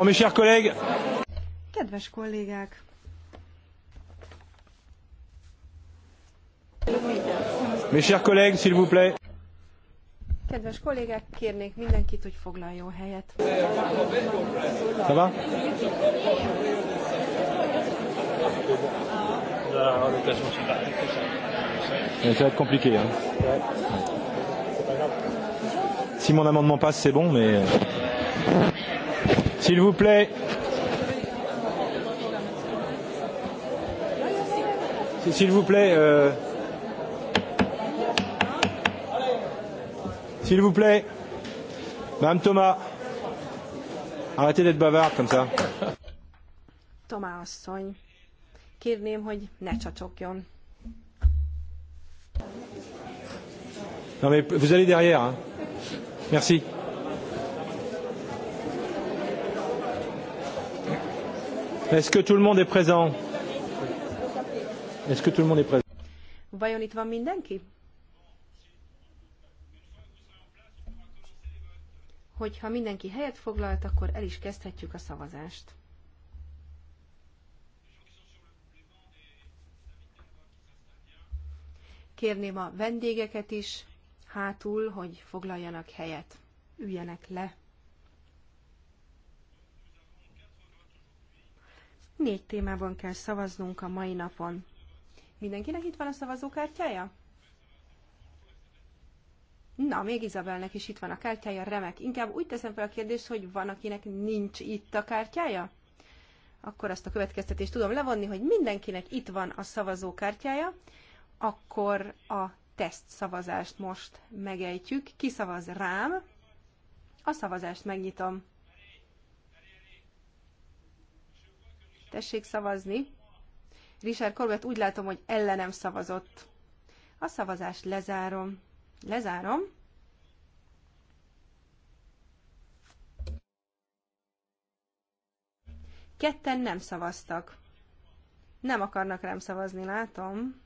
Oh, mes chers collègues. Kedves kollégák! Mes chers collègues, s'il vous plaît. Kedves kollégák, kérnék mindenkit, hogy foglaljon helyet. Ça va? Ça va être compliqué. Hein? Ouais. Si mon amendement passe, c'est bon, mais... S'il vous plaît. S'il vous plaît. Euh... S'il vous plaît. Madame Thomas. Arrêtez d'être bavarde comme ça. Thomas asszony, kérném, hogy ne csacsokjon. Non mais vous allez derrière. Hein. Merci. Est-ce que tout le monde est présent Est-ce que tout le monde est présent Vajon itt van mindenki? Hogyha mindenki helyet foglalt, akkor el is kezdhetjük a szavazást. Kérném a vendégeket is, hátul, hogy foglaljanak helyet, üljenek le. Négy témában kell szavaznunk a mai napon. Mindenkinek itt van a szavazókártyája? Na, még Izabelnek is itt van a kártyája, remek. Inkább úgy teszem fel a kérdést, hogy van, akinek nincs itt a kártyája? Akkor azt a következtetést tudom levonni, hogy mindenkinek itt van a szavazókártyája, akkor a tesztszavazást most megejtjük. Ki szavaz rám? A szavazást megnyitom. Tessék szavazni. Richard Corbett úgy látom, hogy ellenem szavazott. A szavazást lezárom. Lezárom. Ketten nem szavaztak. Nem akarnak rám szavazni, látom.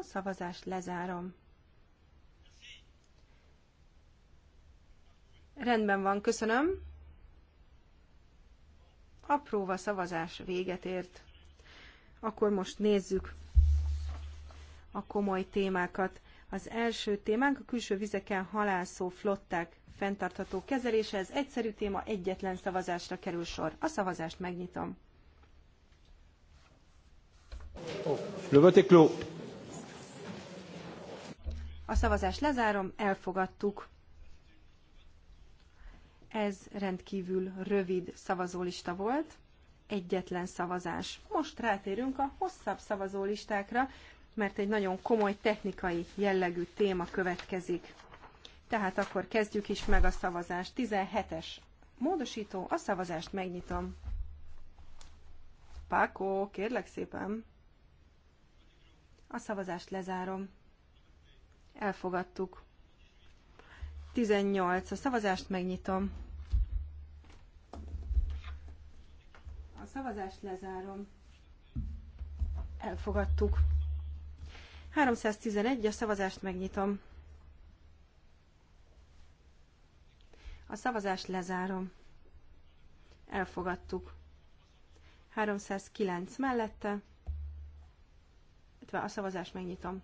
A szavazást lezárom. Rendben van, köszönöm. A próva szavazás véget ért. Akkor most nézzük a komoly témákat. Az első témánk a külső vizeken halászó flották fenntartható kezelése. Ez egyszerű téma, egyetlen szavazásra kerül sor. A szavazást megnyitom. Le vote est clos. A szavazást lezárom, elfogadtuk. Ez rendkívül rövid szavazólista volt, egyetlen szavazás. Most rátérünk a hosszabb szavazólistákra, mert egy nagyon komoly technikai jellegű téma következik. Tehát akkor kezdjük is meg a szavazást. 17-es módosító, a szavazást megnyitom. Pákó, kérlek szépen. A szavazást lezárom. Elfogadtuk. 18. A szavazást megnyitom. A szavazást lezárom. Elfogadtuk. 311. A szavazást megnyitom. A szavazást lezárom. Elfogadtuk. 309 mellette. Itt a szavazást megnyitom.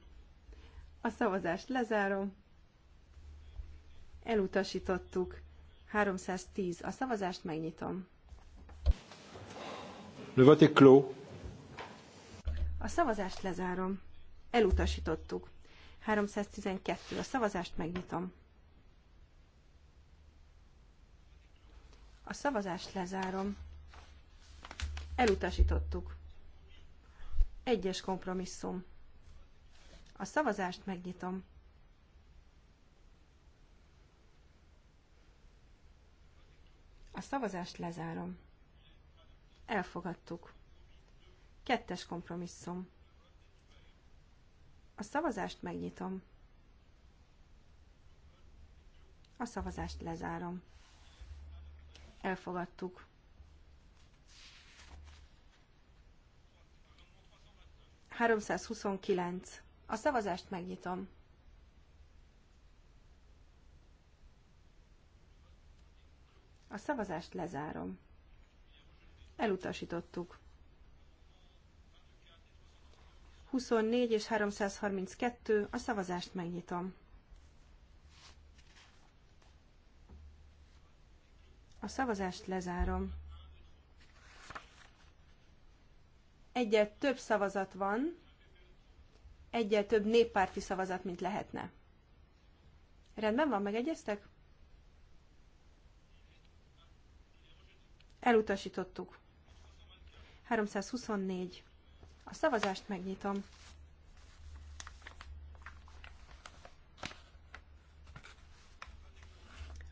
A szavazást lezárom. Elutasítottuk. 310. A szavazást megnyitom. Le vote est clos. A szavazást lezárom. Elutasítottuk. 312. A szavazást megnyitom. A szavazást lezárom. Elutasítottuk. Egyes kompromisszum. A szavazást megnyitom. A szavazást lezárom. Elfogadtuk. Kettes kompromisszum. A szavazást megnyitom. A szavazást lezárom. Elfogadtuk. Háromszázhuszonkilenc. A szavazást megnyitom. A szavazást lezárom. Elutasítottuk. 24 és 332, a szavazást megnyitom. A szavazást lezárom. Egyet több szavazat van, egyel több néppárti szavazat, mint lehetne. Rendben van, megegyeztek? Elutasítottuk. 324. A szavazást megnyitom.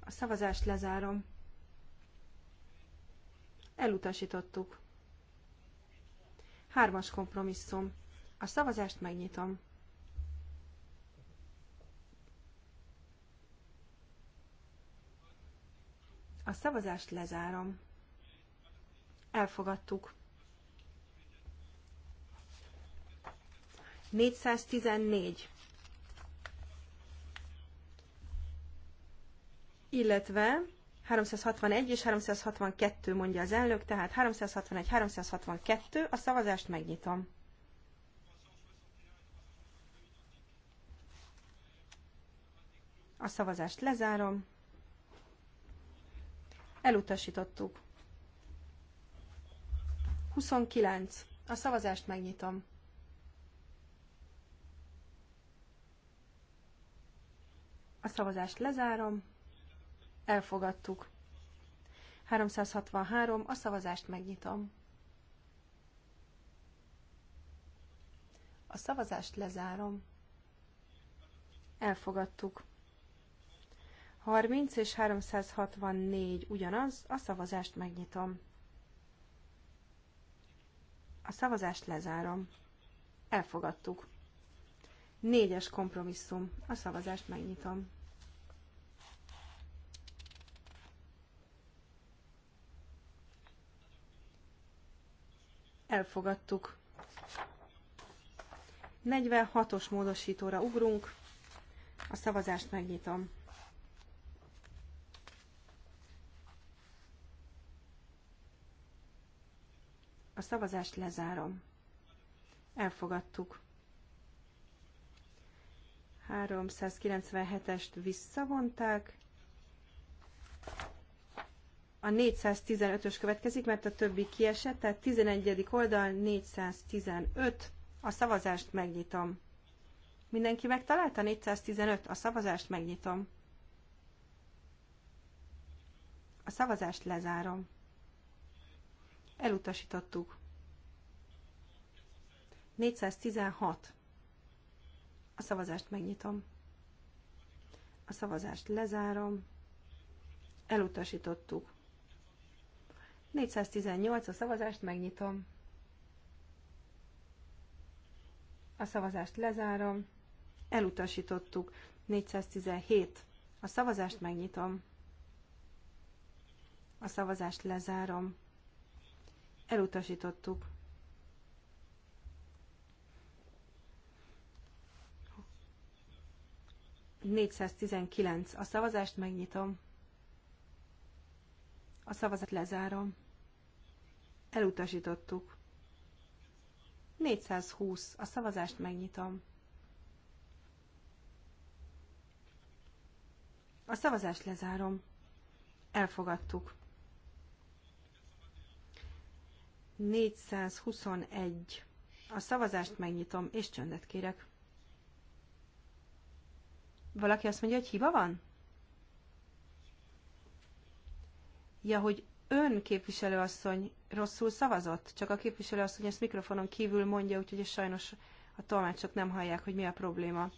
A szavazást lezárom. Elutasítottuk. Hármas kompromisszum a szavazást megnyitom. A szavazást lezárom. Elfogadtuk. 414. Illetve 361 és 362 mondja az elnök, tehát 361, 362, a szavazást megnyitom. A szavazást lezárom. Elutasítottuk. 29. A szavazást megnyitom. A szavazást lezárom. Elfogadtuk. 363. A szavazást megnyitom. A szavazást lezárom. Elfogadtuk. 30 és 364 ugyanaz, a szavazást megnyitom. A szavazást lezárom. Elfogadtuk. Négyes kompromisszum. A szavazást megnyitom. Elfogadtuk. 46-os módosítóra ugrunk. A szavazást megnyitom. szavazást lezárom. Elfogadtuk. 397-est visszavonták. A 415-ös következik, mert a többi kiesett, tehát 11. oldal 415. A szavazást megnyitom. Mindenki megtalálta? 415. A szavazást megnyitom. A szavazást lezárom. Elutasítottuk. 416. A szavazást megnyitom. A szavazást lezárom. Elutasítottuk. 418. A szavazást megnyitom. A szavazást lezárom. Elutasítottuk. 417. A szavazást megnyitom. A szavazást lezárom. Elutasítottuk. ...419. A szavazást megnyitom. A szavazat lezárom. Elutasítottuk. 420. A szavazást megnyitom. A szavazást lezárom. Elfogadtuk. 421. A szavazást megnyitom, és csöndet kérek. Valaki azt mondja, hogy hiba van? Ja, hogy ön képviselőasszony rosszul szavazott, csak a képviselőasszony ezt mikrofonon kívül mondja, úgyhogy sajnos a tolmácsok nem hallják, hogy mi a probléma.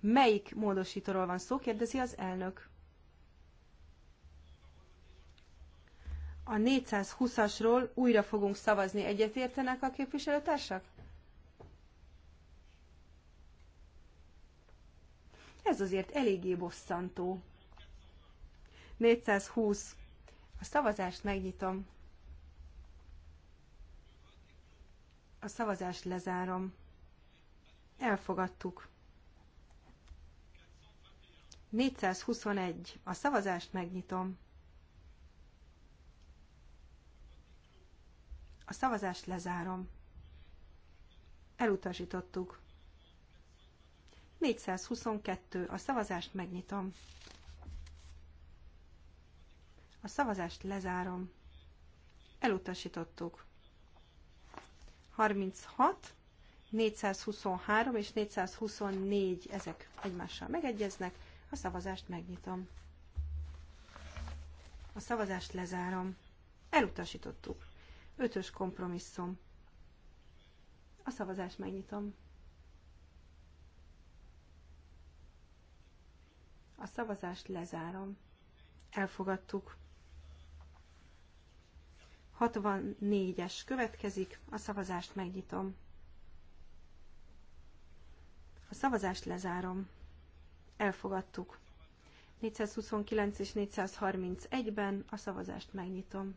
Melyik módosítóról van szó, kérdezi az elnök. A 420-asról újra fogunk szavazni. Egyetértenek a képviselőtársak? Ez azért eléggé bosszantó. 420. A szavazást megnyitom. A szavazást lezárom. Elfogadtuk. 421. A szavazást megnyitom. A szavazást lezárom. Elutasítottuk. 422. A szavazást megnyitom. A szavazást lezárom. Elutasítottuk. 36, 423 és 424 ezek egymással megegyeznek. A szavazást megnyitom. A szavazást lezárom. Elutasítottuk. Ötös kompromisszum. A szavazást megnyitom. A szavazást lezárom. Elfogadtuk. 64-es következik, a szavazást megnyitom. A szavazást lezárom. Elfogadtuk. 429 és 431-ben a szavazást megnyitom.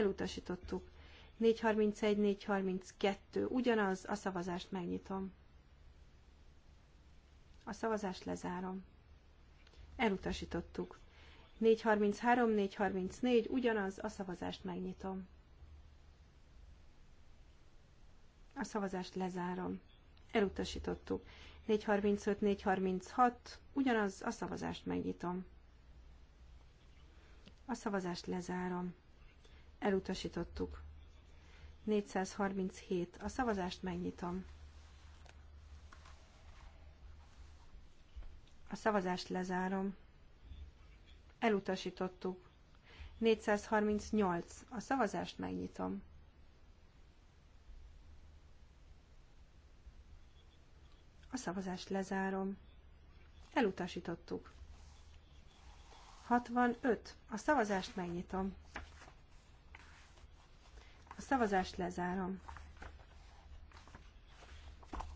elutasítottuk. 431-432, ugyanaz, a szavazást megnyitom. A szavazást lezárom. Elutasítottuk. 433-434, ugyanaz, a szavazást megnyitom. A szavazást lezárom. Elutasítottuk. 435-436, ugyanaz, a szavazást megnyitom. A szavazást lezárom. Elutasítottuk. 437. A szavazást megnyitom. A szavazást lezárom. Elutasítottuk. 438. A szavazást megnyitom. A szavazást lezárom. Elutasítottuk. 65. A szavazást megnyitom. A szavazást lezárom.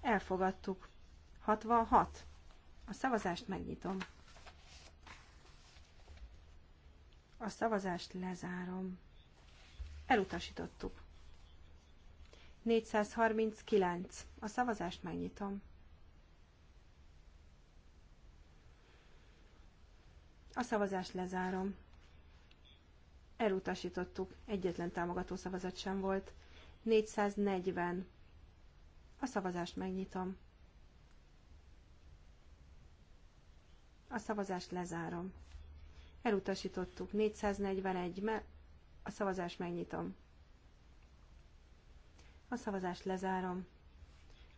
Elfogadtuk. 66. A szavazást megnyitom. A szavazást lezárom. Elutasítottuk. 439. A szavazást megnyitom. A szavazást lezárom. Elutasítottuk. Egyetlen támogató szavazat sem volt. 440. A szavazást megnyitom. A szavazást lezárom. Elutasítottuk. 441. Me- a szavazást megnyitom. A szavazást lezárom.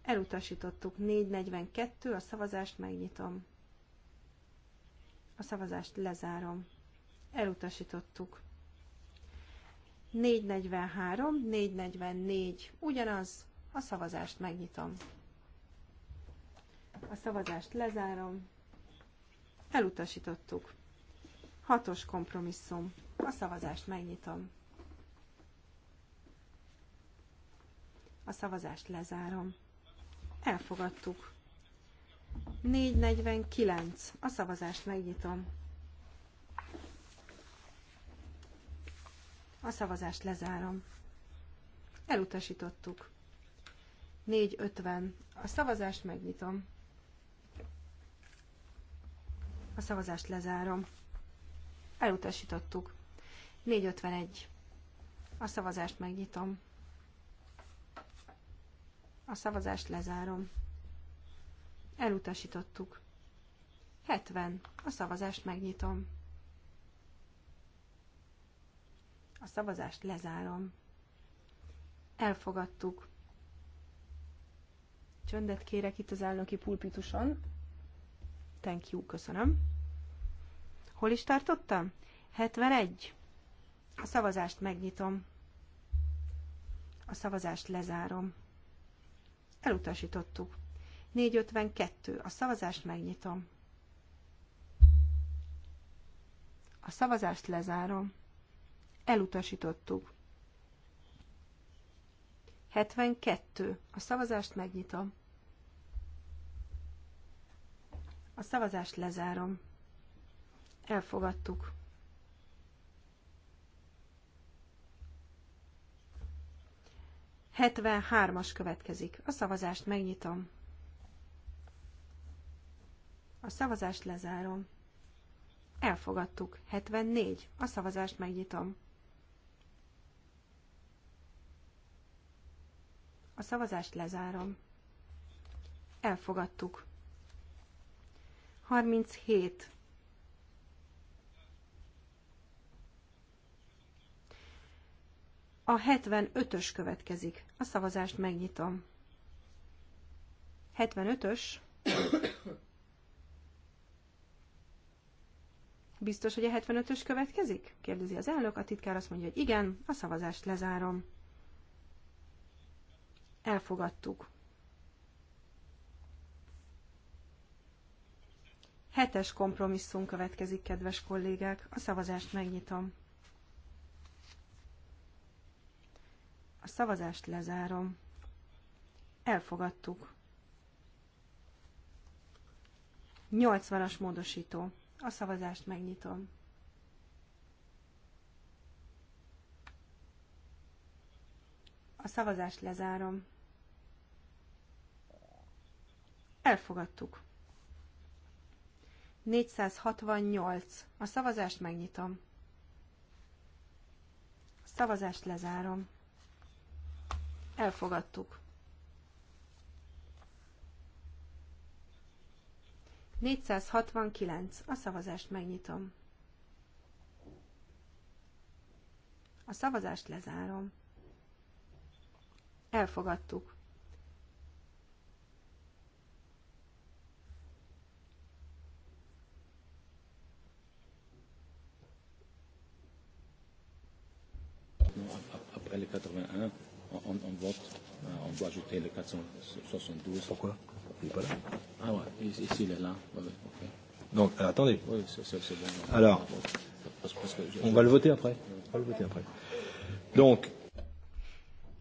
Elutasítottuk. 442. A szavazást megnyitom. A szavazást lezárom. Elutasítottuk. 443, 444, ugyanaz, a szavazást megnyitom. A szavazást lezárom. Elutasítottuk. Hatos kompromisszum. A szavazást megnyitom. A szavazást lezárom. Elfogadtuk. 449. A szavazást megnyitom. A szavazást lezárom. Elutasítottuk. 4.50. A szavazást megnyitom. A szavazást lezárom. Elutasítottuk. 4.51. A szavazást megnyitom. A szavazást lezárom. Elutasítottuk. 70. A szavazást megnyitom. A szavazást lezárom. Elfogadtuk. Csöndet kérek itt az elnöki pulpituson. Thank you, köszönöm. Hol is tartottam? 71. A szavazást megnyitom. A szavazást lezárom. Elutasítottuk. 452. A szavazást megnyitom. A szavazást lezárom. Elutasítottuk. 72. A szavazást megnyitom. A szavazást lezárom. Elfogadtuk. Hetvenhármas következik. A szavazást megnyitom. A szavazást lezárom. Elfogadtuk. 74. A szavazást megnyitom. A szavazást lezárom. Elfogadtuk. 37. A 75-ös következik. A szavazást megnyitom. 75-ös. Biztos, hogy a 75-ös következik? Kérdezi az elnök, a titkár azt mondja, hogy igen, a szavazást lezárom. Elfogadtuk. Hetes kompromisszum következik, kedves kollégák. A szavazást megnyitom. A szavazást lezárom. Elfogadtuk. 80-as módosító. A szavazást megnyitom. A szavazást lezárom. Elfogadtuk. 468. A szavazást megnyitom. A szavazást lezárom. Elfogadtuk. 469. A szavazást megnyitom. A szavazást lezárom. Elfogadtuk. 481, on, on, vote, euh, on doit ajouter le 472. Pourquoi Il n'est pas là Ah ouais, ici il est là. Ouais, okay. Donc, alors, euh, attendez. Oui, c'est bon. Alors, parce, parce que je, on je... va le voter après. On va le voter après. Donc.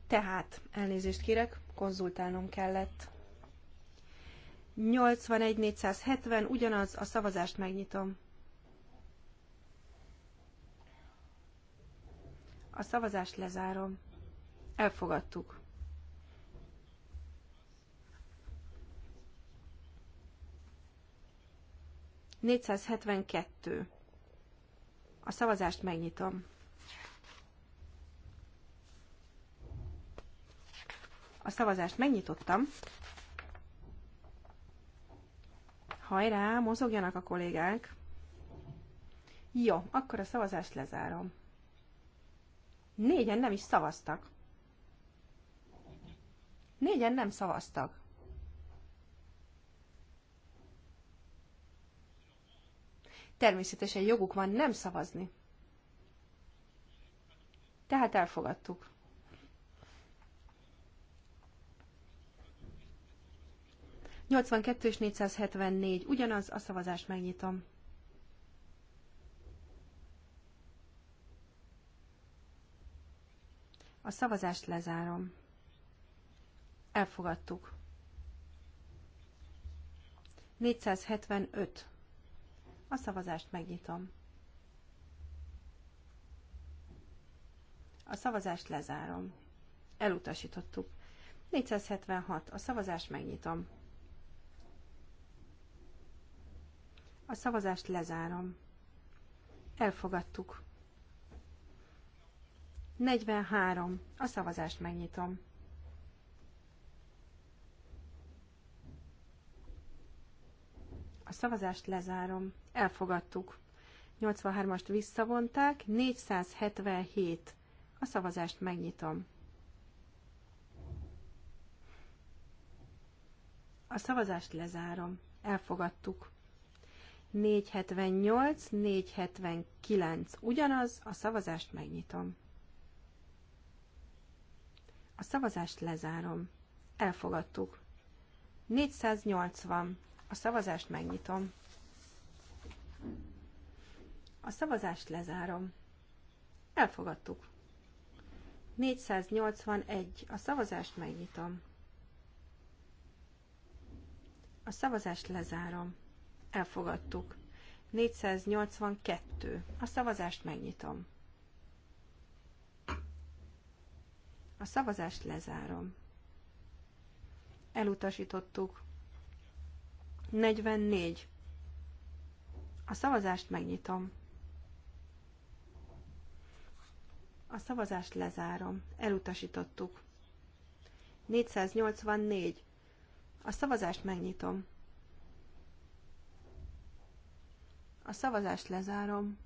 Tehát, elnézést kérek, konzultálnom kellett. 81-470, ugyanaz, a szavazást megnyitom. A szavazást lezárom. Elfogadtuk. Négyszázhetvenkettő. A szavazást megnyitom. A szavazást megnyitottam. Hajrá, mozogjanak a kollégák. Jó, akkor a szavazást lezárom. Négyen nem is szavaztak. Négyen nem szavaztak. Természetesen joguk van nem szavazni. Tehát elfogadtuk. ...82 és 474, ugyanaz, a szavazást megnyitom. A szavazást lezárom. Elfogadtuk. 475. A szavazást megnyitom. A szavazást lezárom. Elutasítottuk. 476. A szavazást megnyitom. A szavazást lezárom. Elfogadtuk. 43. A szavazást megnyitom. szavazást lezárom. Elfogadtuk. 83-ast visszavonták, 477. A szavazást megnyitom. A szavazást lezárom. Elfogadtuk. 478, 479. Ugyanaz, a szavazást megnyitom. A szavazást lezárom. Elfogadtuk. 480. A szavazást megnyitom. A szavazást lezárom. Elfogadtuk. 481. A szavazást megnyitom. A szavazást lezárom. Elfogadtuk. 482. A szavazást megnyitom. A szavazást lezárom. Elutasítottuk. 44. A szavazást megnyitom. A szavazást lezárom. Elutasítottuk. 484. A szavazást megnyitom. A szavazást lezárom.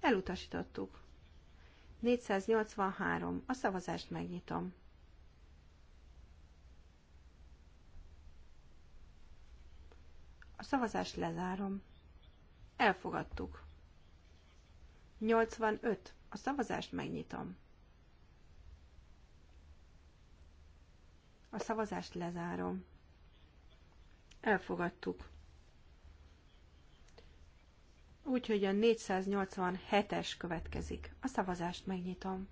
Elutasítottuk. 483. A szavazást megnyitom. szavazást lezárom. Elfogadtuk. 85. A szavazást megnyitom. A szavazást lezárom. Elfogadtuk. Úgyhogy a 487-es következik. A szavazást megnyitom.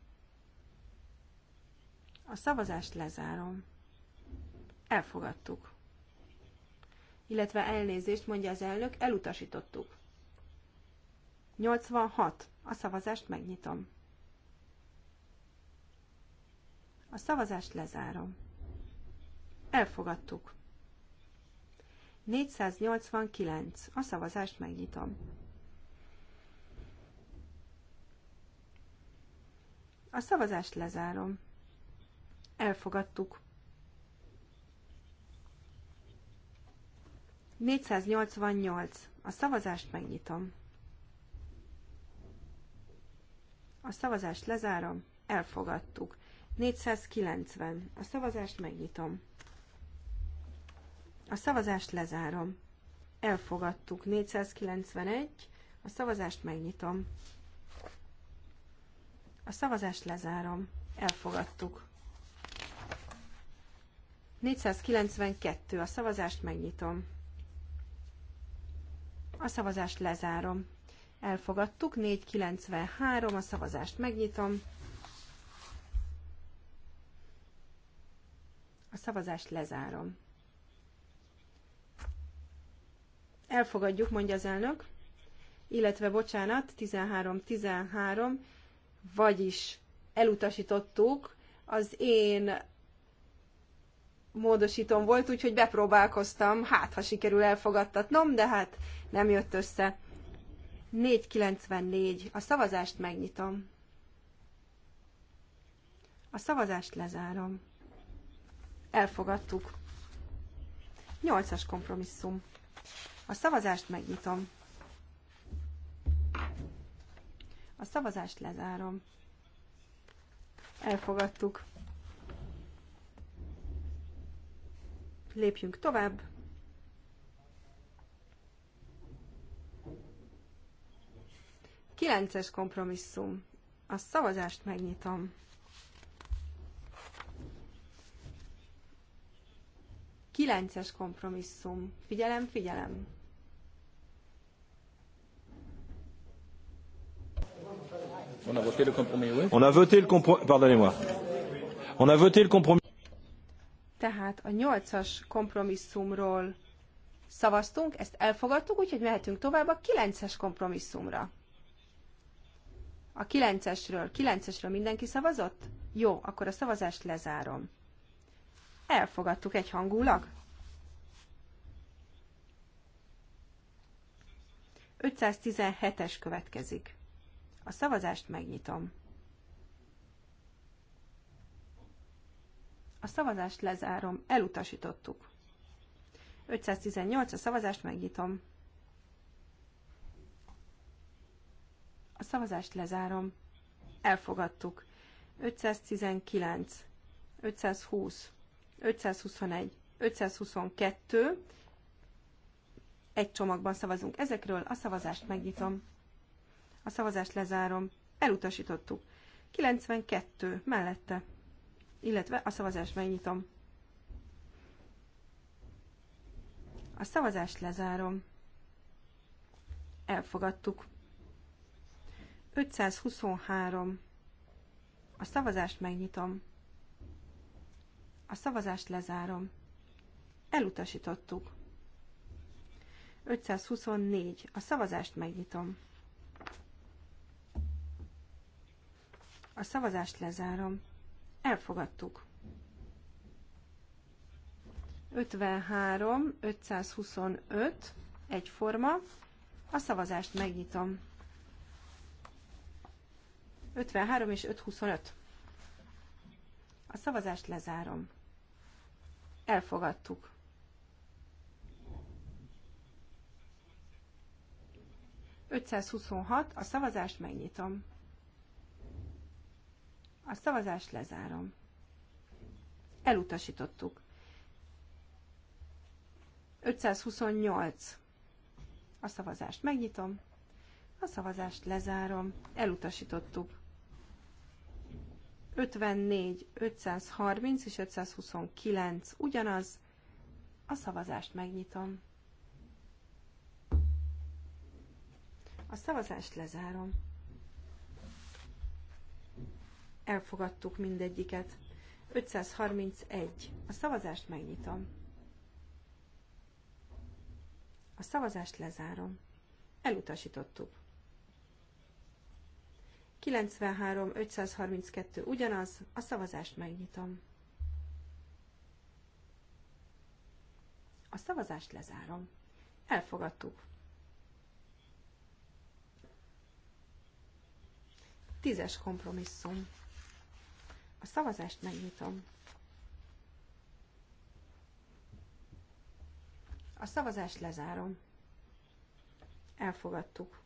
A szavazást lezárom. Elfogadtuk illetve elnézést mondja az elnök, elutasítottuk. 86. A szavazást megnyitom. A szavazást lezárom. Elfogadtuk. 489. A szavazást megnyitom. A szavazást lezárom. Elfogadtuk. 488. A szavazást megnyitom. A szavazást lezárom. Elfogadtuk. 490. A szavazást megnyitom. A szavazást lezárom. Elfogadtuk. 491. A szavazást megnyitom. A szavazást lezárom. Elfogadtuk. 492. A szavazást megnyitom. A szavazást lezárom. Elfogadtuk. 493. A szavazást megnyitom. A szavazást lezárom. Elfogadjuk, mondja az elnök. Illetve, bocsánat, 13-13, vagyis elutasítottuk az én módosítom volt, úgyhogy bepróbálkoztam, hát ha sikerül elfogadtatnom, de hát nem jött össze. 494. A szavazást megnyitom. A szavazást lezárom. Elfogadtuk. 8-as kompromisszum. A szavazást megnyitom. A szavazást lezárom. Elfogadtuk. Lépjünk tovább. Kilences kompromisszum. A szavazást megnyitom. Kilences kompromisszum. Figyelem, figyelem. On a voté le compromis, oui. On a voté le compromis, pardonnez-moi. On a voté le compromis. Tehát a nyolcas kompromisszumról szavaztunk, ezt elfogadtuk, úgyhogy mehetünk tovább a kilences kompromisszumra. A kilencesről, kilencesről mindenki szavazott? Jó, akkor a szavazást lezárom. Elfogadtuk egyhangulag. 517-es következik. A szavazást megnyitom. A szavazást lezárom. Elutasítottuk. 518 a szavazást megnyitom. A szavazást lezárom. Elfogadtuk. 519, 520, 521, 522. Egy csomagban szavazunk ezekről. A szavazást megnyitom. A szavazást lezárom. Elutasítottuk. 92 mellette illetve a szavazást megnyitom. A szavazást lezárom. Elfogadtuk. 523. A szavazást megnyitom. A szavazást lezárom. Elutasítottuk. 524. A szavazást megnyitom. A szavazást lezárom. Elfogadtuk. 53, 525, egyforma. A szavazást megnyitom. 53 és 525. A szavazást lezárom. Elfogadtuk. Ötszázhuszonhat, a szavazást megnyitom. A szavazást lezárom. Elutasítottuk. 528. A szavazást megnyitom. A szavazást lezárom. Elutasítottuk. 54, 530 és 529 ugyanaz. A szavazást megnyitom. A szavazást lezárom. Elfogadtuk mindegyiket. 531. A szavazást megnyitom. A szavazást lezárom. Elutasítottuk. 93 532 ugyanaz, a szavazást megnyitom. A szavazást lezárom. Elfogadtuk. 10-es kompromisszum. A szavazást megnyitom. A szavazást lezárom. Elfogadtuk.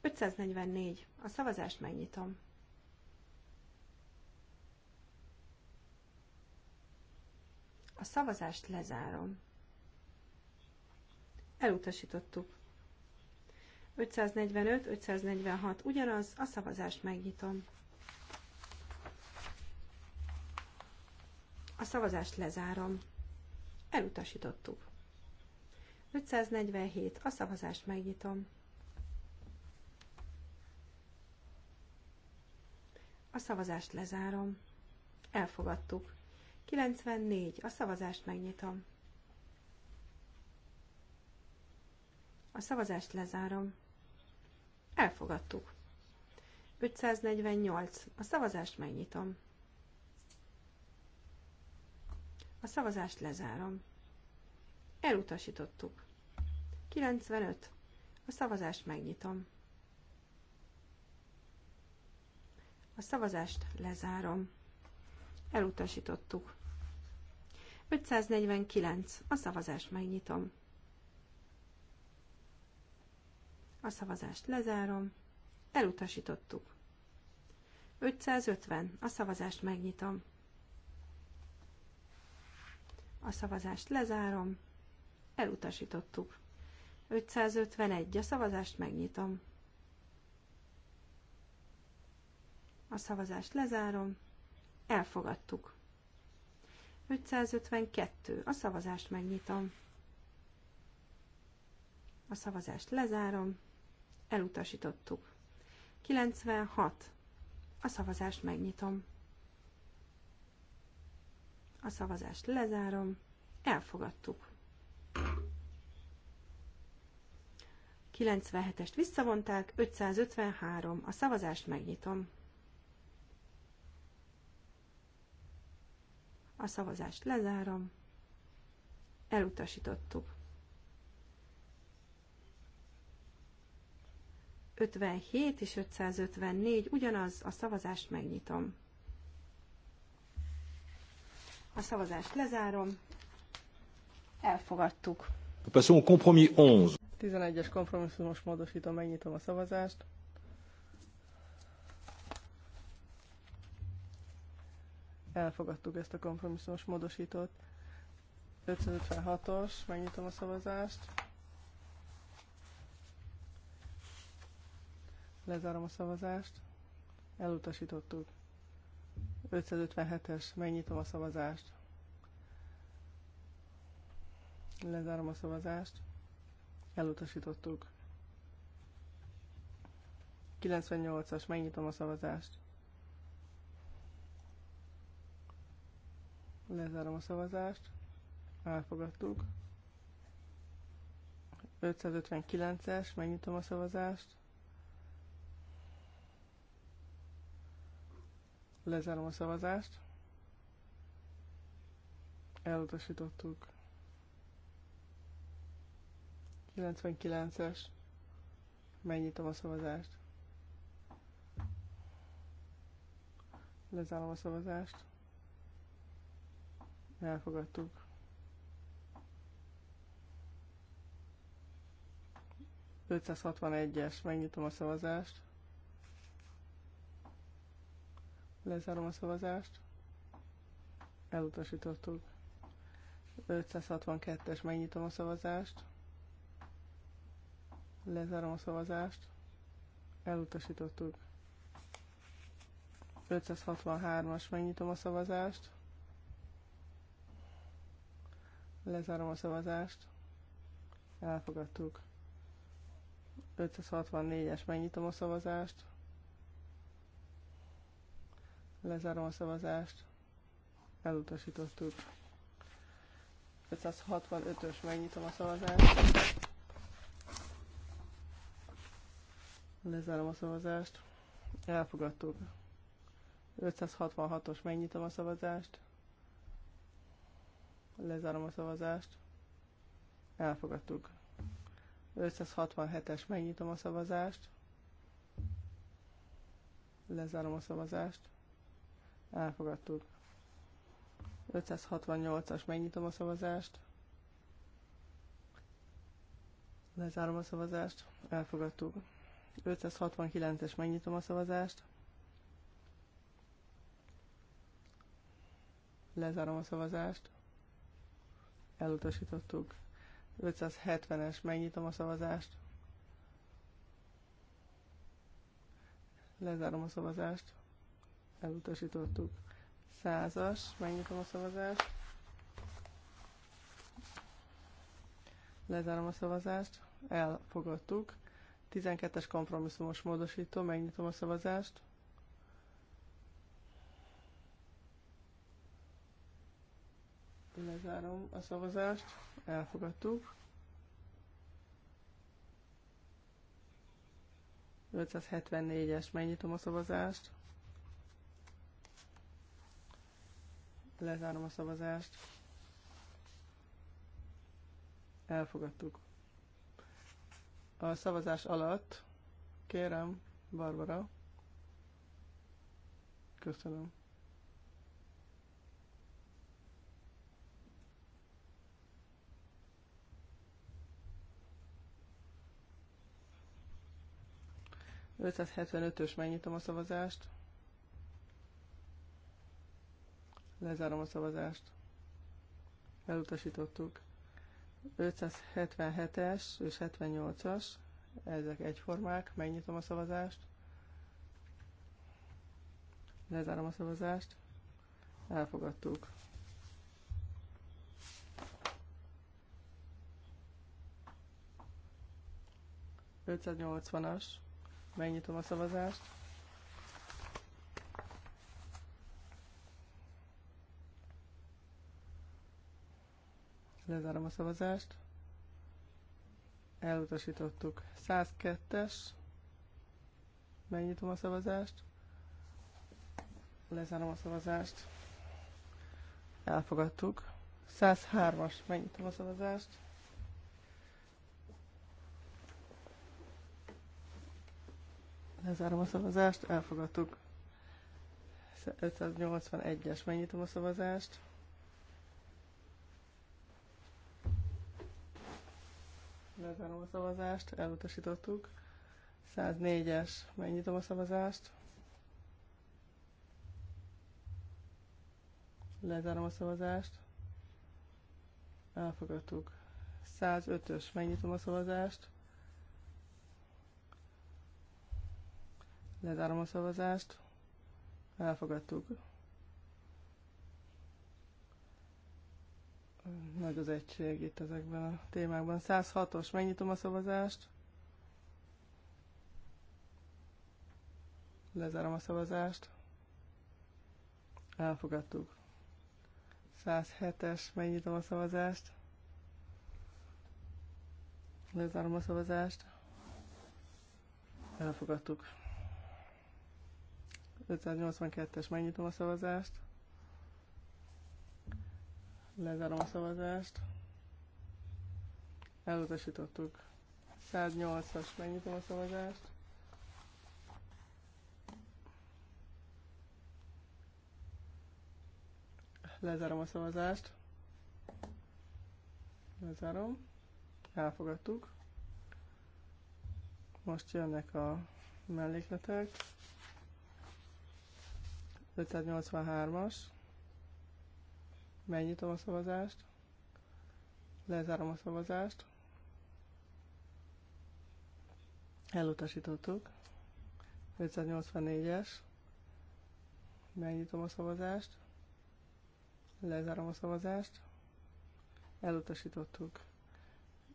544. A szavazást megnyitom. A szavazást lezárom. Elutasítottuk. 545-546 ugyanaz, a szavazást megnyitom. A szavazást lezárom. Elutasítottuk. 547, a szavazást megnyitom. A szavazást lezárom. Elfogadtuk. 94, a szavazást megnyitom. A szavazást lezárom. Elfogadtuk. 548. A szavazást megnyitom. A szavazást lezárom. Elutasítottuk. 95. A szavazást megnyitom. A szavazást lezárom. Elutasítottuk. 549. A szavazást megnyitom. A szavazást lezárom. Elutasítottuk. 550. A szavazást megnyitom. A szavazást lezárom. Elutasítottuk. 551. A szavazást megnyitom. A szavazást lezárom. Elfogadtuk. 552. A szavazást megnyitom. A szavazást lezárom. Elutasítottuk. 96. A szavazást megnyitom. A szavazást lezárom. Elfogadtuk. 97-est visszavonták, 553. A szavazást megnyitom. A szavazást lezárom. Elutasítottuk. 557 és 554 ugyanaz, a szavazást megnyitom. A szavazást lezárom. Elfogadtuk. Passons au compromis 11. 11-es kompromisszumos módosítom, megnyitom a szavazást. Elfogadtuk ezt a kompromisszumos módosítót. 556-os, megnyitom a szavazást. Lezárom a szavazást. Elutasítottuk. 557-es. Megnyitom a szavazást. Lezárom a szavazást. Elutasítottuk. 98-as. Megnyitom a szavazást. Lezárom a szavazást. Elfogadtuk. 559-es. Megnyitom a szavazást. Lezárom a szavazást. Elutasítottuk. 99-es. Megnyitom a szavazást. Lezárom a szavazást. Elfogadtuk. es megnyitom a szavazást. Lezárom a szavazást. Elutasítottuk. 562-es, megnyitom a szavazást. Lezárom a szavazást. Elutasítottuk. 563-as, megnyitom a szavazást. Lezárom a szavazást. Elfogadtuk. 564-es, megnyitom a szavazást. Lezárom a szavazást. Elutasítottuk. 565-ös, megnyitom a szavazást. Lezárom a szavazást. Elfogadtuk. 566-os, megnyitom a szavazást. Lezárom a szavazást. Elfogadtuk. 567-es, megnyitom a szavazást. Lezárom a szavazást. Elfogadtuk. 568-as, megnyitom a szavazást. Lezárom a szavazást. Elfogadtuk. 569-es, megnyitom a szavazást. Lezárom a szavazást. Elutasítottuk. 570-es, megnyitom a szavazást. Lezárom a szavazást elutasítottuk. Százas, megnyitom a szavazást. Lezárom a szavazást, elfogadtuk. 12-es kompromisszumos módosító, megnyitom a szavazást. Lezárom a szavazást, elfogadtuk. 574-es, megnyitom a szavazást. Lezárom a szavazást. Elfogadtuk. A szavazás alatt kérem, Barbara. Köszönöm. ös megnyitom a szavazást. Lezárom a szavazást. Elutasítottuk. 577-es és 78-as, ezek egyformák, megnyitom a szavazást. Lezárom a szavazást. Elfogadtuk. Ötszáznyolcvanas. Megnyitom a szavazást. Lezárom a szavazást. Elutasítottuk. 102-es. Megnyitom a szavazást. Lezárom a szavazást. Elfogadtuk. 103-as. Megnyitom a szavazást. Lezárom a szavazást. Elfogadtuk. 581-es. Megnyitom a szavazást. lezárom a szavazást, elutasítottuk. 104-es, megnyitom a szavazást. Lezárom a szavazást. Elfogadtuk. 105-ös, megnyitom a szavazást. Lezárom a szavazást. Elfogadtuk. nagy az egység itt ezekben a témákban. 106-os, megnyitom a szavazást. Lezárom a szavazást. Elfogadtuk. 107-es, megnyitom a szavazást. Lezárom a szavazást. Elfogadtuk. 582-es, megnyitom a szavazást. Lezárom a szavazást. Elutasítottuk. 108-as, megnyitom a szavazást. Lezárom a szavazást. Lezárom. Elfogadtuk. Most jönnek a mellékletek. 583-as. Megnyitom a szavazást. Lezárom a szavazást. Elutasítottuk. 584-es. Megnyitom a szavazást. Lezárom a szavazást. Elutasítottuk.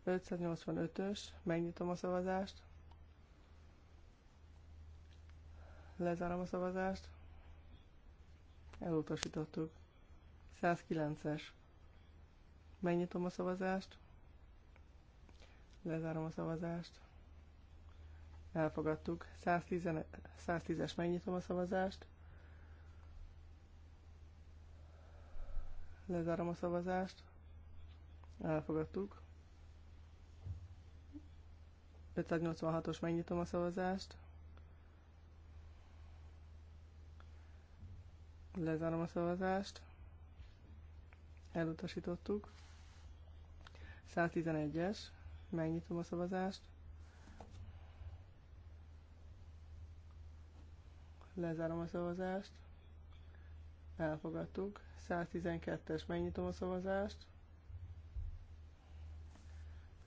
585-ös. Megnyitom a szavazást. Lezárom a szavazást. Elutasítottuk. 109-es. Megnyitom a szavazást. Lezárom a szavazást. Elfogadtuk. 110, es megnyitom a szavazást. Lezárom a szavazást. Elfogadtuk. 586-os megnyitom a szavazást. Lezárom a szavazást elutasítottuk. 111-es, megnyitom a szavazást. Lezárom a szavazást. Elfogadtuk. 112-es, megnyitom a szavazást.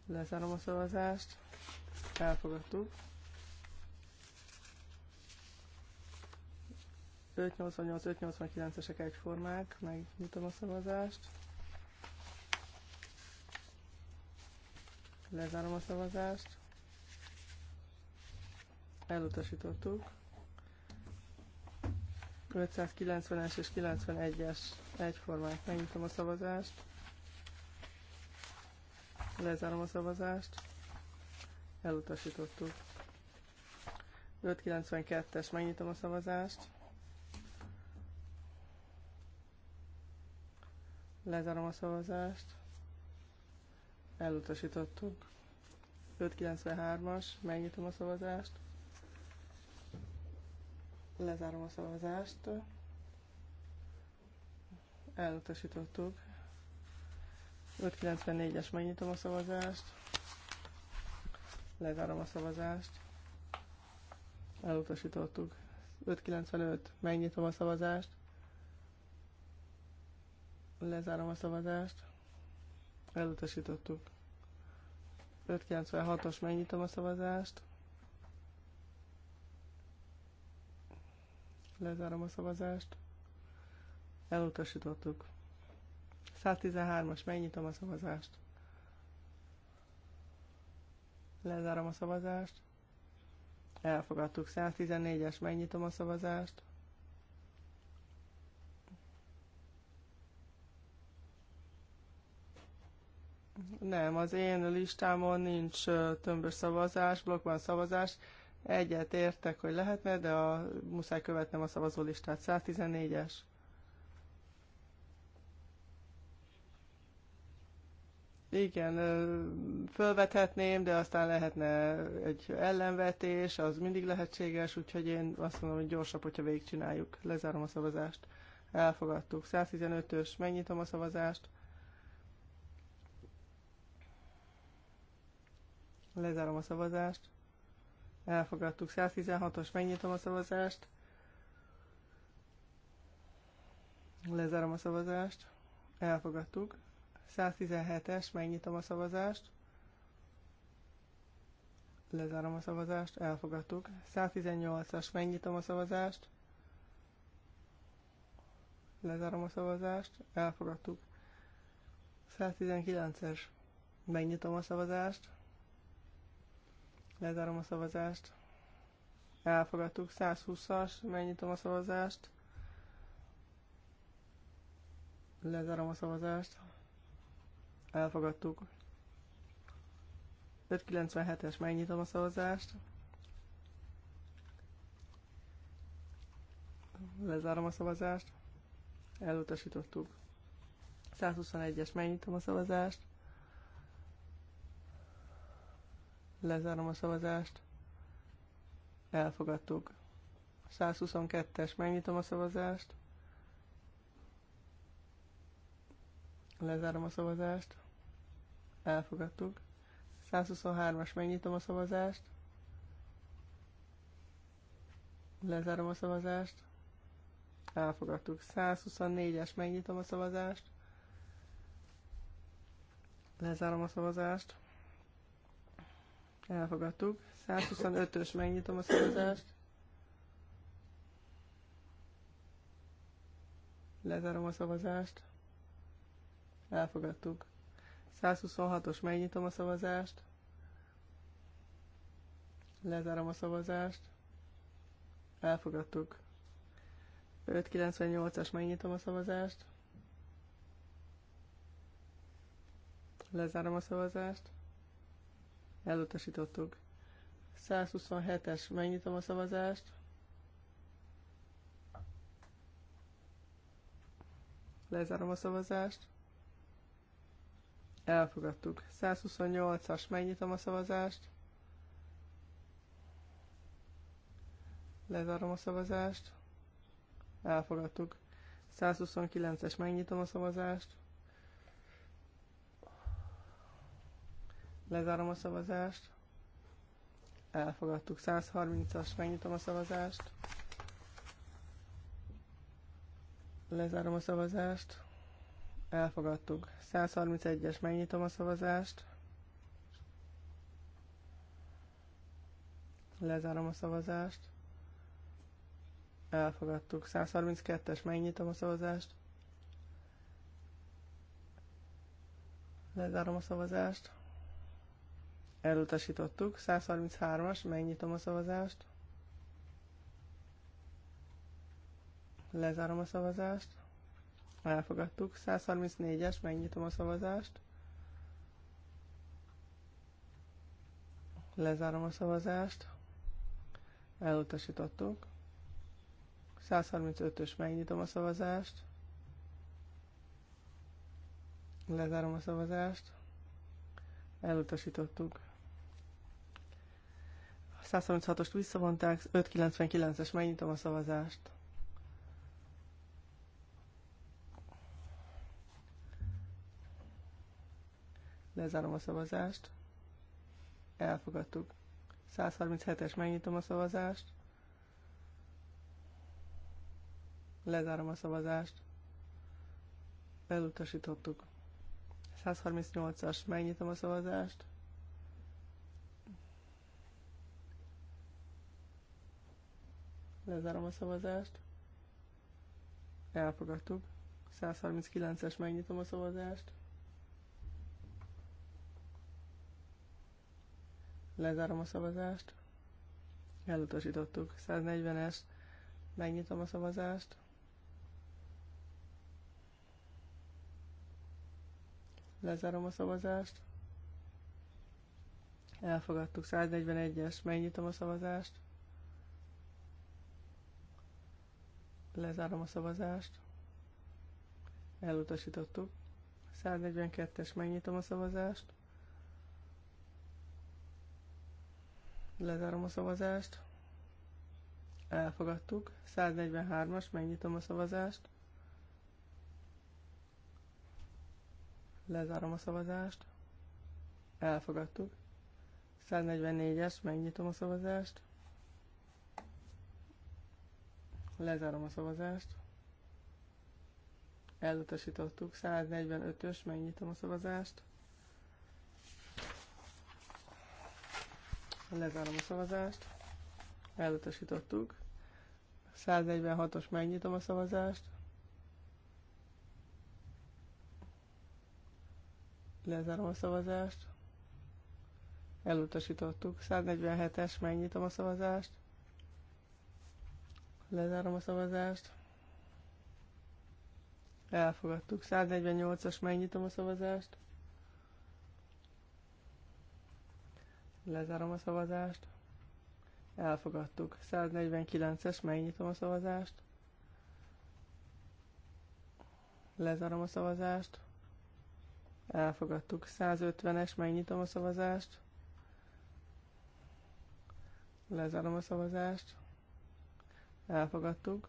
Lezárom a szavazást. Elfogadtuk. 588-589-esek egyformák, megnyitom a szavazást. Lezárom a szavazást. Elutasítottuk. 590-es és 91-es egyformák. Megnyitom a szavazást. Lezárom a szavazást. Elutasítottuk. 592-es. Megnyitom a szavazást. Lezárom a szavazást. Elutasítottuk. 593-as, megnyitom a szavazást. Lezárom a szavazást. Elutasítottuk. 594-es, megnyitom a szavazást. Lezárom a szavazást. Elutasítottuk. 595, megnyitom a szavazást. Lezárom a szavazást. Elutasítottuk. 596-os megnyitom a szavazást. Lezárom a szavazást. Elutasítottuk. 113-as megnyitom a szavazást. Lezárom a szavazást. Elfogadtuk. 114-es megnyitom a szavazást. Nem, az én listámon nincs tömbös szavazás, blokkban szavazás. Egyet értek, hogy lehetne, de a, muszáj követnem a szavazólistát. 114-es. Igen, fölvethetném, de aztán lehetne egy ellenvetés, az mindig lehetséges, úgyhogy én azt mondom, hogy gyorsabb, hogyha végigcsináljuk. Lezárom a szavazást. Elfogadtuk. 115-ös, megnyitom a szavazást. Lezárom a szavazást. Elfogadtuk 116-os, megnyitom a szavazást. Lezárom a szavazást. Elfogadtuk. 117-es, megnyitom a szavazást. Lezárom a szavazást, elfogadtuk. 118-as, megnyitom a szavazást. Lezárom a szavazást, elfogadtuk. 119-es, megnyitom a szavazást. Lezárom a szavazást. Elfogadtuk. 120-as. Megnyitom a szavazást. Lezárom a szavazást. Elfogadtuk. 597-es. Megnyitom a szavazást. Lezárom a szavazást. Elutasítottuk. 121-es. Megnyitom a szavazást. Lezárom a szavazást. Elfogadtuk. 122-es, megnyitom a szavazást. Lezárom a szavazást. Elfogadtuk. 123-as, megnyitom a szavazást. Lezárom a szavazást. Elfogadtuk. 124-es, megnyitom a szavazást. Lezárom a szavazást. Elfogadtuk. 125-ös megnyitom a szavazást. Lezárom a szavazást. Elfogadtuk. 126-os megnyitom a szavazást. Lezárom a szavazást. Elfogadtuk. 598-as megnyitom a szavazást. Lezárom a szavazást. Elutasítottuk. 127-es, megnyitom a szavazást. Lezárom a szavazást. Elfogadtuk. 128-as, megnyitom a szavazást. Lezárom a szavazást. Elfogadtuk. 129-es, megnyitom a szavazást. Lezárom a szavazást. Elfogadtuk 130-as, megnyitom a szavazást. Lezárom a szavazást. Elfogadtuk. 131-es, megnyitom a szavazást. Lezárom a szavazást. Elfogadtuk. 132-es, megnyitom a szavazást. Lezárom a szavazást. Elutasítottuk. 133-as, megnyitom a szavazást. Lezárom a szavazást. Elfogadtuk. 134-es, megnyitom a szavazást. Lezárom a szavazást. Elutasítottuk. 135-ös, megnyitom a szavazást. Lezárom a szavazást. Elutasítottuk. 136-ost visszavonták, 599-es, megnyitom a szavazást. Lezárom a szavazást. Elfogadtuk. 137-es, megnyitom a szavazást. Lezárom a szavazást. Elutasítottuk. 138-as, megnyitom a szavazást. Lezárom a szavazást. Elfogadtuk. 139-es megnyitom a szavazást. Lezárom a szavazást. Elutasítottuk. 140-es. Megnyitom a szavazást. Lezárom a szavazást. Elfogadtuk. 141-es. Megnyitom a szavazást. Lezárom a szavazást. Elutasítottuk. 142-es megnyitom a szavazást. Lezárom a szavazást. Elfogadtuk. 143-as, megnyitom a szavazást. Lezárom a szavazást. Elfogadtuk. 144-es, megnyitom a szavazást. Lezárom a szavazást. Elutasítottuk. 145-ös, megnyitom a szavazást. Lezárom a szavazást. Elutasítottuk. 146-os, megnyitom a szavazást. Lezárom a szavazást. Elutasítottuk. 147-es, megnyitom a szavazást. Lezárom a szavazást. Elfogadtuk. 148-as, megnyitom a szavazást. Lezárom a szavazást. Elfogadtuk. 149-es, megnyitom a szavazást. Lezárom a szavazást. Elfogadtuk. 150-es, megnyitom a szavazást. Lezárom a szavazást elfogadtuk.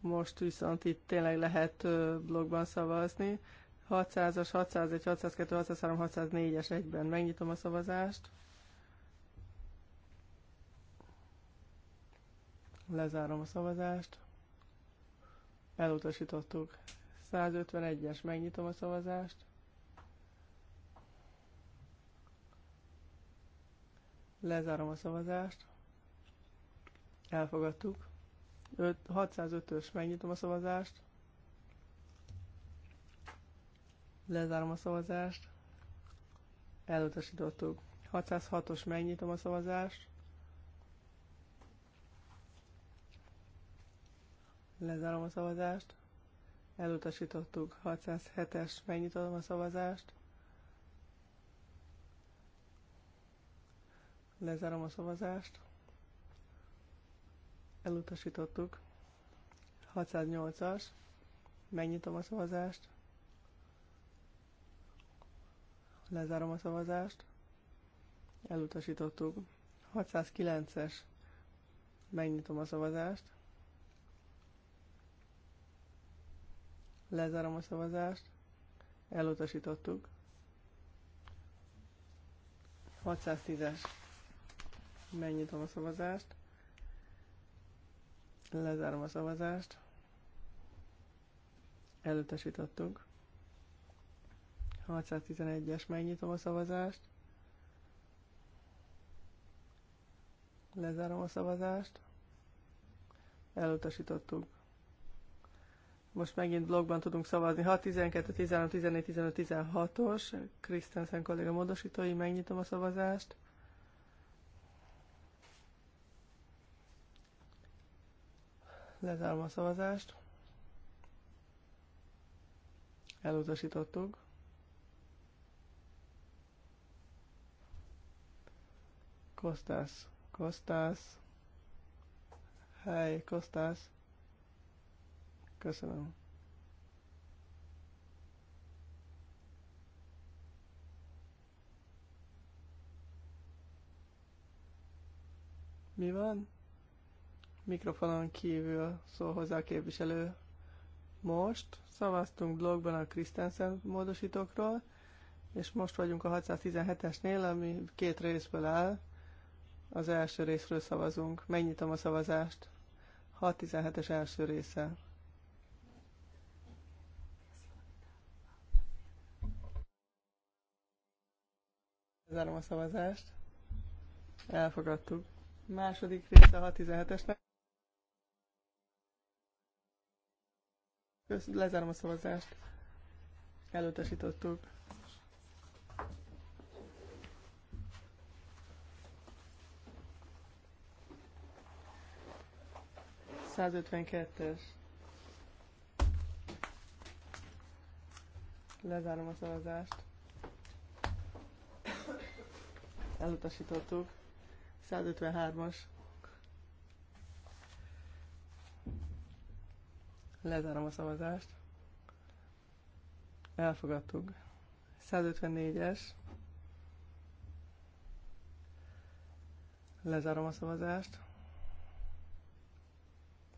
Most viszont itt tényleg lehet blogban szavazni. 600-as, 601, 602, 603, 604-es egyben megnyitom a szavazást. Lezárom a szavazást. Elutasítottuk. 151-es, megnyitom a szavazást. Lezárom a szavazást. Elfogadtuk. 605-ös, megnyitom a szavazást. Lezárom a szavazást. Elutasítottuk. 606-os, megnyitom a szavazást. Lezárom a szavazást. Elutasítottuk. 607-es, megnyitom a szavazást. Lezárom a szavazást elutasítottuk. 608-as, megnyitom a szavazást, lezárom a szavazást, elutasítottuk. 609-es, megnyitom a szavazást, lezárom a szavazást, elutasítottuk. 610-es, megnyitom a szavazást, Lezárom a szavazást. Elutasítottuk. 611-es, megnyitom a szavazást. Lezárom a szavazást. Elutasítottuk. Most megint blogban tudunk szavazni. 6, 12, 13, 14, 15, 16-os. Krisztensen kolléga módosítói, megnyitom a szavazást. Lezárom a szavazást. Elutasítottuk. Kostász, Kostász. Hely, Kostász. Köszönöm. Mi van? Mikrofonon kívül szól hozzá a képviselő. Most szavaztunk blogban a Christensen módosítókról, és most vagyunk a 617-esnél, ami két részből áll. Az első részről szavazunk. Megnyitom a szavazást. 617-es első része. Zárom a szavazást. Elfogadtuk. Második része a 617-esnek. Lezárom a szavazást. Elutasítottuk. Százötvenkettes. Lezárom a szavazást. Elutasítottuk. 153-as. Lezárom a szavazást. Elfogadtuk. 154-es. Lezárom a szavazást.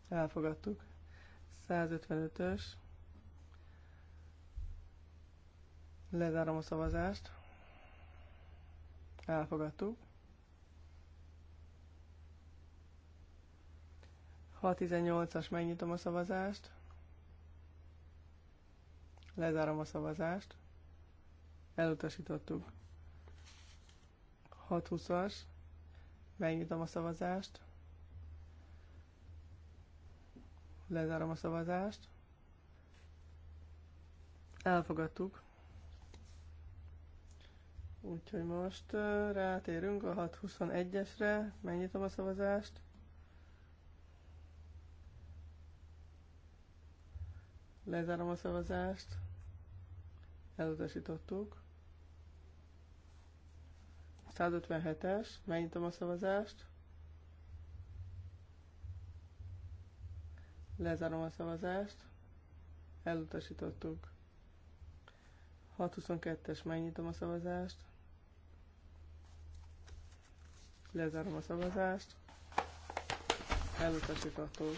Elfogadtuk. 155-ös. Lezárom a szavazást. Elfogadtuk. 618-as megnyitom a szavazást. Lezárom a szavazást. Elutasítottuk. 620-as. Megnyitom a szavazást. Lezárom a szavazást. Elfogadtuk. Úgyhogy most rátérünk a 621-esre. Megnyitom a szavazást. Lezárom a szavazást. Elutasítottuk. 157-es, megnyitom a szavazást. Lezárom a szavazást. Elutasítottuk. 622-es, megnyitom a szavazást. Lezárom a szavazást. Elutasítottuk.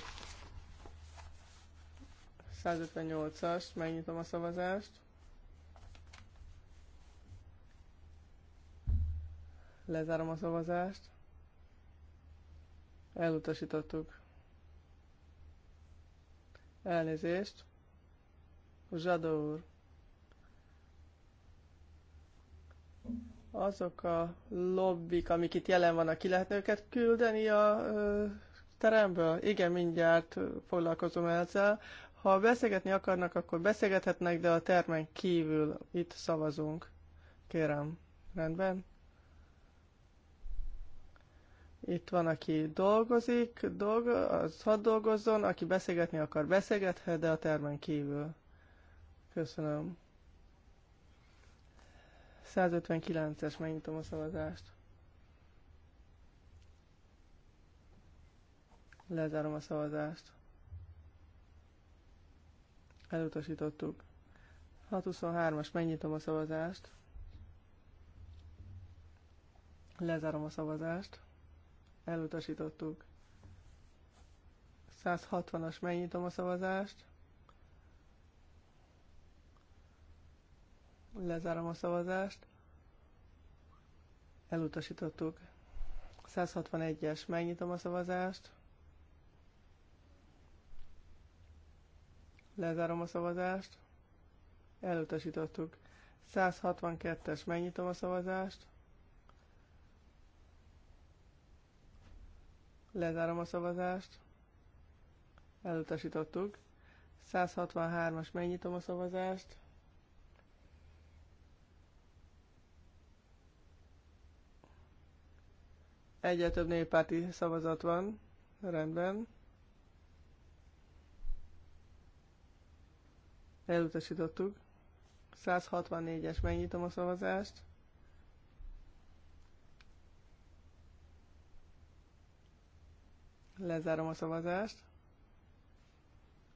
158 as megnyitom a szavazást. Lezárom a szavazást. Elutasítottuk. Elnézést. Zsadó úr. Azok a lobbik, amik itt jelen vannak, ki lehetne őket küldeni a ö, teremből? Igen, mindjárt foglalkozom ezzel. Ha beszélgetni akarnak, akkor beszélgethetnek, de a termen kívül itt szavazunk. Kérem, rendben. Itt van, aki dolgozik, dolg, az hadd dolgozzon, aki beszélgetni akar, beszélgethet, de a termen kívül. Köszönöm. 159-es, megnyitom a szavazást. Lezárom a szavazást. Elutasítottuk. 623-as, megnyitom a szavazást. Lezárom a szavazást. Elutasítottuk. 160-as, megnyitom a szavazást. Lezárom a szavazást. Elutasítottuk. 161-es, megnyitom a szavazást. Lezárom a szavazást. Elutasítottuk. 162-es, megnyitom a szavazást. Lezárom a szavazást. Elutasítottuk. 163-as, megnyitom a szavazást. Egyre több néppárti szavazat van. Rendben. Elutasítottuk. 164-es, megnyitom a szavazást. Lezárom a szavazást.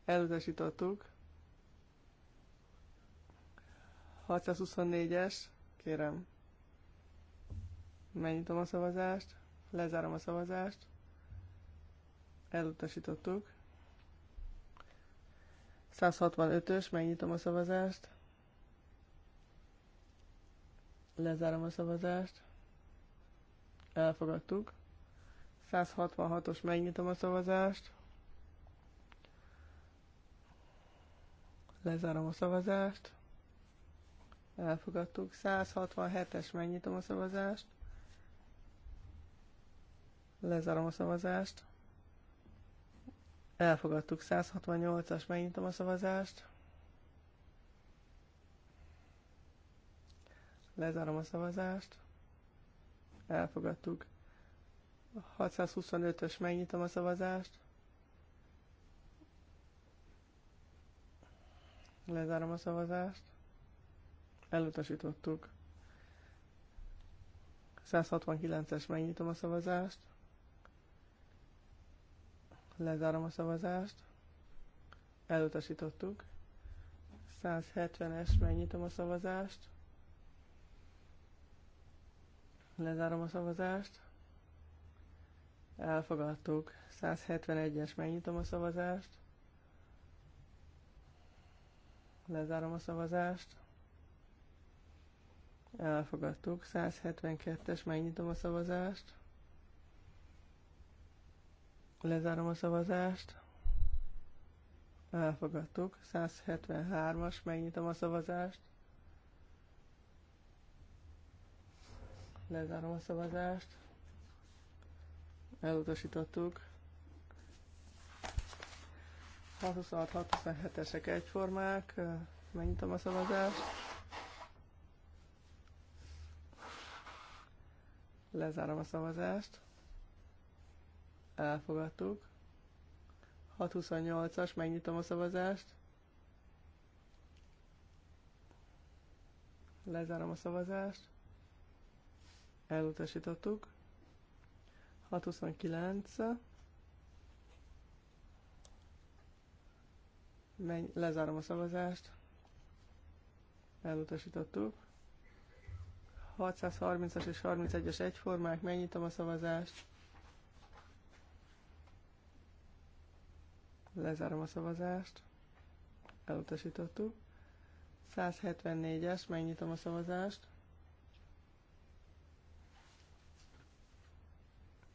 Elutasítottuk. 624-es, kérem. Megnyitom a szavazást, lezárom a szavazást. Elutasítottuk. 165-ös, megnyitom a szavazást. Lezárom a szavazást. Elfogadtuk. 166-os, megnyitom a szavazást. Lezárom a szavazást. Elfogadtuk. 167-es, megnyitom a szavazást. Lezárom a szavazást. Elfogadtuk 168-as, megnyitom a szavazást. Lezárom a szavazást. Elfogadtuk. 625-ös, megnyitom a szavazást. Lezárom a szavazást. Elutasítottuk. 169-es, megnyitom a szavazást. Lezárom a szavazást. Elutasítottuk. 170-es, megnyitom a szavazást. Lezárom a szavazást. Elfogadtuk. 171-es, megnyitom a szavazást. Lezárom a szavazást. Elfogadtuk. 172-es, megnyitom a szavazást. Lezárom a szavazást. Elfogadtuk. 173-as, megnyitom a szavazást. Lezárom a szavazást. Elutasítottuk. 626-627-esek egyformák. Megnyitom a szavazást. Lezárom a szavazást elfogadtuk. 628-as, megnyitom a szavazást. Lezárom a szavazást. Elutasítottuk. 629. Menj, lezárom a szavazást. Elutasítottuk. 630-as és 31-es egyformák, megnyitom a szavazást. Lezárom a szavazást. Elutasítottuk. 174-es, megnyitom a szavazást.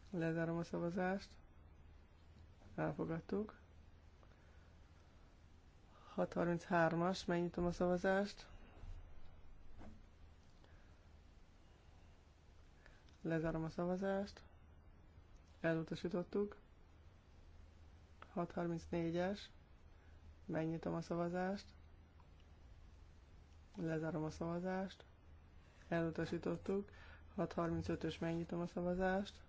Lezárom a szavazást. Elfogadtuk. 633-as, megnyitom a szavazást. Lezárom a szavazást. Elutasítottuk. 634-es. Megnyitom a szavazást. Lezárom a szavazást. Elutasítottuk. 635-ös megnyitom a szavazást.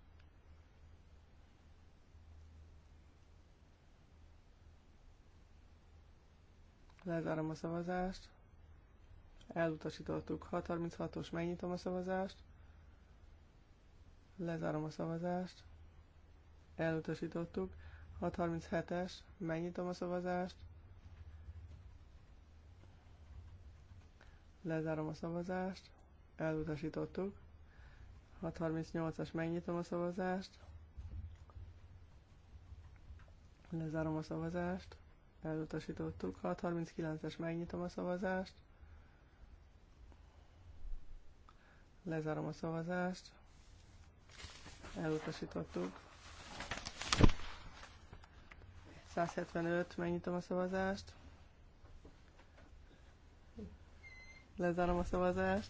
Lezárom a szavazást. Elutasítottuk. 636-os megnyitom a szavazást. Lezárom a szavazást. Elutasítottuk. 637-es, megnyitom a szavazást. Lezárom a szavazást, elutasítottuk. 638-as, megnyitom a szavazást. Lezárom a szavazást, elutasítottuk. 639-es, megnyitom a szavazást. Lezárom a szavazást, elutasítottuk. 175, megnyitom a szavazást. Lezárom a szavazást.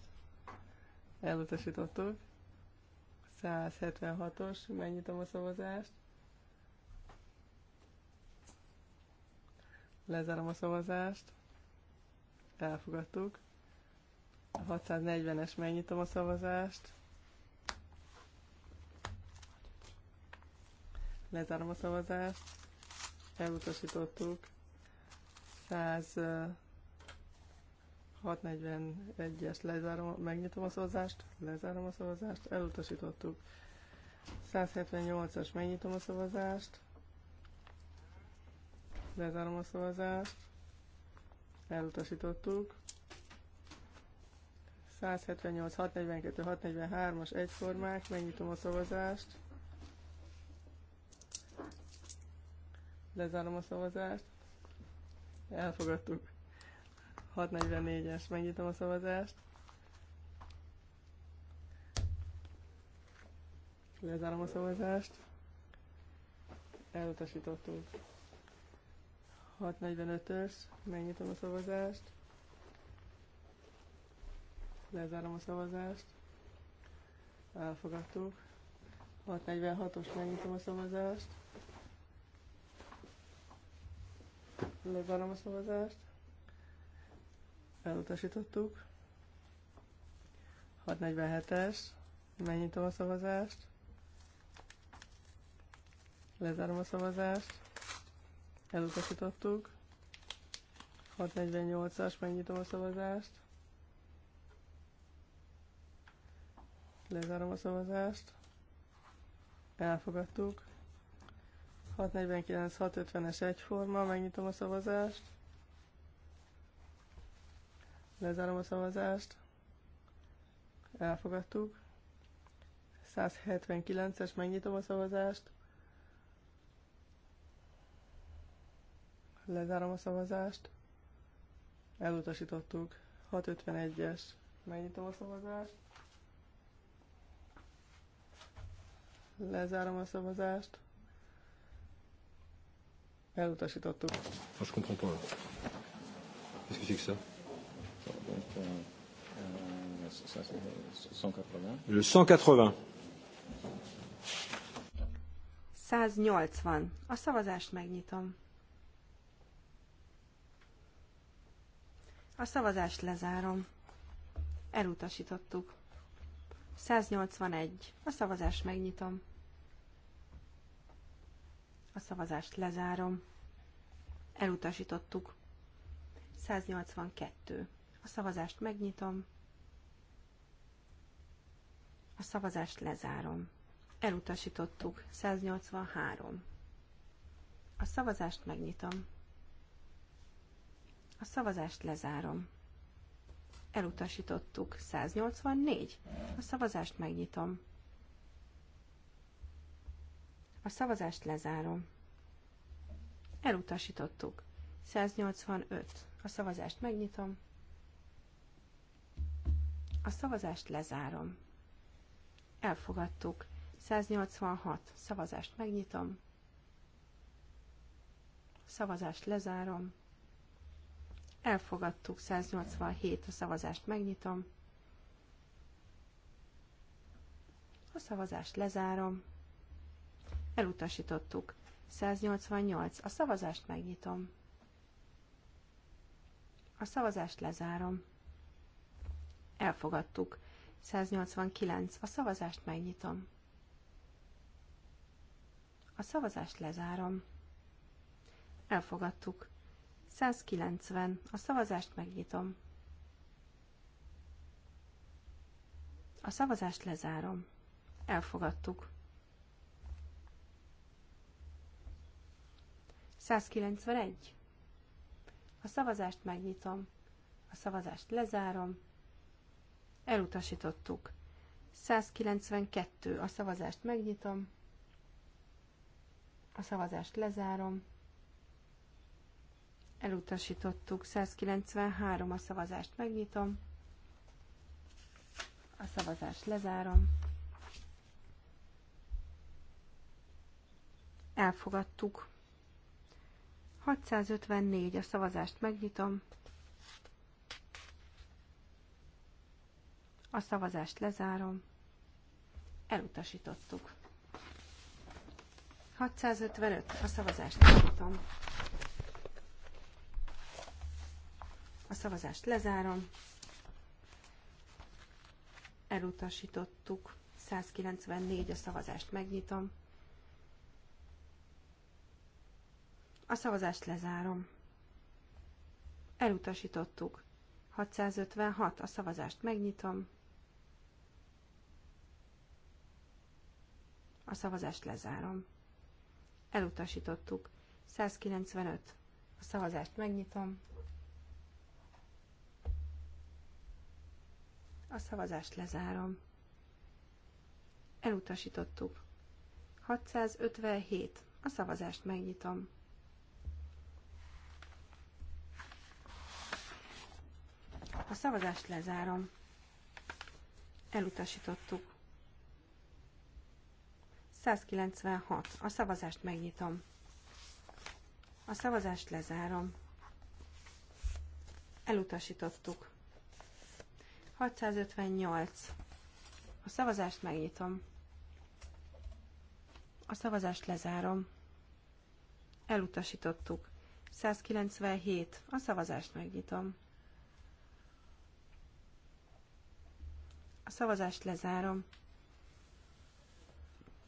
Elutasítottuk. 176-os, megnyitom a szavazást. Lezárom a szavazást. Elfogadtuk. 640-es, megnyitom a szavazást. Lezárom a szavazást elutasítottuk. 161. es lezárom, megnyitom a szavazást, lezárom a szavazást, elutasítottuk. 178-as megnyitom a szavazást, lezárom a szavazást, elutasítottuk. 178, 642, 643-as egyformák, megnyitom a szavazást, Lezárom a szavazást. Elfogadtuk. 644-es, megnyitom a szavazást. Lezárom a szavazást. Elutasítottuk. 645-ös, megnyitom a szavazást. Lezárom a szavazást. Elfogadtuk. 646-os, megnyitom a szavazást. Lezárom a szavazást. Elutasítottuk. 647-es. Megnyitom a szavazást. Lezárom a szavazást. Elutasítottuk. 648-as, megnyitom a szavazást. Lezárom a szavazást. Elfogadtuk. 649-650-es egyforma, megnyitom a szavazást. Lezárom a szavazást. Elfogadtuk. 179-es, megnyitom a szavazást. Lezárom a szavazást. Elutasítottuk. 651-es, megnyitom a szavazást. Lezárom a szavazást. Elutasítottuk. Most comprends pas. Qu'est-ce que c'est que ça? 180. Le 180. 180. A szavazást megnyitom. A szavazást lezárom. Elutasítottuk. 181. A szavazást megnyitom. A szavazást lezárom. Elutasítottuk. 182. A szavazást megnyitom. A szavazást lezárom. Elutasítottuk. 183. A szavazást megnyitom. A szavazást lezárom. Elutasítottuk. 184. A szavazást megnyitom. A szavazást lezárom. Elutasítottuk. 185. A szavazást megnyitom. A szavazást lezárom. Elfogadtuk. 186. Szavazást megnyitom. Szavazást lezárom. Elfogadtuk. 187. A szavazást megnyitom. A szavazást lezárom. Elutasítottuk. 188. A szavazást megnyitom. A szavazást lezárom. Elfogadtuk. 189. A szavazást megnyitom. A szavazást lezárom. Elfogadtuk. 190. A szavazást megnyitom. A szavazást lezárom. Elfogadtuk. 191. A szavazást megnyitom. A szavazást lezárom. Elutasítottuk. 192. A szavazást megnyitom. A szavazást lezárom. Elutasítottuk. 193. A szavazást megnyitom. A szavazást lezárom. Elfogadtuk. 654. A szavazást megnyitom. A szavazást lezárom. Elutasítottuk. 655. A szavazást megnyitom. A szavazást lezárom. Elutasítottuk. 194. A szavazást megnyitom. A szavazást lezárom. Elutasítottuk. 656. A szavazást megnyitom. A szavazást lezárom. Elutasítottuk. 195. A szavazást megnyitom. A szavazást lezárom. Elutasítottuk. 657. A szavazást megnyitom. A szavazást lezárom. Elutasítottuk. 196. A szavazást megnyitom. A szavazást lezárom. Elutasítottuk. 658. A szavazást megnyitom. A szavazást lezárom. Elutasítottuk. 197. A szavazást megnyitom. A szavazást lezárom.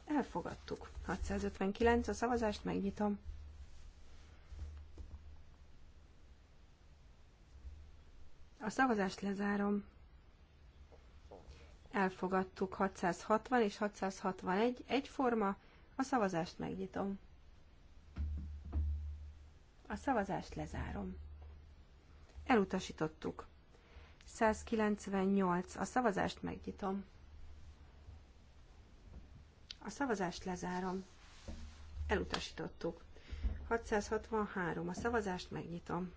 Elfogadtuk. 659. A szavazást megnyitom. A szavazást lezárom. Elfogadtuk 660 és 661 egyforma. A szavazást megnyitom. A szavazást lezárom. Elutasítottuk. 198. A szavazást megnyitom. A szavazást lezárom. Elutasítottuk. 663. A szavazást megnyitom.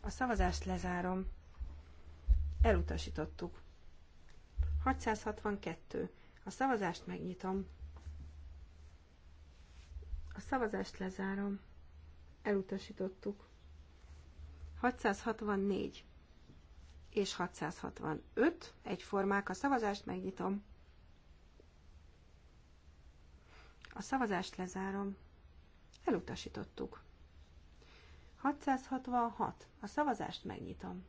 A szavazást lezárom. Elutasítottuk. 662. A szavazást megnyitom. A szavazást lezárom elutasítottuk. 664 és 665, egyformák a szavazást, megnyitom. A szavazást lezárom. Elutasítottuk. 666. A szavazást megnyitom.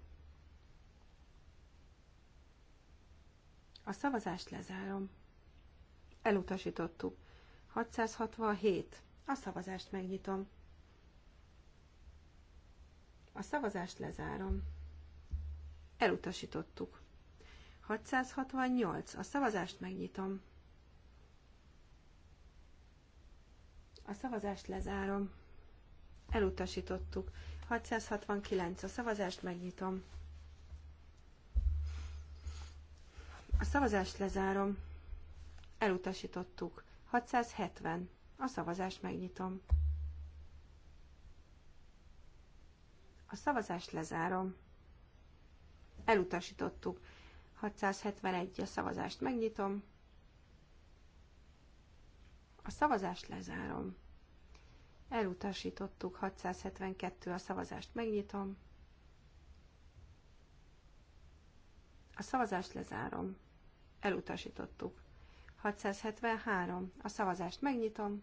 A szavazást lezárom. Elutasítottuk. 667. A szavazást megnyitom. A szavazást lezárom. Elutasítottuk. 668. A szavazást megnyitom. A szavazást lezárom. Elutasítottuk. 669. A szavazást megnyitom. A szavazást lezárom. Elutasítottuk. 670. A szavazást megnyitom. A szavazást lezárom. Elutasítottuk. 671 a szavazást megnyitom. A szavazást lezárom. Elutasítottuk. 672 a szavazást megnyitom. A szavazást lezárom. Elutasítottuk. 673. A szavazást megnyitom.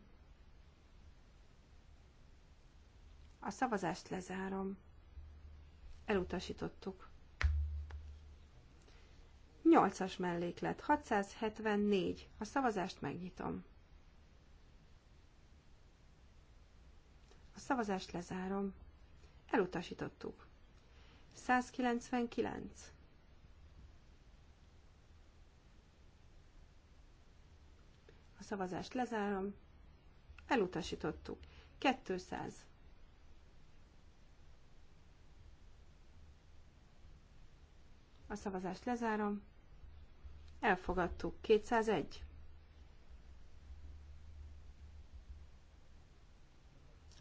A szavazást lezárom elutasítottuk. 8-as melléklet, 674. A szavazást megnyitom. A szavazást lezárom. Elutasítottuk. 199. A szavazást lezárom. Elutasítottuk. 200. A szavazást lezárom. Elfogadtuk. 201.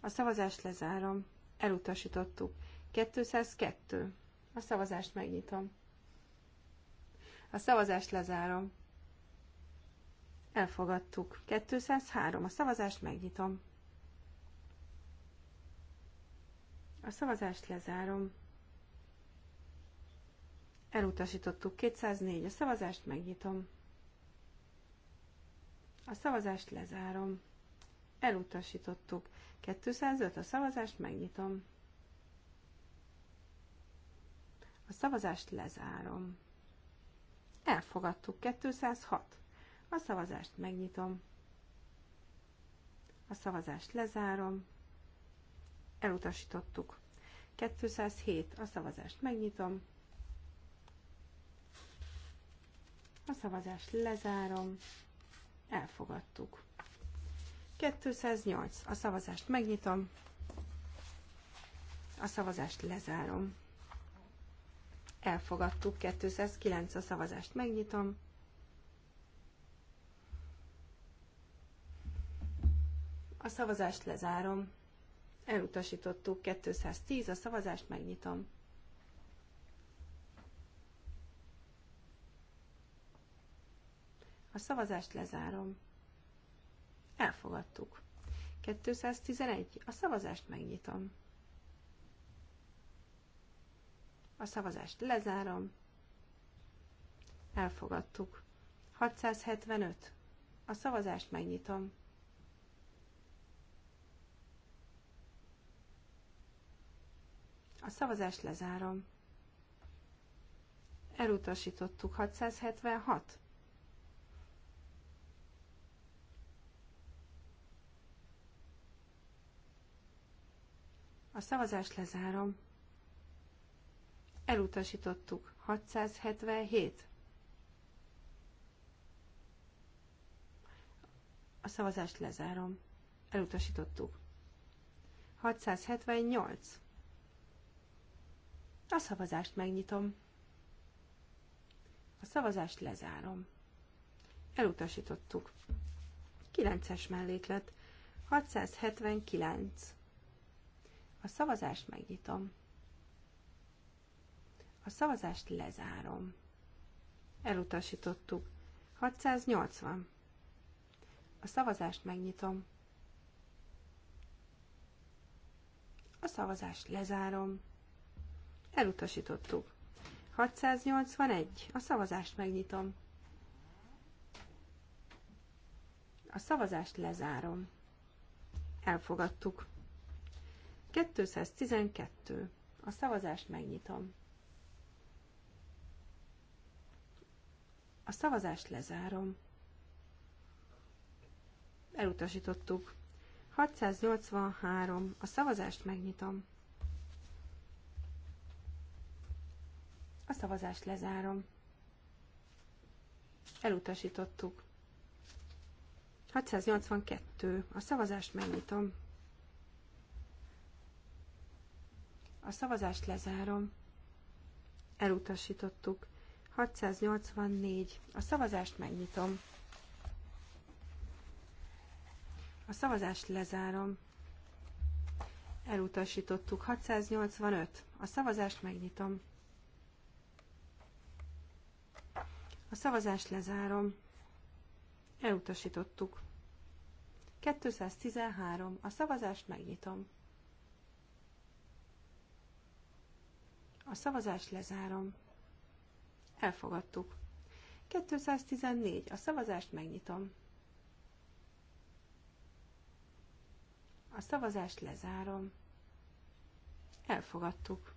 A szavazást lezárom. Elutasítottuk. 202. A szavazást megnyitom. A szavazást lezárom. Elfogadtuk. 203. A szavazást megnyitom. A szavazást lezárom. Elutasítottuk 204 a szavazást, megnyitom. A szavazást lezárom. Elutasítottuk 205 a szavazást, megnyitom. A szavazást lezárom. Elfogadtuk 206. A szavazást megnyitom. A szavazást lezárom. Elutasítottuk. 207. A szavazást megnyitom. A szavazást lezárom. Elfogadtuk. 208. A szavazást megnyitom. A szavazást lezárom. Elfogadtuk. 209. A szavazást megnyitom. A szavazást lezárom. Elutasítottuk. 210. A szavazást megnyitom. A szavazást lezárom. Elfogadtuk. 211. A szavazást megnyitom. A szavazást lezárom. Elfogadtuk. 675. A szavazást megnyitom. A szavazást lezárom. Elutasítottuk 676. A szavazást lezárom. Elutasítottuk. 677. A szavazást lezárom. Elutasítottuk. 678. A szavazást megnyitom. A szavazást lezárom. Elutasítottuk. 9-es melléklet. 679. A szavazást megnyitom. A szavazást lezárom. Elutasítottuk. 680. A szavazást megnyitom. A szavazást lezárom. Elutasítottuk. 681. A szavazást megnyitom. A szavazást lezárom. Elfogadtuk. 212. A szavazást megnyitom. A szavazást lezárom. Elutasítottuk. 683. A szavazást megnyitom. A szavazást lezárom. Elutasítottuk. 682. A szavazást megnyitom. A szavazást lezárom. Elutasítottuk. 684. A szavazást megnyitom. A szavazást lezárom. Elutasítottuk. 685. A szavazást megnyitom. A szavazást lezárom. Elutasítottuk. 213. A szavazást megnyitom. A szavazást lezárom. Elfogadtuk. 214. A szavazást megnyitom. A szavazást lezárom. Elfogadtuk.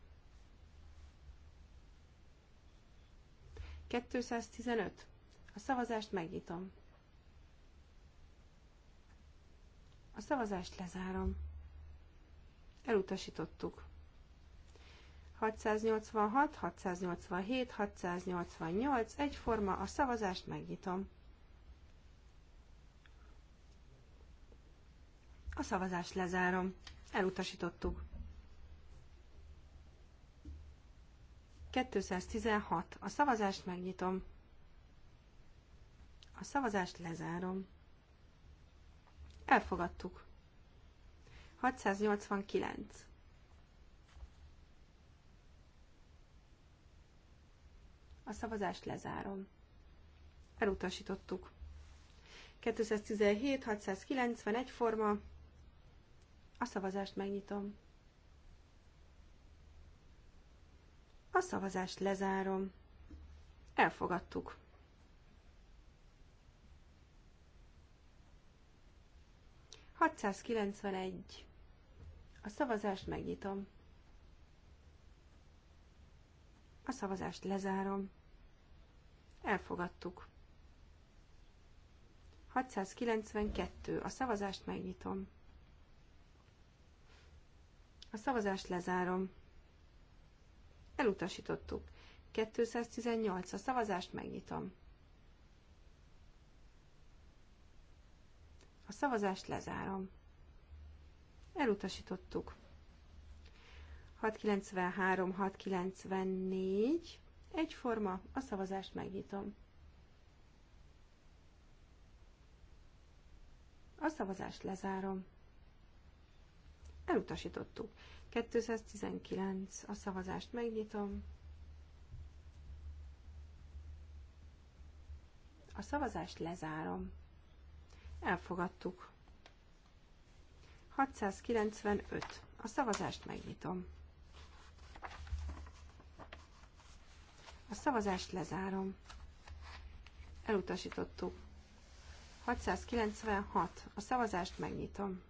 215. A szavazást megnyitom. A szavazást lezárom. Elutasítottuk. 686, 687, 688, egyforma, a szavazást megnyitom. A szavazást lezárom. Elutasítottuk. 216. A szavazást megnyitom. A szavazást lezárom. Elfogadtuk. 689. A szavazást lezárom. Elutasítottuk. 2017 691 forma. A szavazást megnyitom. A szavazást lezárom. Elfogadtuk. egy. A szavazást megnyitom. A szavazást lezárom. Elfogadtuk. 692. A szavazást megnyitom. A szavazást lezárom. Elutasítottuk. 218. A szavazást megnyitom. A szavazást lezárom. Elutasítottuk. 693, 694. Egyforma, a szavazást megnyitom. A szavazást lezárom. Elutasítottuk. 219. A szavazást megnyitom. A szavazást lezárom. Elfogadtuk. 695. A szavazást megnyitom. A szavazást lezárom. Elutasítottuk. 696. A szavazást megnyitom.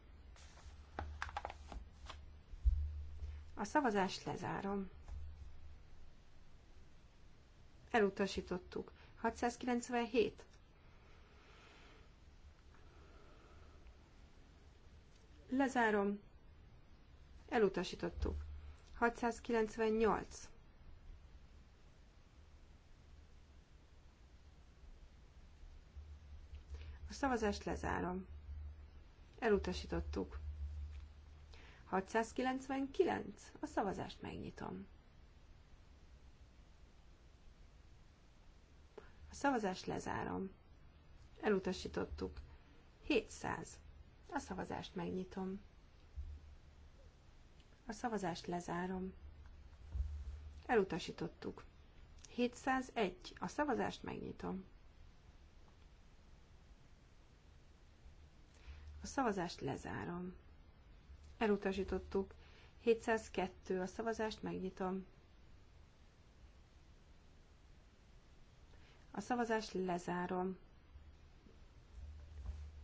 A szavazást lezárom. Elutasítottuk. 697. Lezárom. Elutasítottuk. 698. szavazást lezárom. Elutasítottuk. 699. A szavazást megnyitom. A szavazást lezárom. Elutasítottuk. 700. A szavazást megnyitom. A szavazást lezárom. Elutasítottuk. 701. A szavazást megnyitom. A szavazást lezárom. Elutasítottuk. 702. A szavazást megnyitom. A szavazást lezárom.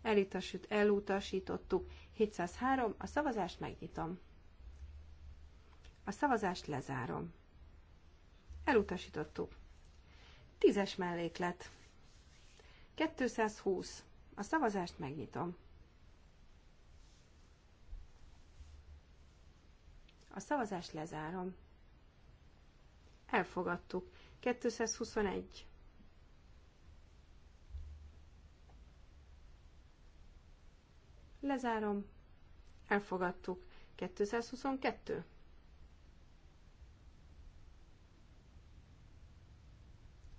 Elutasít, elutasítottuk. 703. A szavazást megnyitom. A szavazást lezárom. Elutasítottuk. Tízes melléklet. 220. A szavazást megnyitom. A szavazást lezárom. Elfogadtuk. 221. Lezárom. Elfogadtuk. 222.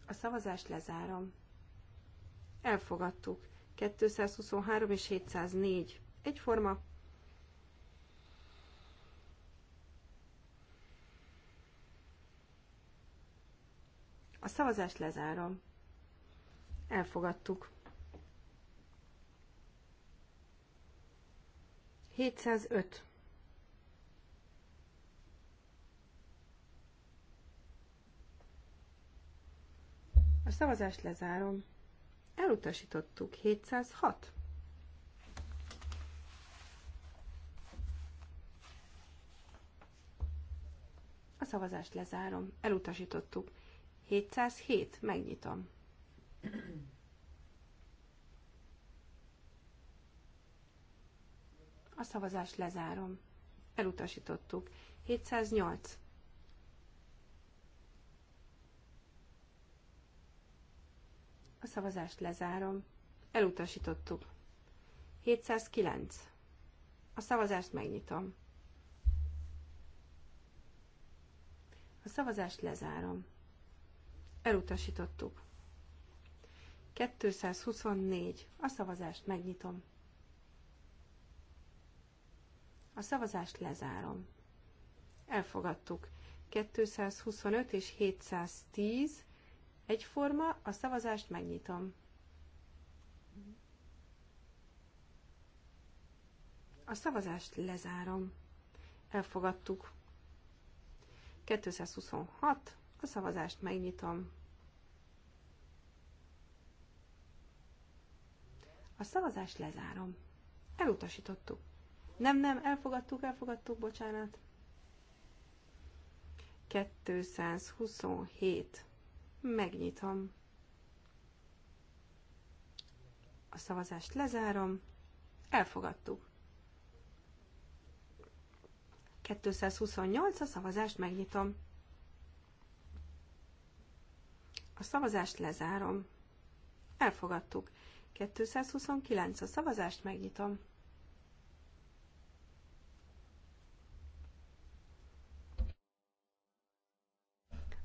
A szavazást lezárom. Elfogadtuk. 223 és 704. Egyforma. A szavazást lezárom. Elfogadtuk. 705. A szavazást lezárom. Elutasítottuk. 706. A szavazást lezárom. Elutasítottuk. 707, megnyitom. A szavazást lezárom. Elutasítottuk. 708. A szavazást lezárom. Elutasítottuk. 709. A szavazást megnyitom. A szavazást lezárom. Elutasítottuk. 224. A szavazást megnyitom. A szavazást lezárom. Elfogadtuk. 225 és 710 egyforma, a szavazást megnyitom. A szavazást lezárom. Elfogadtuk. 226, a szavazást megnyitom. A szavazást lezárom. Elutasítottuk. Nem, nem, elfogadtuk, elfogadtuk, bocsánat. 227. Megnyitom. A szavazást lezárom. Elfogadtuk. 228. A szavazást megnyitom. A szavazást lezárom. Elfogadtuk. 229 a szavazást megnyitom.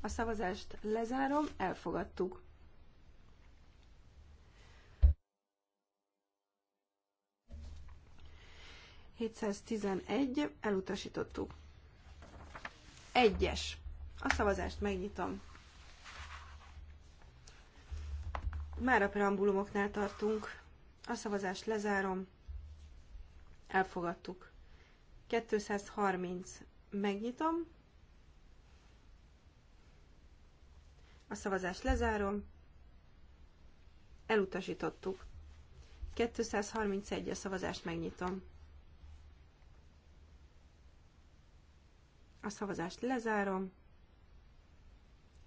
A szavazást lezárom, elfogadtuk. elutasítottuk. Egyes. A szavazást megnyitom. Már a preambulumoknál tartunk. A szavazást lezárom. Elfogadtuk. 230. Megnyitom. A szavazást lezárom. Elutasítottuk. 231. A szavazást megnyitom. A szavazást lezárom.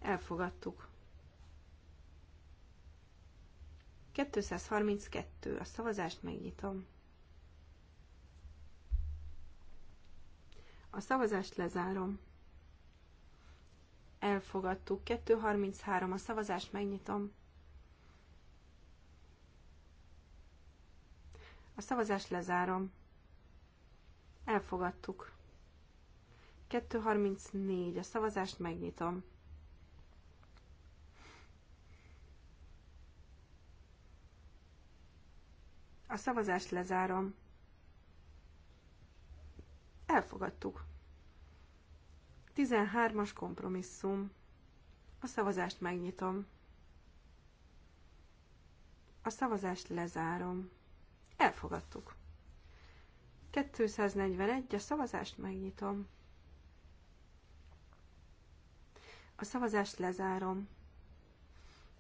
Elfogadtuk. 232. A szavazást megnyitom. A szavazást lezárom. Elfogadtuk. 233. A szavazást megnyitom. A szavazást lezárom. Elfogadtuk. 234. A szavazást megnyitom. A szavazást lezárom. Elfogadtuk. 13-as kompromisszum. A szavazást megnyitom. A szavazást lezárom. Elfogadtuk. 241. A szavazást megnyitom. A szavazást lezárom.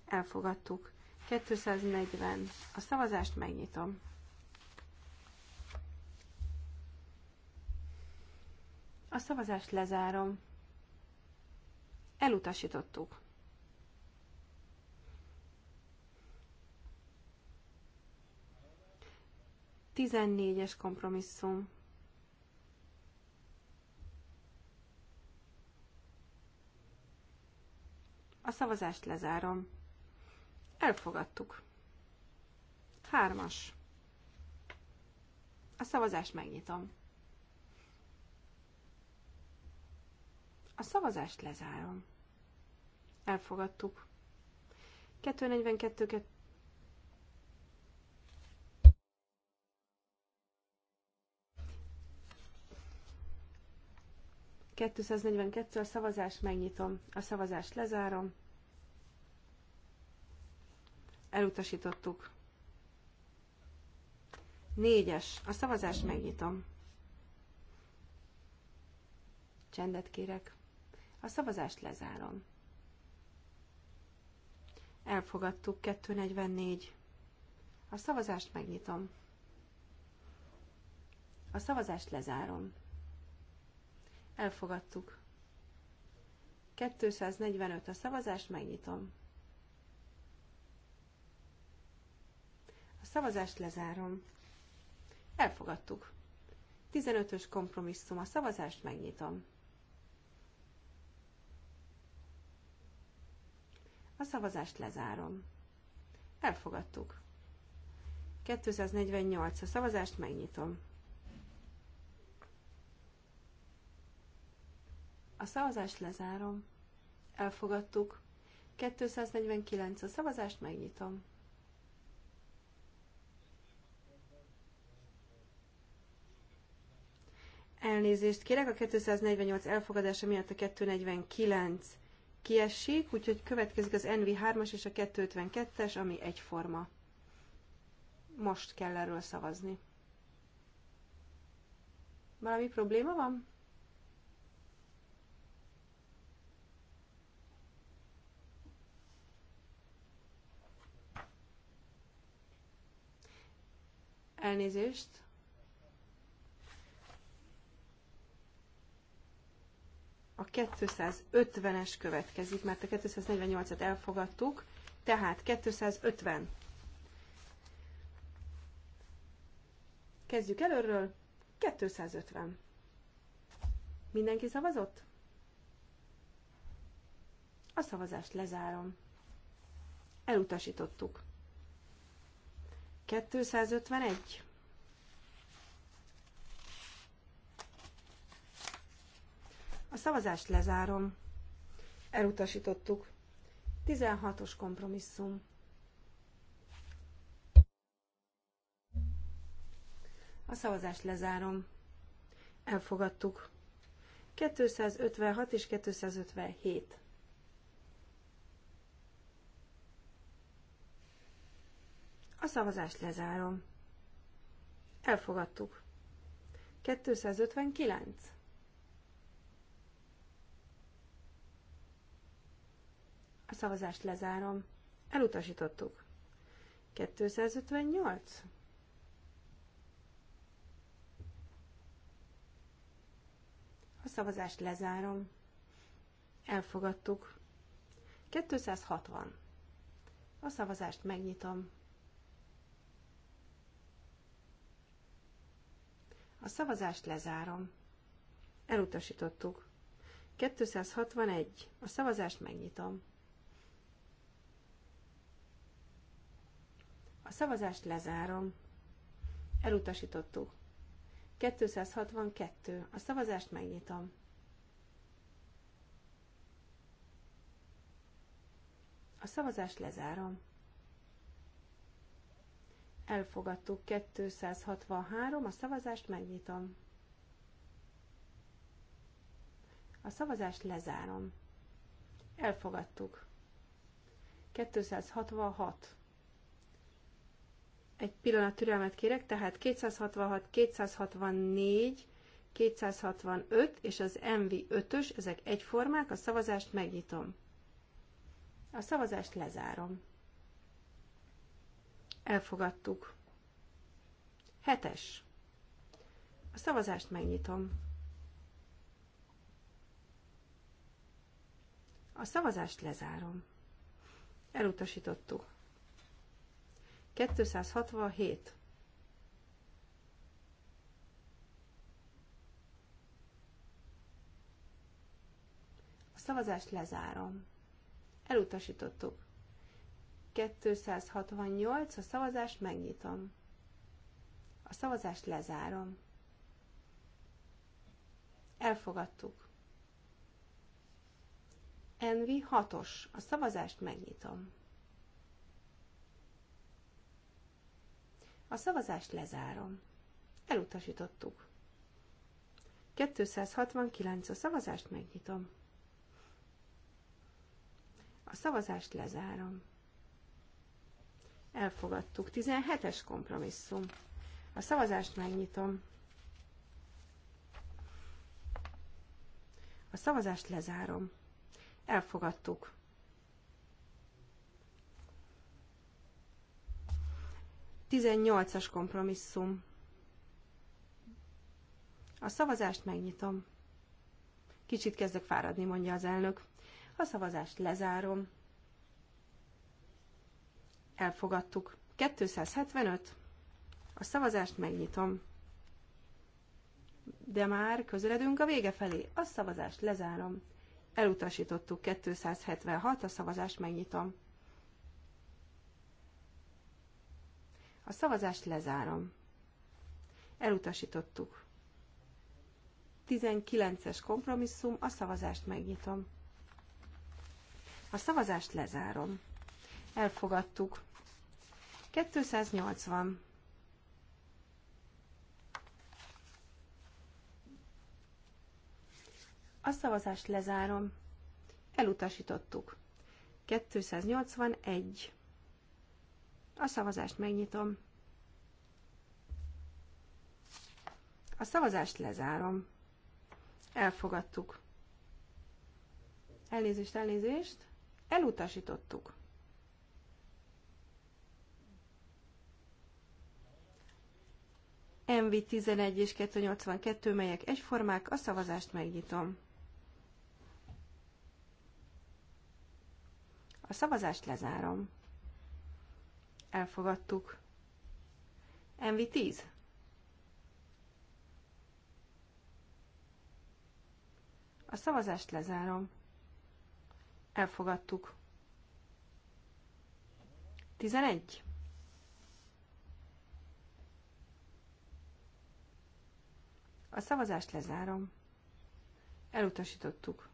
Elfogadtuk. 240. A szavazást megnyitom. A szavazást lezárom. Elutasítottuk. Tizennégyes kompromisszum. A szavazást lezárom. Elfogadtuk. Hármas. A szavazást megnyitom. A szavazást lezárom. Elfogadtuk. 242 242 a szavazást megnyitom, a szavazást lezárom elutasítottuk. Négyes. A szavazást megnyitom. Csendet kérek. A szavazást lezárom. Elfogadtuk 244. A szavazást megnyitom. A szavazást lezárom. Elfogadtuk. 245. A szavazást megnyitom. A szavazást lezárom. Elfogadtuk. 15-ös kompromisszum. A szavazást megnyitom. A szavazást lezárom. Elfogadtuk. 248. A szavazást megnyitom. A szavazást lezárom. Elfogadtuk. 249. A szavazást megnyitom. Elnézést kérek, a 248 elfogadása miatt a 249 kiesik, úgyhogy következik az NV3-as és a 252-es, ami egyforma. Most kell erről szavazni. Valami probléma van? Elnézést. a 250-es következik, mert a 248-at elfogadtuk, tehát 250. Kezdjük előről. 250. Mindenki szavazott? A szavazást lezárom. Elutasítottuk. 251. A szavazást lezárom. Elutasítottuk. 16-os kompromisszum. A szavazást lezárom. Elfogadtuk. 256 és 257. A szavazást lezárom. Elfogadtuk. 259. A szavazást lezárom. Elutasítottuk. 258? A szavazást lezárom. Elfogadtuk. 260. A szavazást megnyitom. A szavazást lezárom. Elutasítottuk. 261. A szavazást megnyitom. A szavazást lezárom. Elutasítottuk. 262. A szavazást megnyitom. A szavazást lezárom. Elfogadtuk 263, a szavazást megnyitom. A szavazást lezárom. Elfogadtuk. 266. Egy pillanat türelmet kérek, tehát 266, 264, 265 és az MV 5-ös, ezek egyformák, a szavazást megnyitom. A szavazást lezárom. Elfogadtuk. Hetes. A szavazást megnyitom. A szavazást lezárom. Elutasítottuk. 267. A szavazást lezárom. Elutasítottuk. 268. A szavazást megnyitom. A szavazást lezárom. Elfogadtuk. Envi 6-os. A szavazást megnyitom. A szavazást lezárom. Elutasítottuk. 269 a szavazást megnyitom. A szavazást lezárom. Elfogadtuk. 17-es kompromisszum. A szavazást megnyitom. A szavazást lezárom. Elfogadtuk. 18-as kompromisszum. A szavazást megnyitom. Kicsit kezdek fáradni, mondja az elnök. A szavazást lezárom. Elfogadtuk. 275. A szavazást megnyitom. De már közeledünk a vége felé. A szavazást lezárom. Elutasítottuk 276, a szavazást megnyitom. A szavazást lezárom. Elutasítottuk. 19-es kompromisszum, a szavazást megnyitom. A szavazást lezárom. Elfogadtuk. 280. A szavazást lezárom. Elutasítottuk. 281. A szavazást megnyitom. A szavazást lezárom. Elfogadtuk. Elnézést, elnézést. Elutasítottuk. MV11 és 282, melyek egyformák, a szavazást megnyitom. A szavazást lezárom. Elfogadtuk. MV10. A szavazást lezárom. Elfogadtuk. 11. A szavazást lezárom. Elutasítottuk.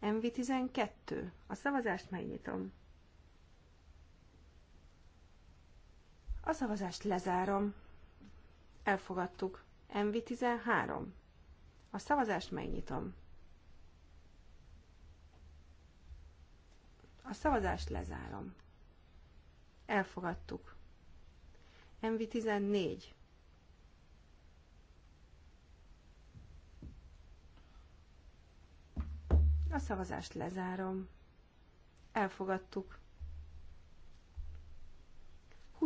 MV12. A szavazást megnyitom. A szavazást lezárom. Elfogadtuk. MV13. A szavazást megnyitom. A szavazást lezárom. Elfogadtuk. MV14. A szavazást lezárom. Elfogadtuk.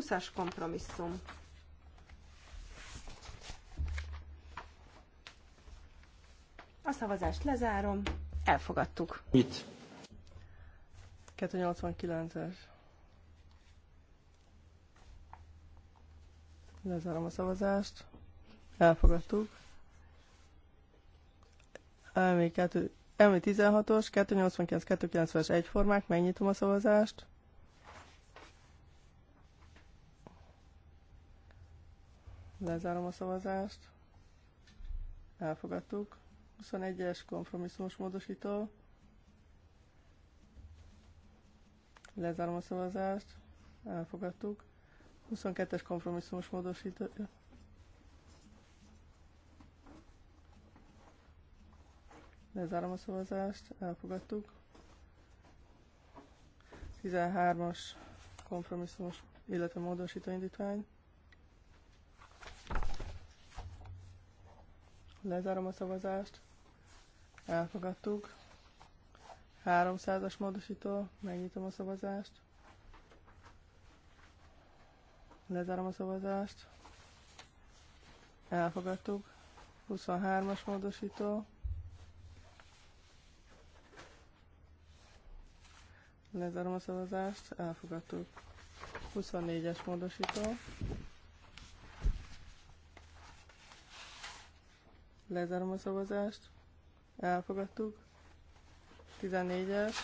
20-as kompromisszum. A szavazást lezárom, elfogadtuk. Mit? 289-es. Lezárom a szavazást. Elfogadtuk. MI16-os, 289-290-es egyformák, megnyitom a szavazást. Lezárom a szavazást. Elfogadtuk. 21-es kompromisszumos módosító. Lezárom a szavazást. Elfogadtuk. 22-es kompromisszumos módosító. Lezárom a szavazást. Elfogadtuk. 13-as kompromisszumos, illetve módosító indítvány. Lezárom a szavazást. Elfogadtuk. 300-as módosító. Megnyitom a szavazást. Lezárom a szavazást. Elfogadtuk. 23-as módosító. Lezárom a szavazást. Elfogadtuk. 24-es módosító. Lezárom a szavazást. Elfogadtuk. 14-es.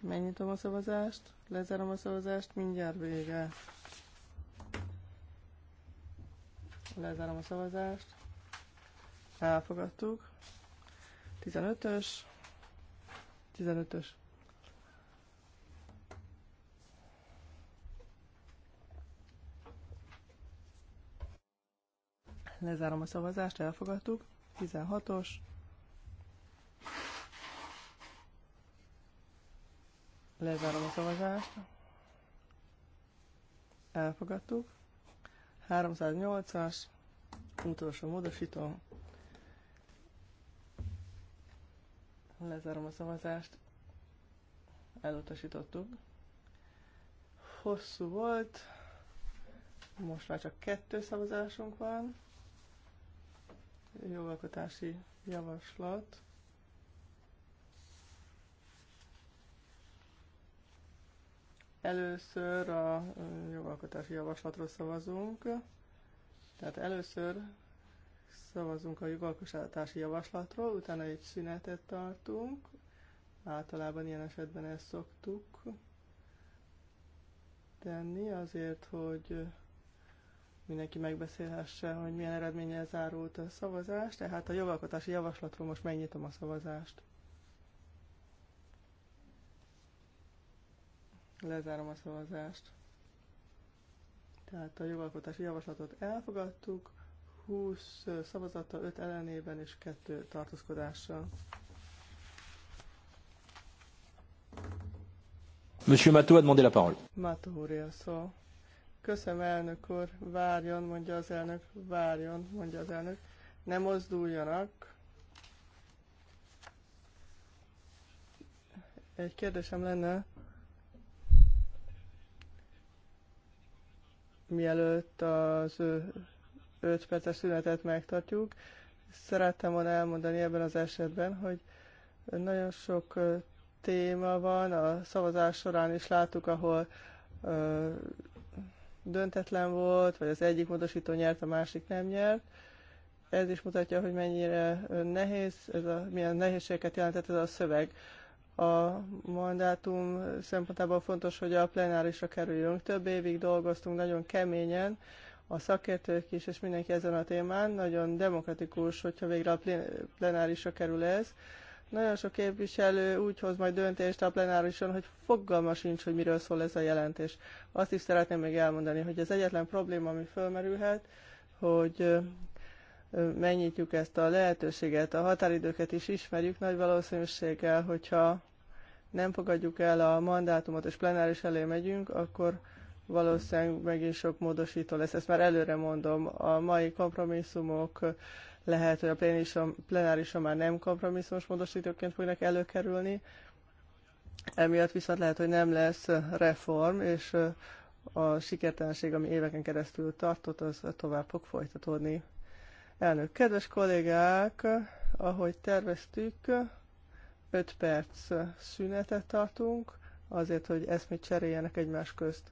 Megnyitom a szavazást. Lezárom a szavazást. Mindjárt vége. Lezárom a szavazást. Elfogadtuk. 15-ös. 15-ös. Lezárom a szavazást, elfogadtuk. 16-os. Lezárom a szavazást. Elfogadtuk. 308-as. Utolsó módosító. Lezárom a szavazást. Elutasítottuk. Hosszú volt. Most már csak kettő szavazásunk van jogalkotási javaslat. Először a jogalkotási javaslatról szavazunk, tehát először szavazunk a jogalkotási javaslatról, utána egy szünetet tartunk, általában ilyen esetben ezt szoktuk tenni, azért, hogy mindenki megbeszélhesse, hogy milyen eredménye zárult a szavazás. Tehát a jogalkotási javaslatról most megnyitom a szavazást. Lezárom a szavazást. Tehát a jogalkotási javaslatot elfogadtuk, 20 szavazata, 5 ellenében és 2 tartózkodással. Monsieur Matou a demandé la parole. Matou, Köszönöm, elnök úr, várjon, mondja az elnök, várjon, mondja az elnök. Ne mozduljanak. Egy kérdésem lenne, mielőtt az 5 perces szünetet megtartjuk, szerettem volna elmondani ebben az esetben, hogy nagyon sok téma van, a szavazás során is láttuk, ahol döntetlen volt, vagy az egyik módosító nyert, a másik nem nyert. Ez is mutatja, hogy mennyire nehéz, ez a, milyen nehézségeket jelentett ez a szöveg. A mandátum szempontából fontos, hogy a plenárisra kerüljünk. Több évig dolgoztunk nagyon keményen, a szakértők is, és mindenki ezen a témán. Nagyon demokratikus, hogyha végre a plenárisra kerül ez nagyon sok képviselő úgy hoz majd döntést a plenárison, hogy fogalma sincs, hogy miről szól ez a jelentés. Azt is szeretném még elmondani, hogy az egyetlen probléma, ami fölmerülhet, hogy megnyitjuk ezt a lehetőséget, a határidőket is ismerjük nagy valószínűséggel, hogyha nem fogadjuk el a mandátumot és plenáris elé megyünk, akkor valószínűleg megint sok módosító lesz. Ezt már előre mondom, a mai kompromisszumok lehet, hogy a plenárison, már nem kompromisszumos módosítóként fognak előkerülni, emiatt viszont lehet, hogy nem lesz reform, és a sikertelenség, ami éveken keresztül tartott, az tovább fog folytatódni. Elnök, kedves kollégák, ahogy terveztük, 5 perc szünetet tartunk, azért, hogy eszmét cseréljenek egymás közt.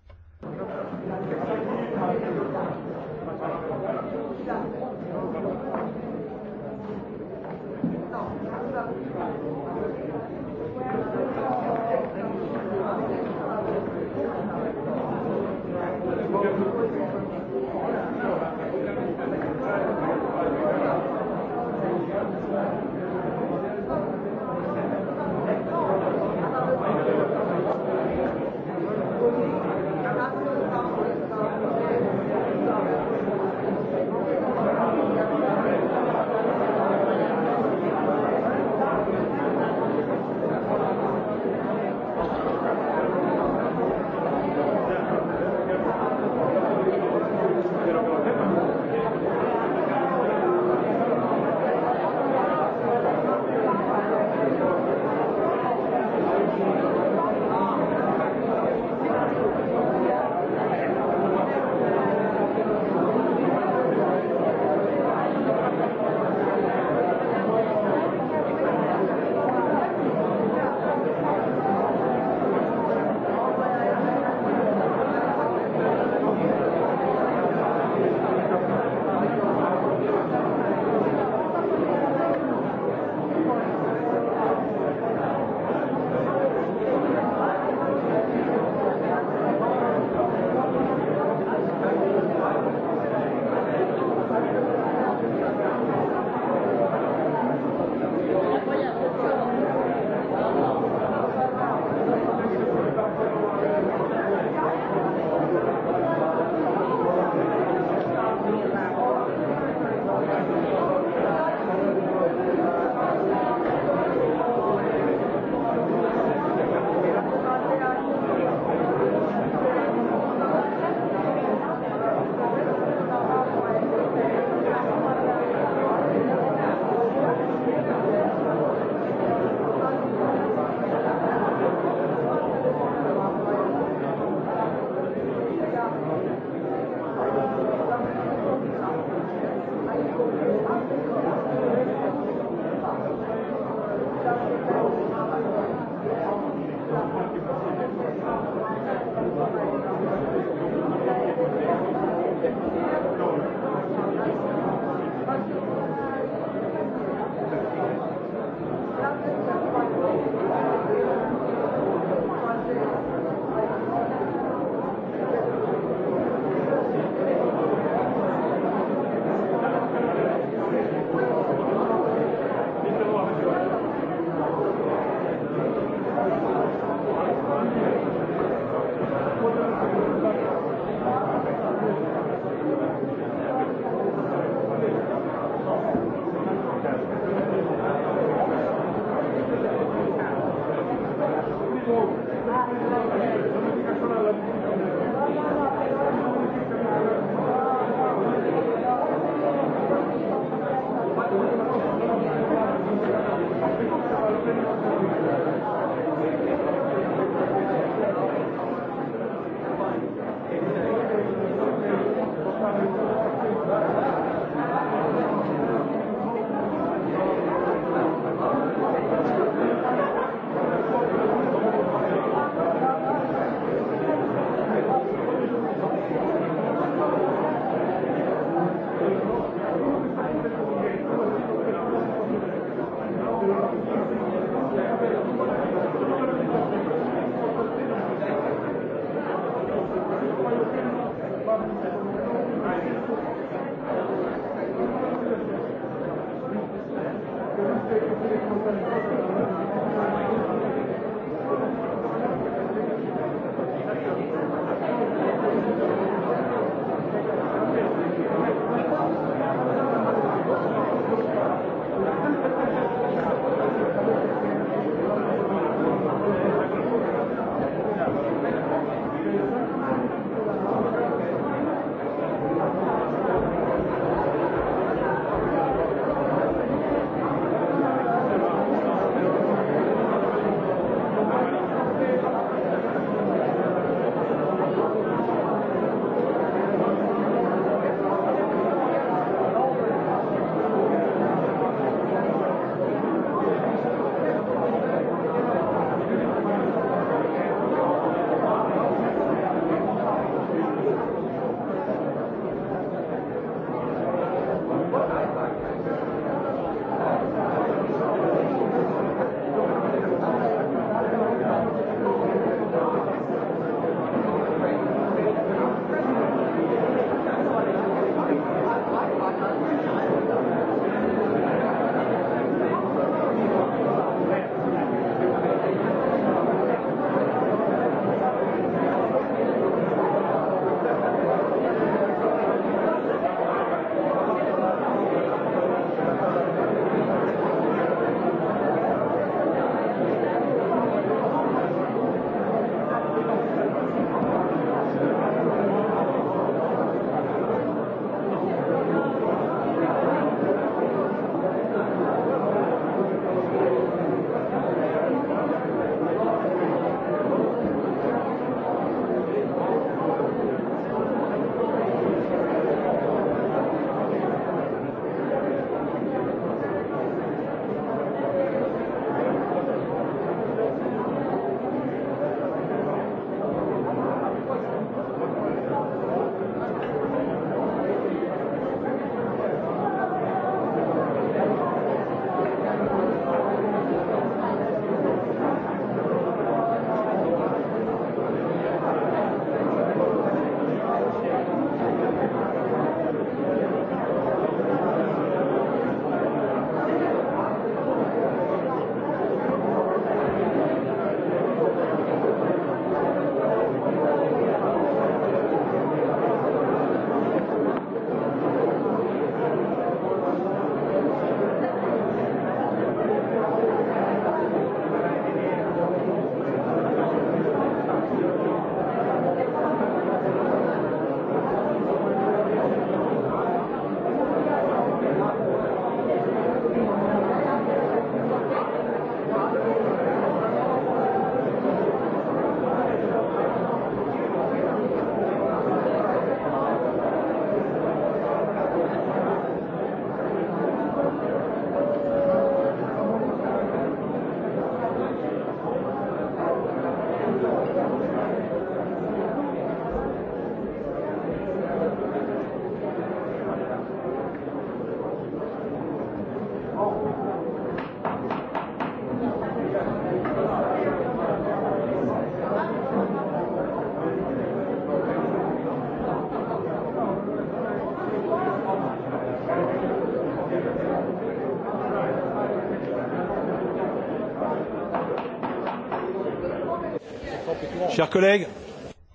Chers collègues.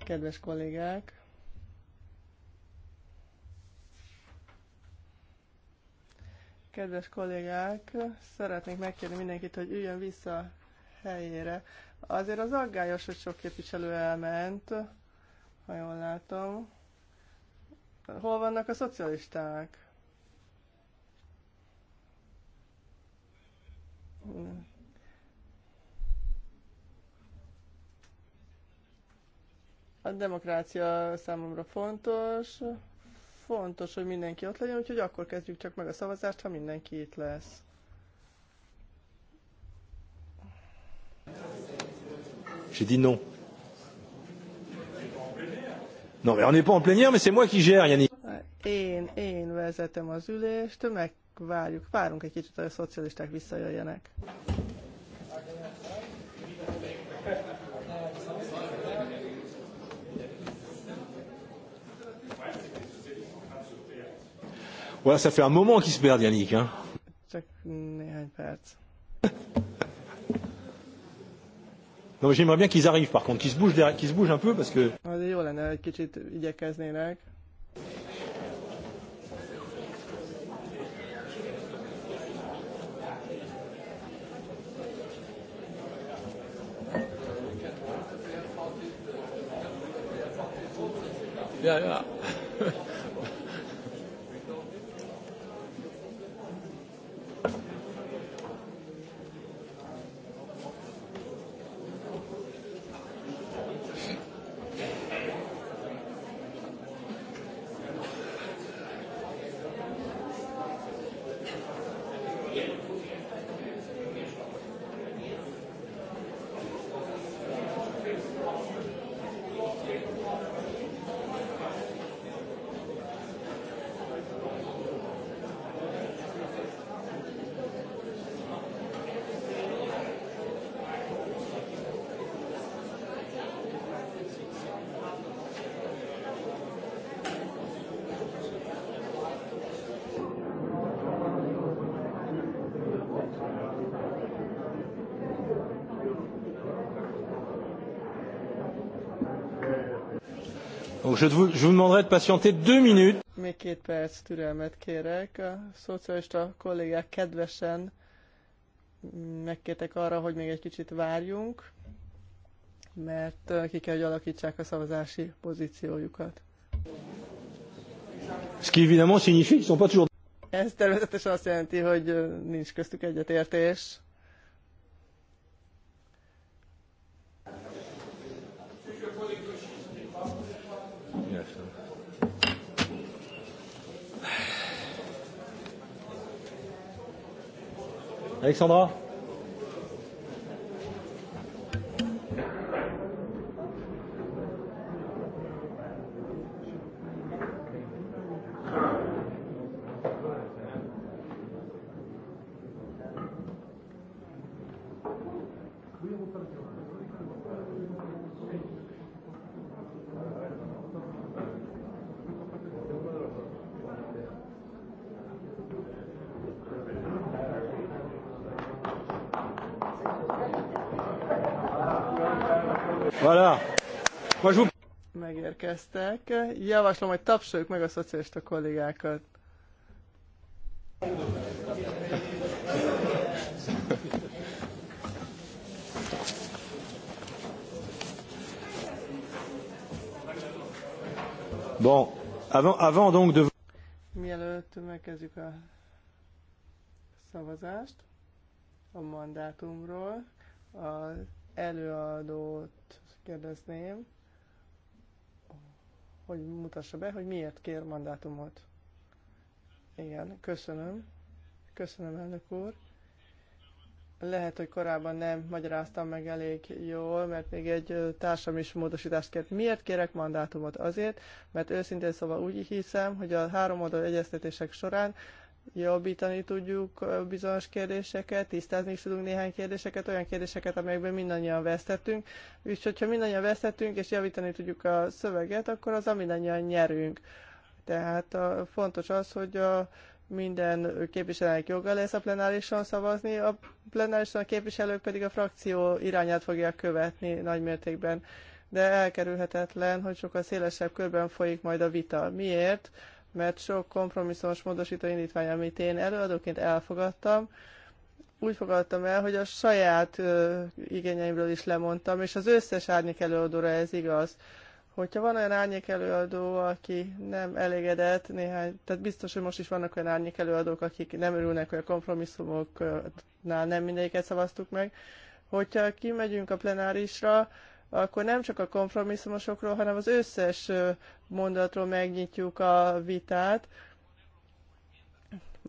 Kedves kollégák. Kedves kollégák, szeretnék megkérni mindenkit, hogy üljön vissza helyére. Azért az aggályos, hogy sok képviselő elment, ha jól látom. Hol vannak a szocialisták? A demokrácia számomra fontos, fontos, hogy mindenki ott legyen, úgyhogy akkor kezdjük csak meg a szavazást, ha mindenki itt lesz. J'ai dit non. Non, mais on n'est pas en plénière, mais c'est moi qui gère, Yannick. Én, én vezetem az ülést, megvárjuk, várunk egy kicsit, hogy a szocialisták visszajöjjenek. Voilà, ça fait un moment qu'ils se perdent, Yannick. Hein. Csak néhány perc. Non, j'aimerais bien qu'ils arrivent par contre, qu'ils se bougent, derrière, qu'ils se bougent un peu parce que... Azért jó lenne, egy kicsit igyekeznének. Ja, ja. Je, vous, je vous demanderai de patienter deux minutes. Még két perc türelmet kérek. A szocialista kollégák kedvesen megkértek arra, hogy még egy kicsit várjunk, mert ki kell, hogy alakítsák a szavazási pozíciójukat. Ce qui évidemment signifie qu'ils sont pas toujours... Ez természetesen azt jelenti, hogy nincs köztük egyetértés. Alexandra végeztek. Javaslom, hogy tapsoljuk meg a szocialista kollégákat. Bon, avant, avant donc de... Mielőtt megkezdjük a szavazást a mandátumról, az előadót kérdezném hogy mutassa be, hogy miért kér mandátumot. Igen, köszönöm. Köszönöm, elnök úr. Lehet, hogy korábban nem magyaráztam meg elég jól, mert még egy társam is módosítást kért. Miért kérek mandátumot? Azért, mert őszintén szóval úgy hiszem, hogy a három oldal egyeztetések során jobbítani tudjuk bizonyos kérdéseket, tisztázni is tudunk néhány kérdéseket, olyan kérdéseket, amelyekben mindannyian vesztettünk. És hogyha mindannyian vesztettünk, és javítani tudjuk a szöveget, akkor az mindannyian nyerünk. Tehát a, fontos az, hogy a, minden képviselőnek joga lesz a plenárison szavazni, a plenárison a képviselők pedig a frakció irányát fogják követni nagymértékben. De elkerülhetetlen, hogy sokkal szélesebb körben folyik majd a vita. Miért? mert sok kompromisszumos módosító indítvány, amit én előadóként elfogadtam, úgy fogadtam el, hogy a saját ö, igényeimről is lemondtam, és az összes árnyék előadóra ez igaz. Hogyha van olyan árnyék előadó, aki nem elégedett néhány, tehát biztos, hogy most is vannak olyan árnyék előadók, akik nem örülnek, hogy a kompromisszumoknál nem mindegyiket szavaztuk meg, hogyha kimegyünk a plenárisra, akkor nem csak a kompromisszumosokról, hanem az összes mondatról megnyitjuk a vitát.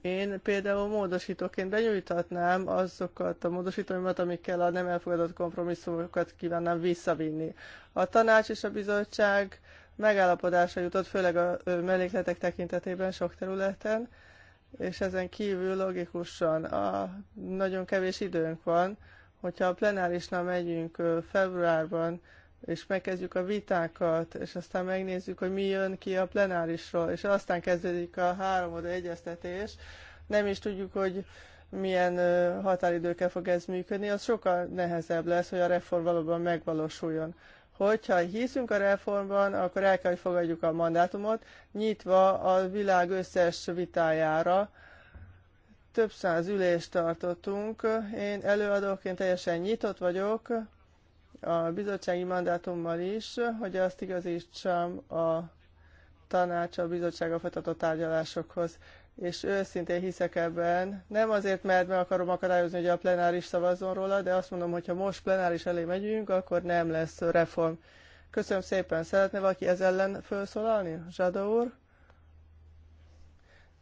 Én például módosítóként benyújtatnám azokat a módosítóimat, amikkel a nem elfogadott kompromisszumokat kívánnám visszavinni. A tanács és a bizottság megállapodásra jutott, főleg a mellékletek tekintetében sok területen, és ezen kívül logikusan a, nagyon kevés időnk van, Hogyha a plenárisnál megyünk februárban, és megkezdjük a vitákat, és aztán megnézzük, hogy mi jön ki a plenárisról, és aztán kezdődik a háromoda egyeztetés, nem is tudjuk, hogy milyen határidőkkel fog ez működni, az sokkal nehezebb lesz, hogy a reform valóban megvalósuljon. Hogyha hiszünk a reformban, akkor el kell, hogy fogadjuk a mandátumot, nyitva a világ összes vitájára, több száz ülést tartottunk. Én előadóként teljesen nyitott vagyok a bizottsági mandátummal is, hogy azt igazítsam a tanács a bizottsága folytatott tárgyalásokhoz. És őszintén hiszek ebben, nem azért, mert meg akarom akadályozni, hogy a plenáris szavazzon róla, de azt mondom, hogy ha most plenáris elé megyünk, akkor nem lesz reform. Köszönöm szépen. Szeretne valaki ez ellen felszólalni? Zsada úr?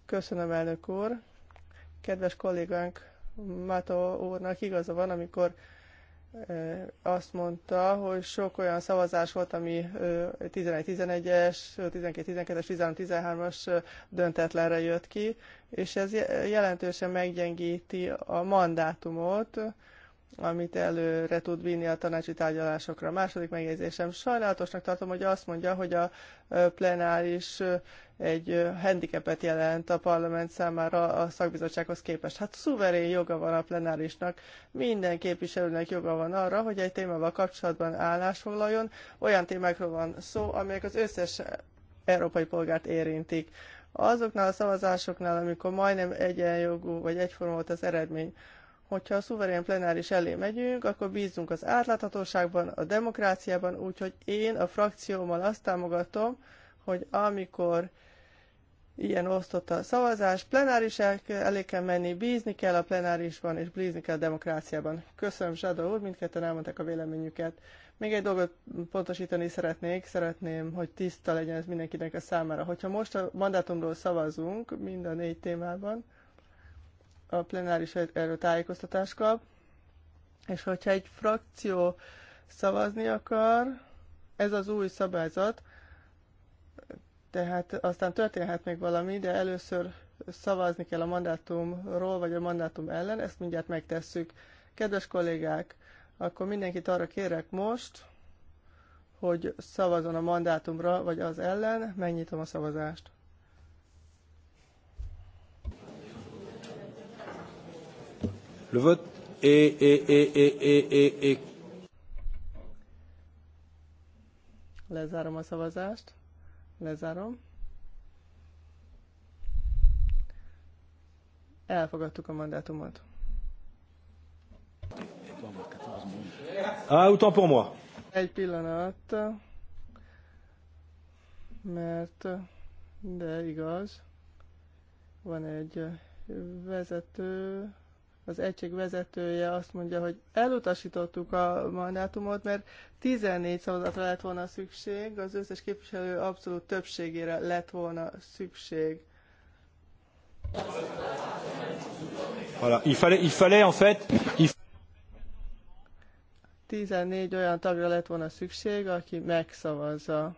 Köszönöm, elnök úr kedves kollégánk Mato úrnak igaza van, amikor azt mondta, hogy sok olyan szavazás volt, ami 11-11-es, 12-12-es, 13-13-as döntetlenre jött ki, és ez jelentősen meggyengíti a mandátumot, amit előre tud vinni a tanácsi tárgyalásokra. A második megjegyzésem sajnálatosnak tartom, hogy azt mondja, hogy a plenáris egy handicapet jelent a parlament számára a szakbizottsághoz képest. Hát szuverén joga van a plenárisnak, minden képviselőnek joga van arra, hogy egy témával kapcsolatban állásfoglaljon. foglaljon. Olyan témákról van szó, amelyek az összes európai polgárt érintik. Azoknál a szavazásoknál, amikor majdnem egyenjogú vagy egyforma volt az eredmény, hogyha a szuverén plenáris elé megyünk, akkor bízunk az átláthatóságban, a demokráciában, úgyhogy én a frakciómmal azt támogatom, hogy amikor ilyen osztott a szavazás, plenáris elé kell menni, bízni kell a plenárisban, és bízni kell a demokráciában. Köszönöm, Zsada úr, mindketten elmondták a véleményüket. Még egy dolgot pontosítani szeretnék, szeretném, hogy tiszta legyen ez mindenkinek a számára. Hogyha most a mandátumról szavazunk mind a négy témában, a plenáris erről tájékoztatást kap, és hogyha egy frakció szavazni akar, ez az új szabályzat, tehát aztán történhet még valami, de először szavazni kell a mandátumról, vagy a mandátum ellen, ezt mindjárt megtesszük. Kedves kollégák, akkor mindenkit arra kérek most, hogy szavazon a mandátumra, vagy az ellen, megnyitom a szavazást. Le vote est, est, est, est, est, est, est. Lezárom a szavazást. Lezárom. Elfogadtuk a mandátumot. Ah, autant pour moi. Egy pillanat, mert de igaz, van egy vezető, az egység vezetője azt mondja, hogy elutasítottuk a mandátumot, mert 14 szavazatra lett volna szükség, az összes képviselő abszolút többségére lett volna szükség. Voilà. Il fallait, il fallait en fait, il... 14 olyan tagra lett volna szükség, aki megszavazza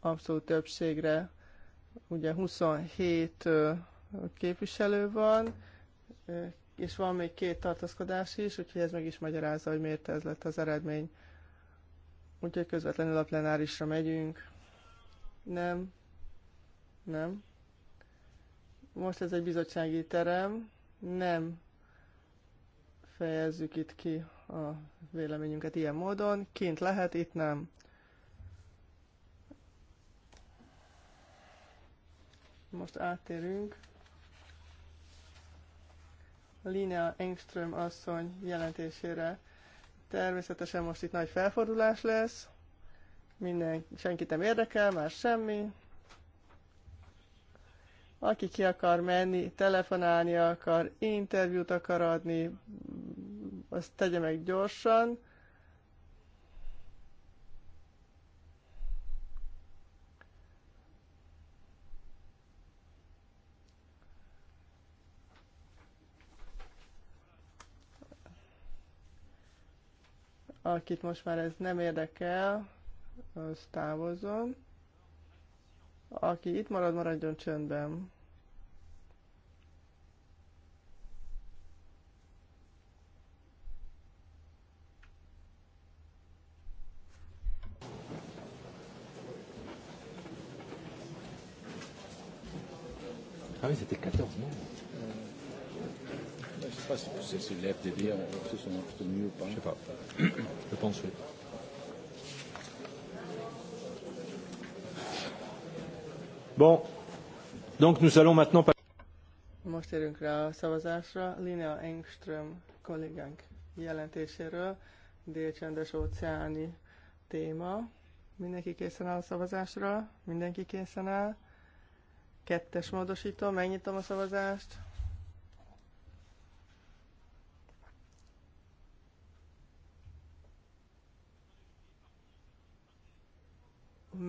abszolút többségre. Ugye 27 képviselő van, és van még két tartózkodás is, úgyhogy ez meg is magyarázza, hogy miért ez lett az eredmény. Úgyhogy közvetlenül a plenárisra megyünk. Nem. Nem. Most ez egy bizottsági terem. Nem fejezzük itt ki a véleményünket ilyen módon. Kint lehet, itt nem. Most áttérünk. Lina Engström asszony jelentésére. Természetesen most itt nagy felfordulás lesz. Minden, senkit nem érdekel, már semmi. Aki ki akar menni, telefonálni akar, interjút akar adni, azt tegye meg gyorsan Akit most már ez nem érdekel, az távozzon. Aki itt marad, maradjon csöndben. Ah oui, c'était 14 mois pas si, c'est si l'FDD se sont obtenus ou pas. Je sais pas. Je pense oui. Bon. Donc nous allons maintenant Most érünk rá a szavazásra. Linea Engström kollégánk jelentéséről, délcsendes óceáni téma. Mindenki készen áll a szavazásra? Mindenki készen áll? Kettes módosító, megnyitom a szavazást.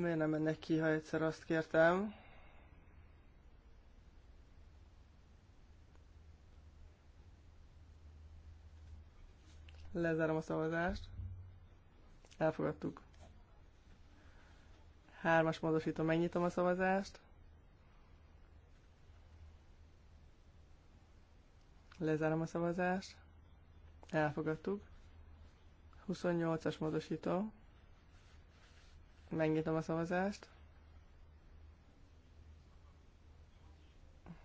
Miért nem mennek ki, ha egyszer azt kértem? Lezárom a szavazást. Elfogadtuk. Hármas módosítom, megnyitom a szavazást. Lezárom a szavazást. Elfogadtuk. 28-as módosítom. Megnyitom a szavazást.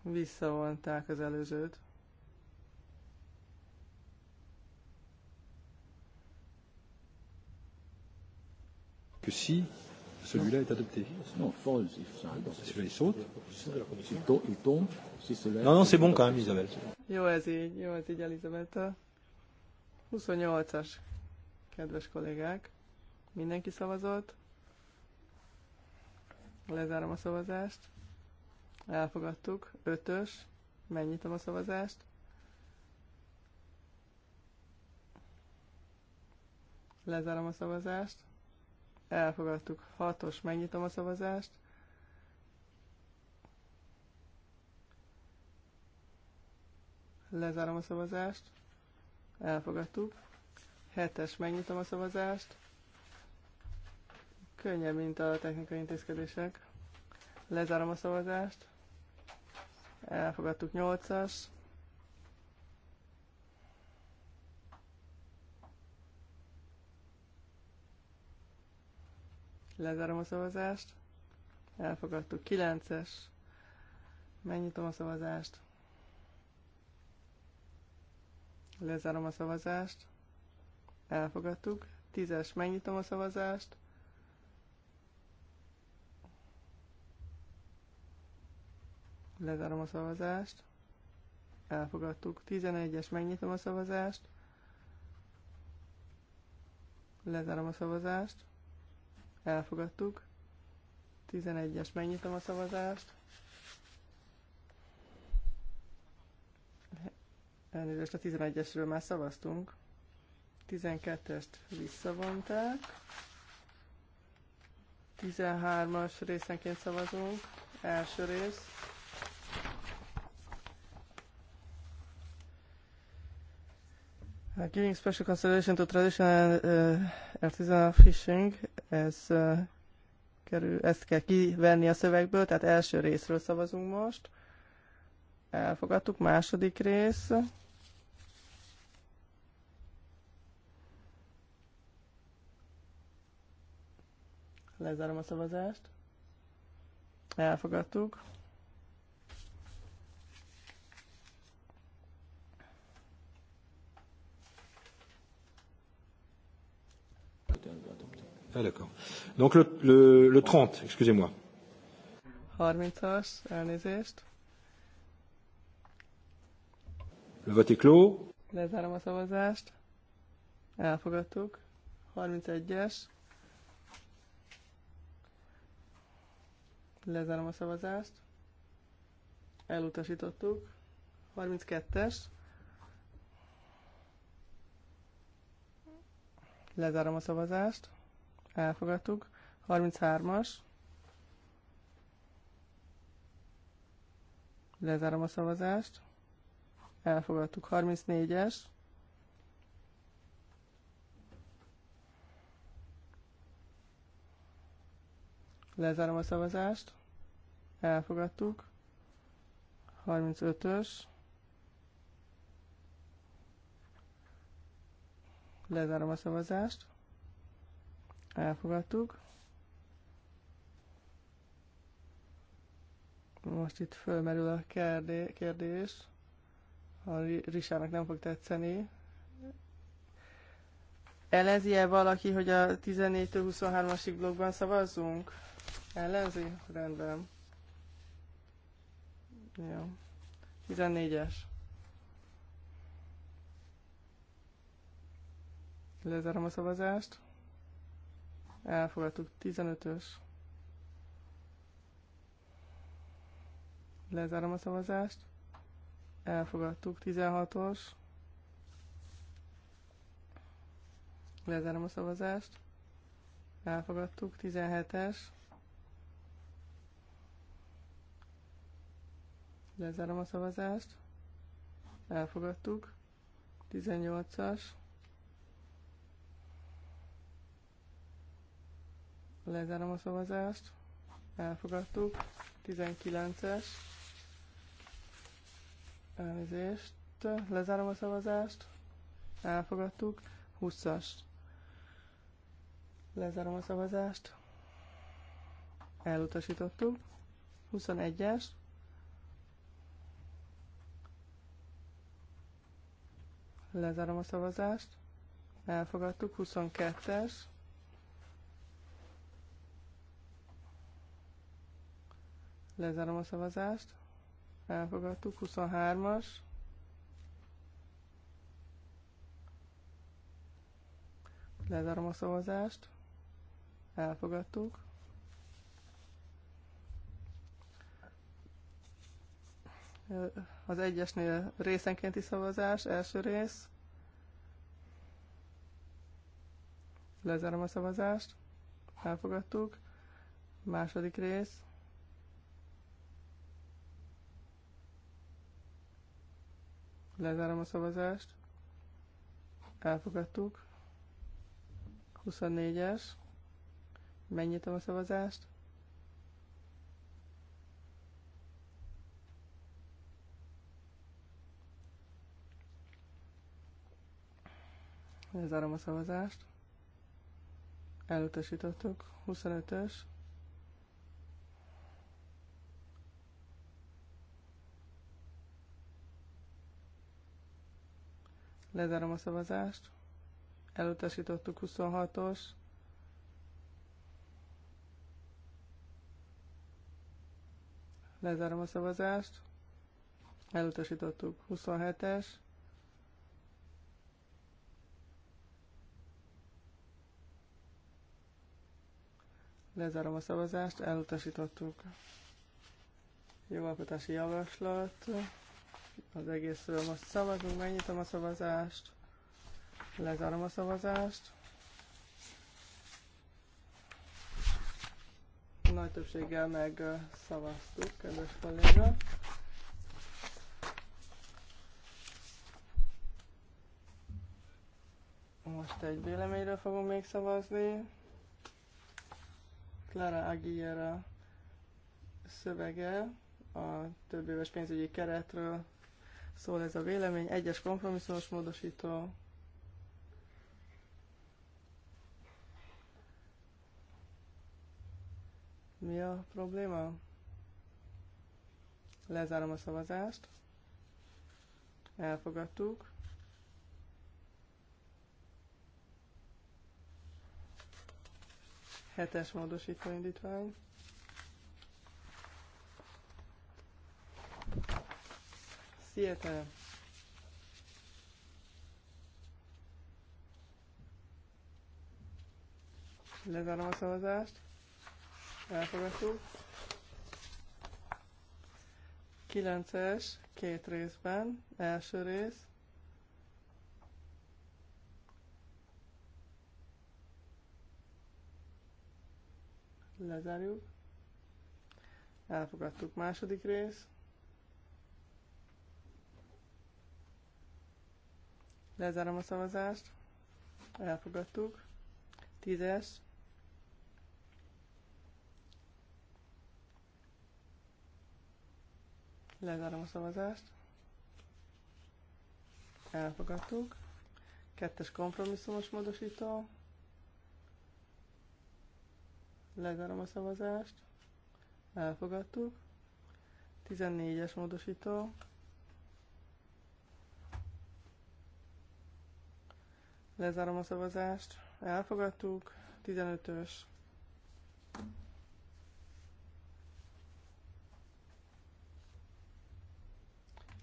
Visszavonták az előzőt. Que si celui-là est adopté. Non, false if Celui-là il saute. Il tombe. Il tombe. Si cela non, non, c'est bon quand même, Isabelle. Jó ez így, jó ez így, Elizabeth. 28-as, kedves kollégák. Mindenki szavazott. Lezárom a szavazást. Elfogadtuk. Ötös. Megnyitom a szavazást. Lezárom a szavazást. Elfogadtuk. Hatos. Megnyitom a szavazást. Lezárom a szavazást. Elfogadtuk. Hetes. Megnyitom a szavazást. Könnyebb, mint a technikai intézkedések. Lezárom a szavazást. Elfogadtuk 8-as. Lezárom a szavazást. Elfogadtuk 9-es. Megnyitom a szavazást. Lezárom a szavazást. Elfogadtuk. 10-es. Megnyitom a szavazást. Lezárom a szavazást. Elfogadtuk. 11-es, megnyitom a szavazást. Lezárom a szavazást. Elfogadtuk. 11-es, megnyitom a szavazást. Elnézést, a 11-esről már szavaztunk. 12-est visszavonták. 13-as részenként szavazunk. Első rész. Giving special consideration to traditional uh, artisanal fishing, ez uh, kerül, ezt kell kivenni a szövegből, tehát első részről szavazunk most. Elfogadtuk, második rész. Lezárom a szavazást. Elfogadtuk. Ah, d'accord. Donc le, le, le 30, excusez-moi. 30-as, elnézést. Le vote est clos. Lezárom a szavazást. Elfogadtuk. 31-es. Lezárom a szavazást. Elutasítottuk. 32-es. Lezárom a szavazást elfogadtuk. 33-as, lezárom a szavazást, elfogadtuk. 34-es, lezárom a szavazást, elfogadtuk. 35-ös, lezárom a szavazást, elfogadtuk. Most itt fölmerül a kérdés, ha Risának nem fog tetszeni. Ellenzi-e valaki, hogy a 14 23-asig blogban szavazzunk? Ellenzi? Rendben. Jó. 14-es. Lezárom a szavazást elfogadtuk 15-ös. Lezárom a szavazást. Elfogadtuk 16-os. Lezárom a szavazást. Elfogadtuk 17-es. Lezárom a szavazást. Elfogadtuk. 18-as. Lezárom a szavazást. Elfogadtuk. 19-es. Elnézést. Lezárom a szavazást. Elfogadtuk. 20-as. Lezárom a szavazást. Elutasítottuk. 21-es. Lezárom a szavazást. Elfogadtuk. 22-es. Lezárom a szavazást. Elfogadtuk. 23-as. Lezárom a szavazást. Elfogadtuk. Az egyesnél részenkénti szavazás, első rész. Lezárom a szavazást. Elfogadtuk. Második rész. Lezárom a szavazást. Elfogadtuk. 24-es. Megnyitom a szavazást. Lezárom a szavazást. Elutasítottuk. 25-ös. Lezárom a szavazást. Elutasítottuk 26-os. Lezárom a szavazást. Elutasítottuk 27-es. Lezárom a szavazást, elutasítottuk. Jogalkotási javaslat. Az egészről most szavazunk, megnyitom a szavazást, lezárom a szavazást. Nagy többséggel meg szavaztuk, kedves kolléga. Most egy véleményről fogom még szavazni. Clara Aguilera szövege a több éves pénzügyi keretről szól ez a vélemény. Egyes kompromisszumos módosító. Mi a probléma? Lezárom a szavazást. Elfogadtuk. Hetes módosító indítvány. Sietää. Lezárom a szavazást. Elfogadjuk. 9-es, két részben, első rész. Lezárjuk. Elfogadtuk második rész. Lezárom a szavazást. Elfogadtuk. Tízes. Lezárom a szavazást. Elfogadtuk. Kettes kompromisszumos módosító. Lezárom a szavazást. Elfogadtuk. 14-es módosító. Lezárom a szavazást. Elfogadtuk. 15-ös.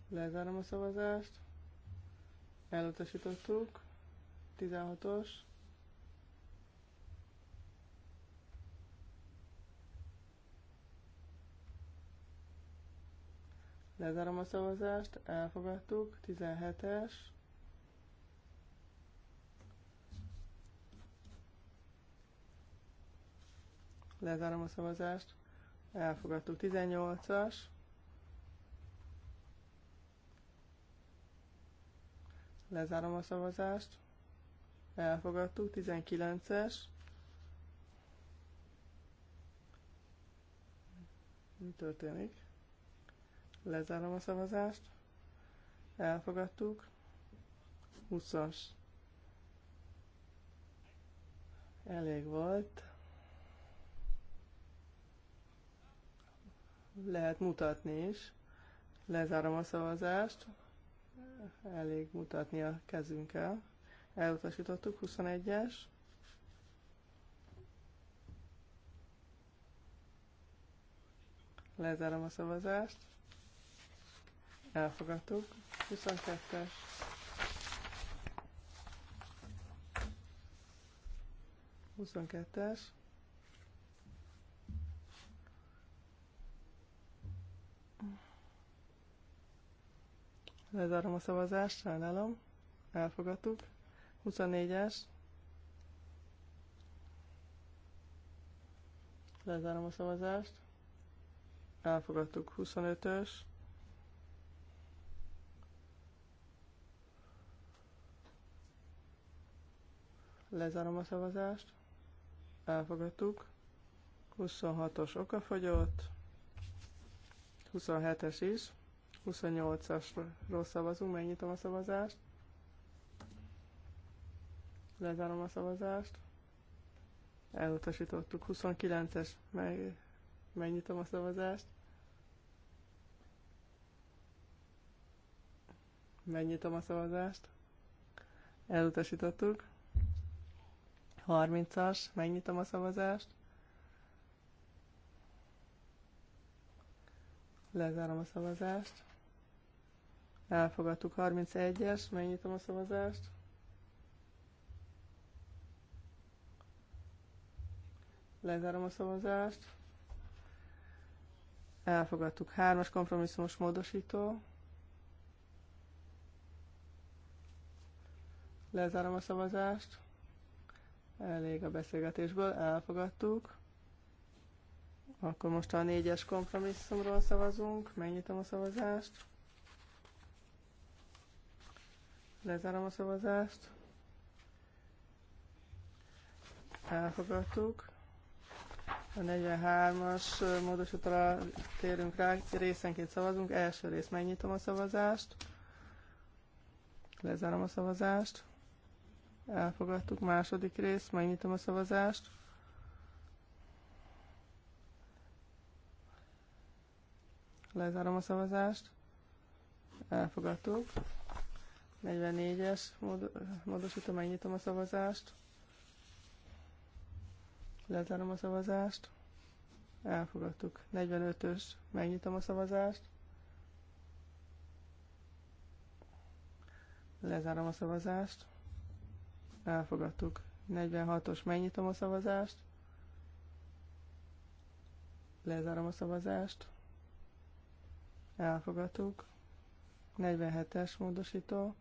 Lezárom a szavazást. Elutasítottuk. 16-os. Lezárom a szavazást, elfogadtuk, 17-es. Lezárom a szavazást. Elfogadtuk 18-as. Lezárom a szavazást. Elfogadtuk 19-es. Mi történik? Lezárom a szavazást. Elfogadtuk. 20-as. Elég volt. lehet mutatni is. Lezárom a szavazást. Elég mutatni a kezünkkel. Elutasítottuk 21-es. Lezárom a szavazást. Elfogadtuk. 22-es. Huszonkettes. 22 Lezárom a szavazást, sajnálom. Elfogadtuk. 24-es. Lezárom a szavazást. Elfogadtuk. 25-ös. Lezárom a szavazást. Elfogadtuk. 26-os okafogyott. 27-es is. 28-asról szavazunk, megnyitom a szavazást. Lezárom a szavazást. Elutasítottuk. 29-es, meg, megnyitom a szavazást. Megnyitom a szavazást. Elutasítottuk. 30-as, megnyitom a szavazást. Lezárom a szavazást. Elfogadtuk 31-es, megnyitom a szavazást. Lezárom a szavazást. Elfogadtuk 3-as kompromisszumos módosító. Lezárom a szavazást. Elég a beszélgetésből, elfogadtuk. Akkor most a négyes kompromisszumról szavazunk, megnyitom a szavazást. Lezárom a szavazást. Elfogadtuk. A 43-as módosítóra térünk rá, részenként szavazunk. Első rész megnyitom a szavazást. Lezárom a szavazást. Elfogadtuk. Második rész, megnyitom a szavazást. Lezárom a szavazást. Elfogadtuk. 44-es módosítom, megnyitom a szavazást. Lezárom a szavazást. Elfogadtuk. 45-ös, megnyitom a szavazást. Lezárom a szavazást. Elfogadtuk. 46-os, megnyitom a szavazást. Lezárom a szavazást. Elfogadtuk. 47-es módosító.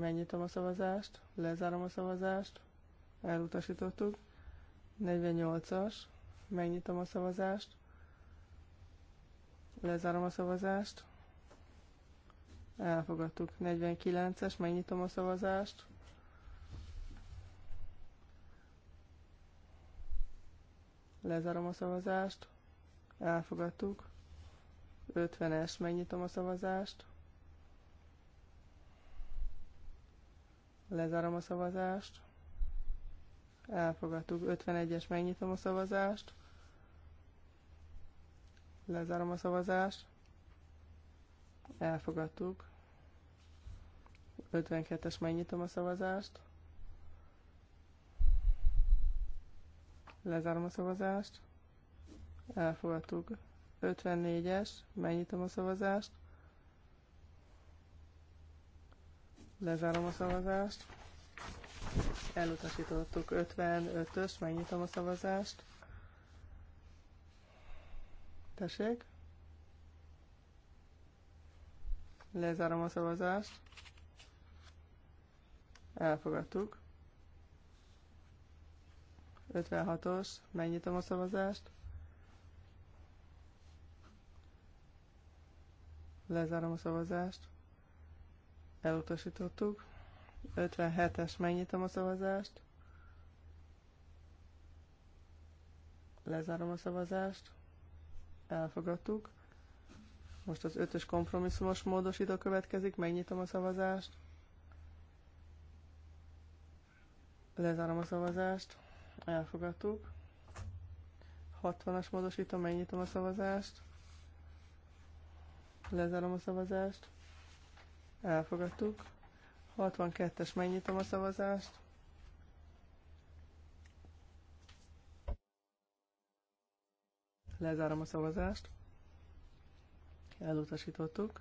Megnyitom a szavazást, lezárom a szavazást, elutasítottuk. 48-as, megnyitom a szavazást, lezárom a szavazást, elfogadtuk. 49-es, megnyitom a szavazást, lezárom a szavazást, elfogadtuk. 50-es, megnyitom a szavazást, Lezárom a szavazást. Elfogadtuk. 51-es, megnyitom a szavazást. Lezárom a szavazást. Elfogadtuk. 52-es, megnyitom a szavazást. Lezárom a szavazást. Elfogadtuk. 54-es, megnyitom a szavazást. Lezárom a szavazást. Elutasítottuk 55-ös, megnyitom a szavazást. Tessék. Lezárom a szavazást. Elfogadtuk. 56-os, megnyitom a szavazást. Lezárom a szavazást elutasítottuk. 57-es, megnyitom a szavazást. Lezárom a szavazást. Elfogadtuk. Most az ötös kompromisszumos módosító következik, megnyitom a szavazást. Lezárom a szavazást. Elfogadtuk. 60-as módosítom, megnyitom a szavazást. Lezárom a szavazást. Elfogadtuk. 62-es, megnyitom a szavazást. Lezárom a szavazást. Elutasítottuk.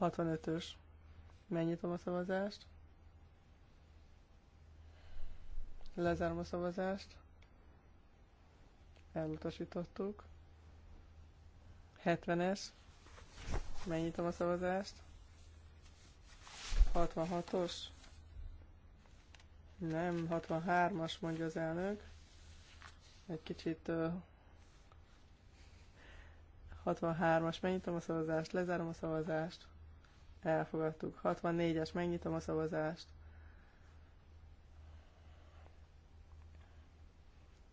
65-ös. Megnyitom a szavazást. Lezárom a szavazást. Elutasítottuk. 70-es megnyitom a szavazást. 66-os. Nem, 63-as mondja az elnök. Egy kicsit uh, 63-as, megnyitom a szavazást, lezárom a szavazást. Elfogadtuk. 64-es, megnyitom a szavazást.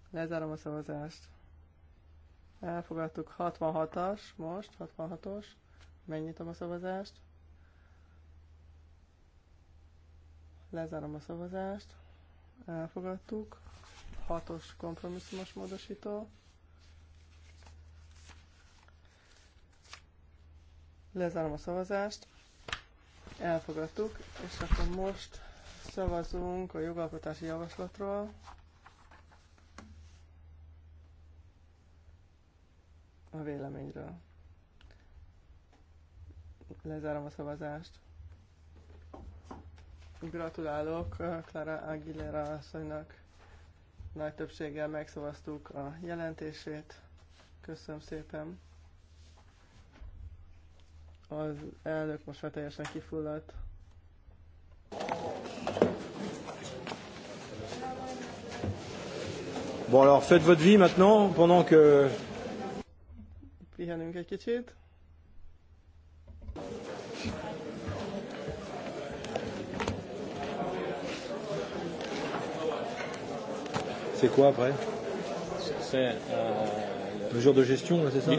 Lezárom a szavazást. Elfogadtuk 66-as, most 66-os. Megnyitom a szavazást. Lezárom a szavazást. Elfogadtuk. Hatos kompromisszumos módosító. Lezárom a szavazást. Elfogadtuk, és akkor most szavazunk a jogalkotási javaslatról. A véleményről. Lezárom a szavazást. Gratulálok uh, Clara Aguilera asszonynak. Nagy többséggel megszavaztuk a jelentését. Köszönöm szépen. Az elnök most már teljesen kifulladt. Bon alors faites votre vie maintenant pendant que... Pihenünk egy kicsit. C'est quoi après C'est euh, le jour de gestion, c'est ça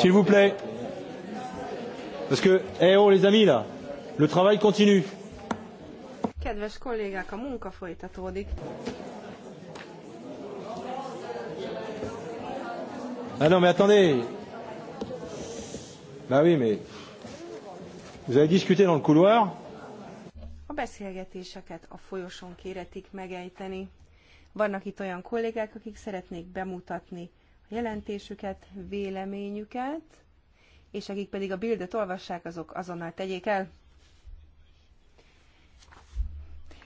S'il vous plaît. Parce que, hé eh hey, oh les amis là, le travail continue. Kedves kollégák, a munka folytatódik. Ah non mais attendez. Bah oui mais... Vous avez discuté dans le couloir A beszélgetéseket a folyosón kéretik megejteni. Vannak itt olyan kollégák, akik szeretnék bemutatni jelentésüket, véleményüket, és akik pedig a bildet olvassák, azok azonnal tegyék el.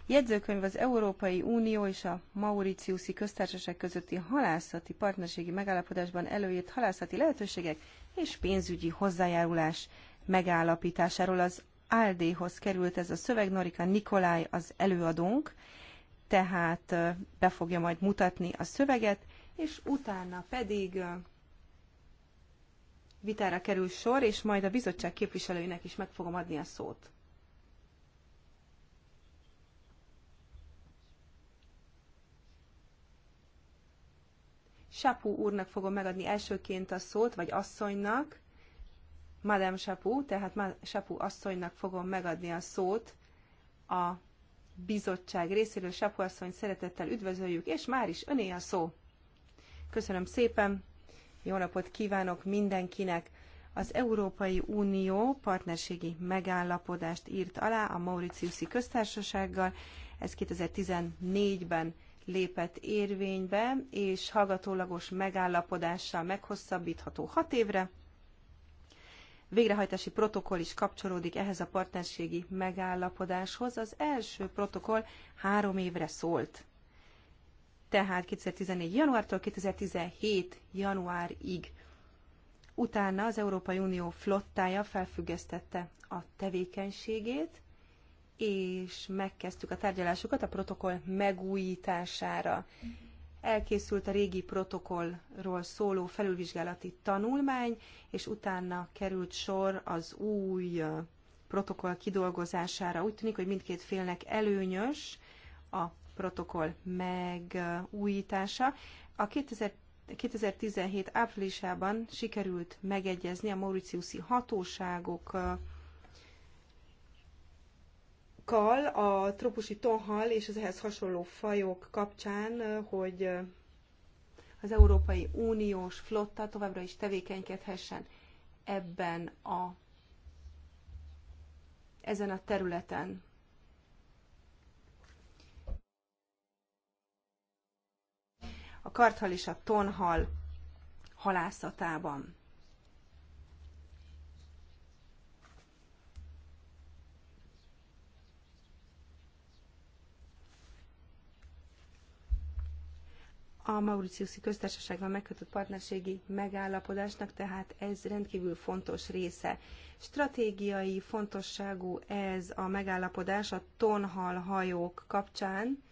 Jegyzőkönyv az Európai Unió és a Mauritiuszi köztársaság közötti halászati partnerségi megállapodásban előírt halászati lehetőségek és pénzügyi hozzájárulás megállapításáról az Áldéhoz került ez a szöveg, Norika Nikolaj az előadónk, tehát be fogja majd mutatni a szöveget, és utána pedig vitára kerül sor, és majd a bizottság képviselőinek is meg fogom adni a szót. Sapu úrnak fogom megadni elsőként a szót, vagy asszonynak, Madame Sapu, tehát Sapu asszonynak fogom megadni a szót a bizottság részéről. Sapu asszony szeretettel üdvözöljük, és már is öné a szó. Köszönöm szépen, jó napot kívánok mindenkinek! Az Európai Unió partnerségi megállapodást írt alá a Mauritiuszi köztársasággal, ez 2014-ben lépett érvénybe, és hallgatólagos megállapodással meghosszabbítható hat évre. Végrehajtási protokoll is kapcsolódik ehhez a partnerségi megállapodáshoz. Az első protokoll három évre szólt tehát 2014. januártól 2017. januárig. Utána az Európai Unió flottája felfüggesztette a tevékenységét, és megkezdtük a tárgyalásokat a protokoll megújítására. Elkészült a régi protokollról szóló felülvizsgálati tanulmány, és utána került sor az új protokoll kidolgozására. Úgy tűnik, hogy mindkét félnek előnyös a protokoll megújítása. A 2000 2017 áprilisában sikerült megegyezni a mauritiuszi hatóságokkal a tropusi tonhal és az ehhez hasonló fajok kapcsán, hogy az Európai Uniós flotta továbbra is tevékenykedhessen ebben a, ezen a területen. a karthal és a tonhal halászatában. a Mauritiuszi köztársaságban megkötött partnerségi megállapodásnak, tehát ez rendkívül fontos része. Stratégiai fontosságú ez a megállapodás a tonhal hajók kapcsán,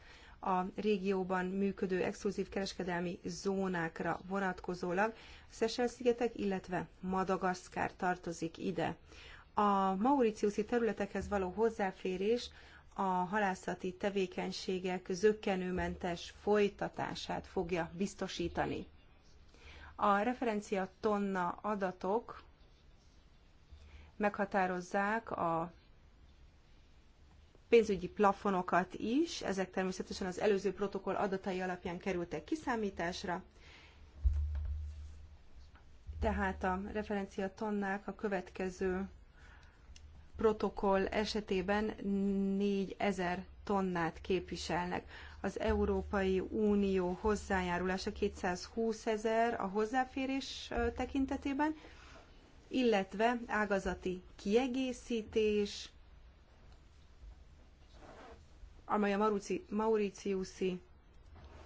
a régióban működő exkluzív kereskedelmi zónákra vonatkozólag. Szesel-szigetek, illetve Madagaszkár tartozik ide. A mauriciusi területekhez való hozzáférés a halászati tevékenységek zöggenőmentes folytatását fogja biztosítani. A referencia tonna adatok meghatározzák a pénzügyi plafonokat is, ezek természetesen az előző protokoll adatai alapján kerültek kiszámításra, tehát a referencia tonnák a következő protokoll esetében 4000 tonnát képviselnek. Az Európai Unió hozzájárulása 220 ezer a hozzáférés tekintetében, illetve ágazati kiegészítés, amely a Mauritiuszi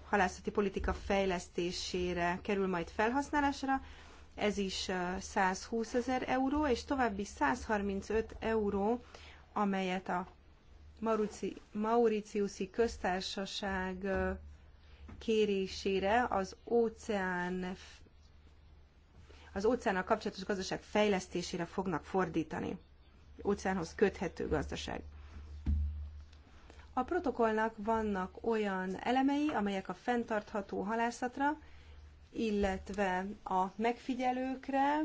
halászati politika fejlesztésére kerül majd felhasználásra. Ez is 120 ezer euró, és további 135 euró, amelyet a Mauritiuszi köztársaság kérésére az óceán az óceánnal kapcsolatos gazdaság fejlesztésére fognak fordítani. Óceánhoz köthető gazdaság. A protokollnak vannak olyan elemei, amelyek a fenntartható halászatra, illetve a megfigyelőkre,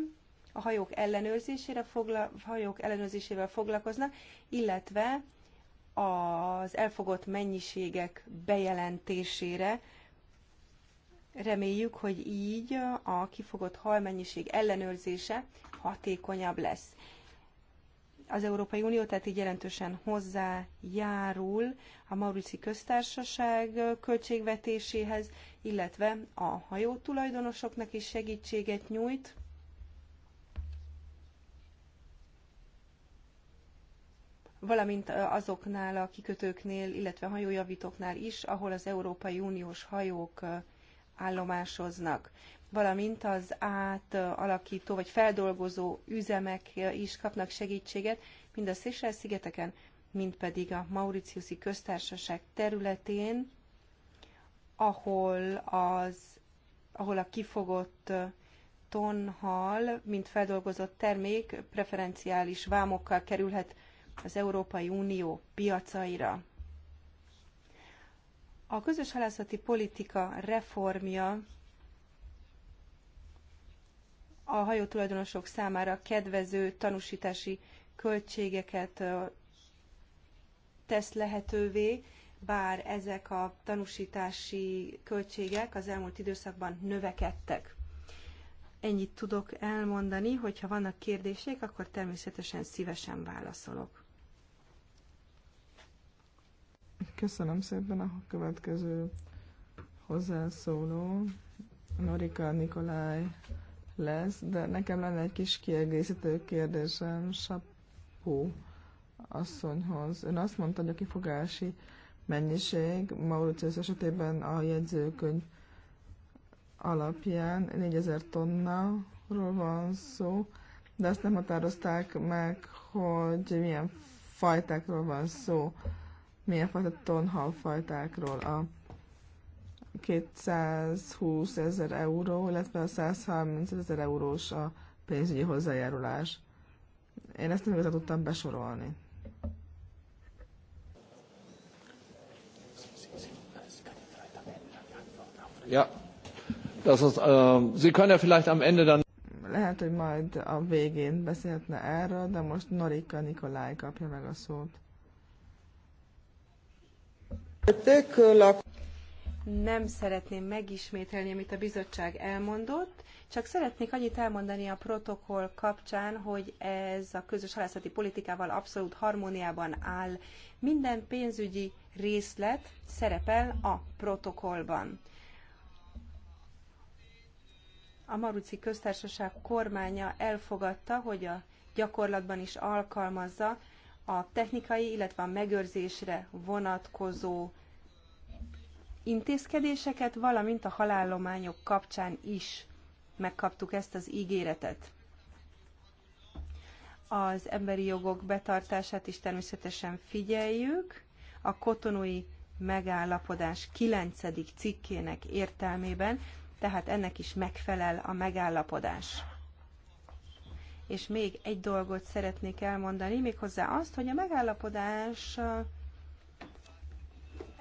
a hajók, ellenőrzésére fogla, hajók ellenőrzésével foglalkoznak, illetve az elfogott mennyiségek bejelentésére. Reméljük, hogy így a kifogott halmennyiség ellenőrzése hatékonyabb lesz az Európai Unió, tehát így jelentősen hozzájárul a Maurici Köztársaság költségvetéséhez, illetve a hajó tulajdonosoknak is segítséget nyújt. valamint azoknál a kikötőknél, illetve hajójavítóknál is, ahol az Európai Uniós hajók állomásoznak valamint az átalakító vagy feldolgozó üzemek is kapnak segítséget, mind a Seychelles szigeteken, mind pedig a Mauritiuszi köztársaság területén, ahol, az, ahol a kifogott tonhal, mint feldolgozott termék preferenciális vámokkal kerülhet az Európai Unió piacaira. A közös halászati politika reformja a hajó tulajdonosok számára kedvező tanúsítási költségeket tesz lehetővé, bár ezek a tanúsítási költségek az elmúlt időszakban növekedtek. Ennyit tudok elmondani, hogyha vannak kérdések, akkor természetesen szívesen válaszolok. Köszönöm szépen a következő hozzászóló, Norika Nikolaj lesz, de nekem lenne egy kis kiegészítő kérdésem Sapó asszonyhoz. Ön azt mondta, hogy a kifogási mennyiség Mauritius esetében a jegyzőkönyv alapján 4000 tonnáról van szó, de azt nem határozták meg, hogy milyen fajtákról van szó, milyen fajta fajtákról. A 220 ezer euró, illetve a 130 ezer eurós a pénzügyi hozzájárulás. Én ezt nem igazán tudtam besorolni. Ja, das ist, uh, Sie können ja vielleicht am Ende dann lehet, hogy majd a végén beszélhetne erről, de most Norika Nikolaj kapja meg a szót nem szeretném megismételni, amit a bizottság elmondott, csak szeretnék annyit elmondani a protokoll kapcsán, hogy ez a közös halászati politikával abszolút harmóniában áll. Minden pénzügyi részlet szerepel a protokollban. A Maruci köztársaság kormánya elfogadta, hogy a gyakorlatban is alkalmazza a technikai, illetve a megőrzésre vonatkozó intézkedéseket, valamint a halállományok kapcsán is megkaptuk ezt az ígéretet. Az emberi jogok betartását is természetesen figyeljük. A kotonói megállapodás 9. cikkének értelmében, tehát ennek is megfelel a megállapodás. És még egy dolgot szeretnék elmondani, méghozzá azt, hogy a megállapodás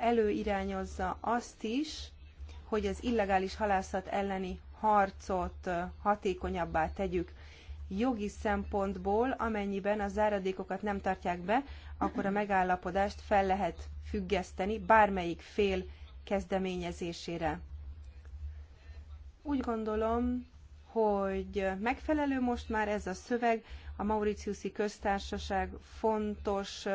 előirányozza azt is, hogy az illegális halászat elleni harcot hatékonyabbá tegyük. Jogi szempontból, amennyiben a záradékokat nem tartják be, akkor a megállapodást fel lehet függeszteni bármelyik fél kezdeményezésére. Úgy gondolom, hogy megfelelő most már ez a szöveg, a Mauritiuszi köztársaság fontos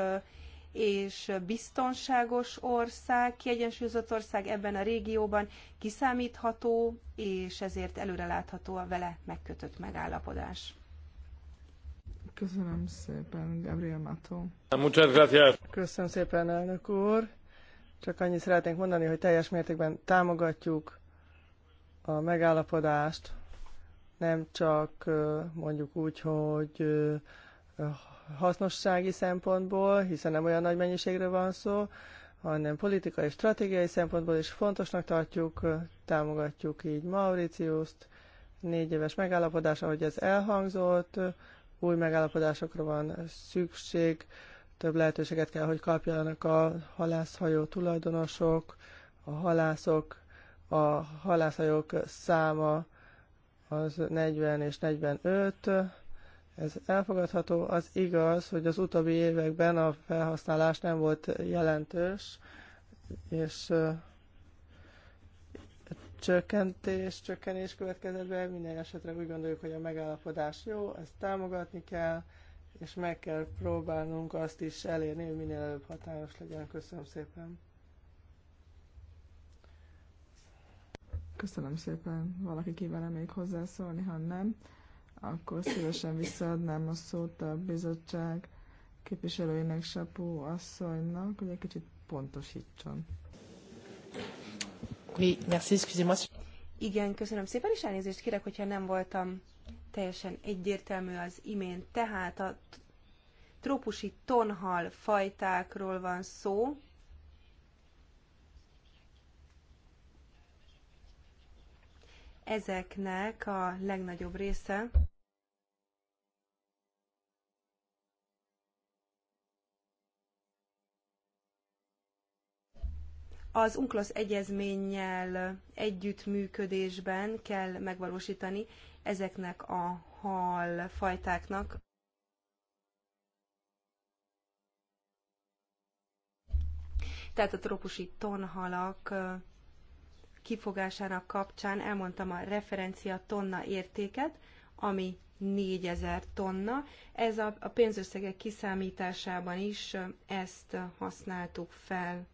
és biztonságos ország, kiegyensúlyozott ország ebben a régióban, kiszámítható, és ezért előrelátható a vele megkötött megállapodás. Köszönöm szépen, Gabriel Mató. Köszönöm szépen, elnök úr. Csak annyit szeretnénk mondani, hogy teljes mértékben támogatjuk a megállapodást, nem csak mondjuk úgy, hogy hasznossági szempontból, hiszen nem olyan nagy mennyiségről van szó, hanem politikai és stratégiai szempontból is fontosnak tartjuk, támogatjuk így Mauritiuszt, négy éves megállapodás, ahogy ez elhangzott, új megállapodásokra van szükség, több lehetőséget kell, hogy kapjanak a halászhajó tulajdonosok, a halászok, a halászhajók száma az 40 és 45, ez elfogadható, az igaz, hogy az utóbbi években a felhasználás nem volt jelentős, és csökkentés, csökkenés következett be, minden esetre úgy gondoljuk, hogy a megállapodás jó, ezt támogatni kell, és meg kell próbálnunk azt is elérni, hogy minél előbb határos legyen. Köszönöm szépen! Köszönöm szépen, valaki kívánna még hozzászólni, ha nem akkor szívesen visszaadnám a szót a bizottság képviselőjének, Sapó asszonynak, hogy egy kicsit pontosítson. Oui, merci, excusez-moi. Igen, köszönöm szépen, és elnézést kérek, hogyha nem voltam teljesen egyértelmű az imént. Tehát a trópusi tonhal fajtákról van szó, Ezeknek a legnagyobb része az UNCLOS egyezménnyel együttműködésben kell megvalósítani ezeknek a hal fajtáknak tehát a trópusi tonhalak kifogásának kapcsán elmondtam a referencia tonna értéket, ami 4000 tonna. Ez a, a pénzösszegek kiszámításában is ezt használtuk fel.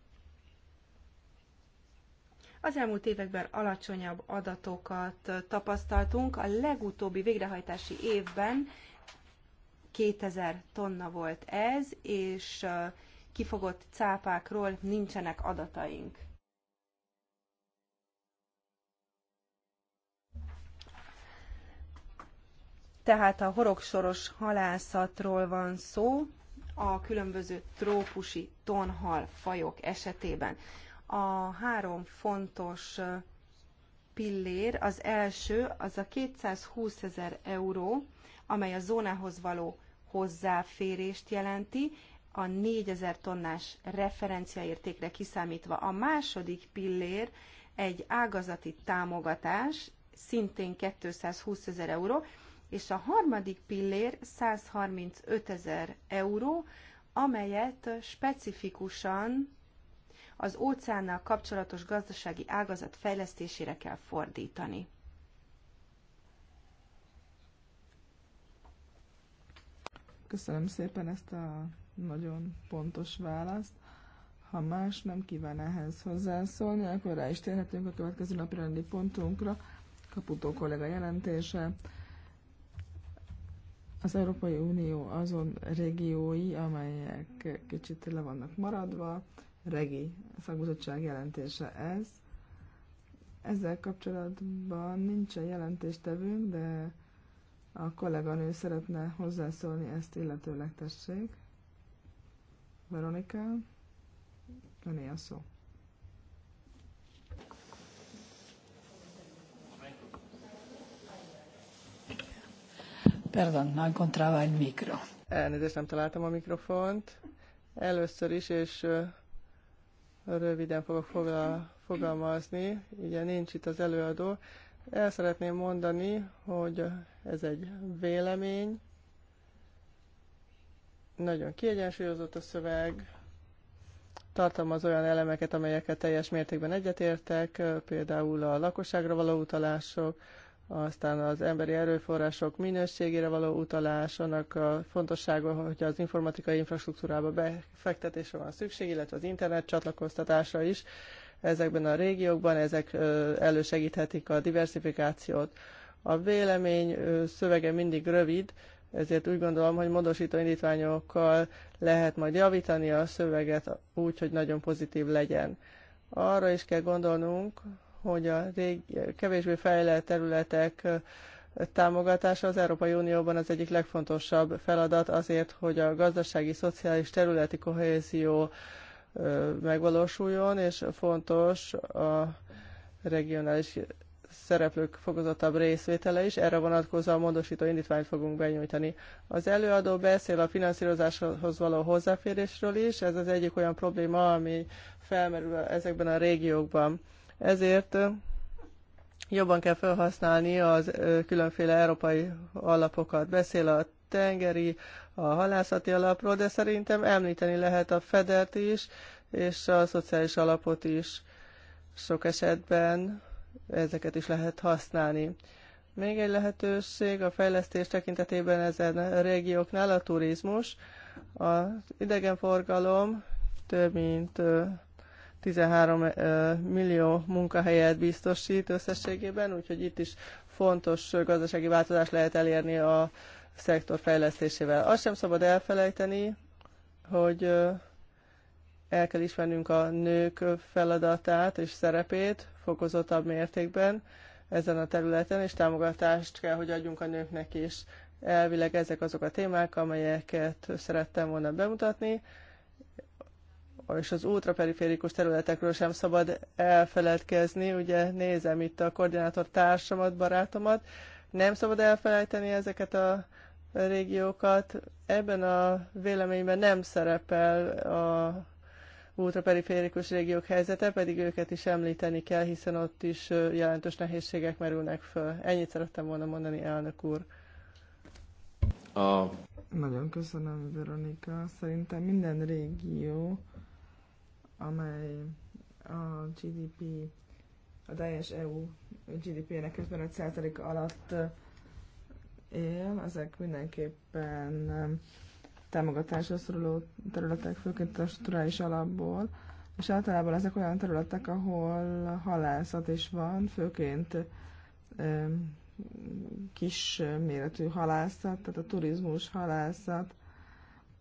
Az elmúlt években alacsonyabb adatokat tapasztaltunk. A legutóbbi végrehajtási évben 2000 tonna volt ez, és kifogott cápákról nincsenek adataink. Tehát a horogsoros halászatról van szó a különböző trópusi tonhal fajok esetében. A három fontos pillér, az első az a 220 ezer euró, amely a zónához való hozzáférést jelenti, a 4000 tonnás referenciaértékre kiszámítva. A második pillér egy ágazati támogatás, szintén 220 ezer euró, és a harmadik pillér 135 ezer euró, amelyet specifikusan az óceánnal kapcsolatos gazdasági ágazat fejlesztésére kell fordítani. Köszönöm szépen ezt a nagyon pontos választ. Ha más nem kíván ehhez hozzászólni, akkor rá is térhetünk a következő napi rendi pontunkra. Kaputó kollega jelentése, az Európai Unió azon régiói, amelyek kicsit le vannak maradva, regi szakbizottság jelentése ez. Ezzel kapcsolatban nincsen jelentéstevünk, de a kolléganő szeretne hozzászólni ezt illetőleg tessék. Veronika, öné a szó. Perdón, no encontraba el micro. Elnézést, nem találtam a mikrofont. Először is, és röviden fogok fogal, fogalmazni, ugye nincs itt az előadó. El szeretném mondani, hogy ez egy vélemény, nagyon kiegyensúlyozott a szöveg, tartalmaz olyan elemeket, amelyeket teljes mértékben egyetértek, például a lakosságra való utalások, aztán az emberi erőforrások minőségére való utalás, annak a fontossága, hogy az informatikai infrastruktúrába befektetésre van szükség, illetve az internet csatlakoztatásra is ezekben a régiókban, ezek elősegíthetik a diversifikációt. A vélemény szövege mindig rövid, ezért úgy gondolom, hogy módosító indítványokkal lehet majd javítani a szöveget úgy, hogy nagyon pozitív legyen. Arra is kell gondolnunk, hogy a rég, kevésbé fejlett területek támogatása az Európai Unióban az egyik legfontosabb feladat azért, hogy a gazdasági, szociális, területi kohézió megvalósuljon, és fontos a regionális szereplők fokozottabb részvétele is. Erre vonatkozóan módosító indítványt fogunk benyújtani. Az előadó beszél a finanszírozáshoz való hozzáférésről is. Ez az egyik olyan probléma, ami felmerül ezekben a régiókban. Ezért jobban kell felhasználni az különféle európai alapokat. Beszél a tengeri, a halászati alapról, de szerintem említeni lehet a Federt is, és a szociális alapot is. Sok esetben ezeket is lehet használni. Még egy lehetőség a fejlesztés tekintetében ezen a régióknál a turizmus. Az idegenforgalom több mint 13 millió munkahelyet biztosít összességében, úgyhogy itt is fontos gazdasági változást lehet elérni a szektor fejlesztésével. Azt sem szabad elfelejteni, hogy el kell ismernünk a nők feladatát és szerepét fokozottabb mértékben ezen a területen, és támogatást kell, hogy adjunk a nőknek is. Elvileg ezek azok a témák, amelyeket szerettem volna bemutatni és az ultraperiférikus területekről sem szabad elfeledkezni. Ugye nézem itt a koordinátor társamat, barátomat, nem szabad elfelejteni ezeket a régiókat. Ebben a véleményben nem szerepel a ultraperiférikus régiók helyzete, pedig őket is említeni kell, hiszen ott is jelentős nehézségek merülnek föl. Ennyit szerettem volna mondani, elnök úr. A... Nagyon köszönöm, Veronika. Szerintem minden régió amely a GDP, a teljes EU GDP-nek 55% alatt él, ezek mindenképpen támogatásra szoruló területek, főként a strukturális alapból, és általában ezek olyan területek, ahol halászat is van, főként kis méretű halászat, tehát a turizmus halászat,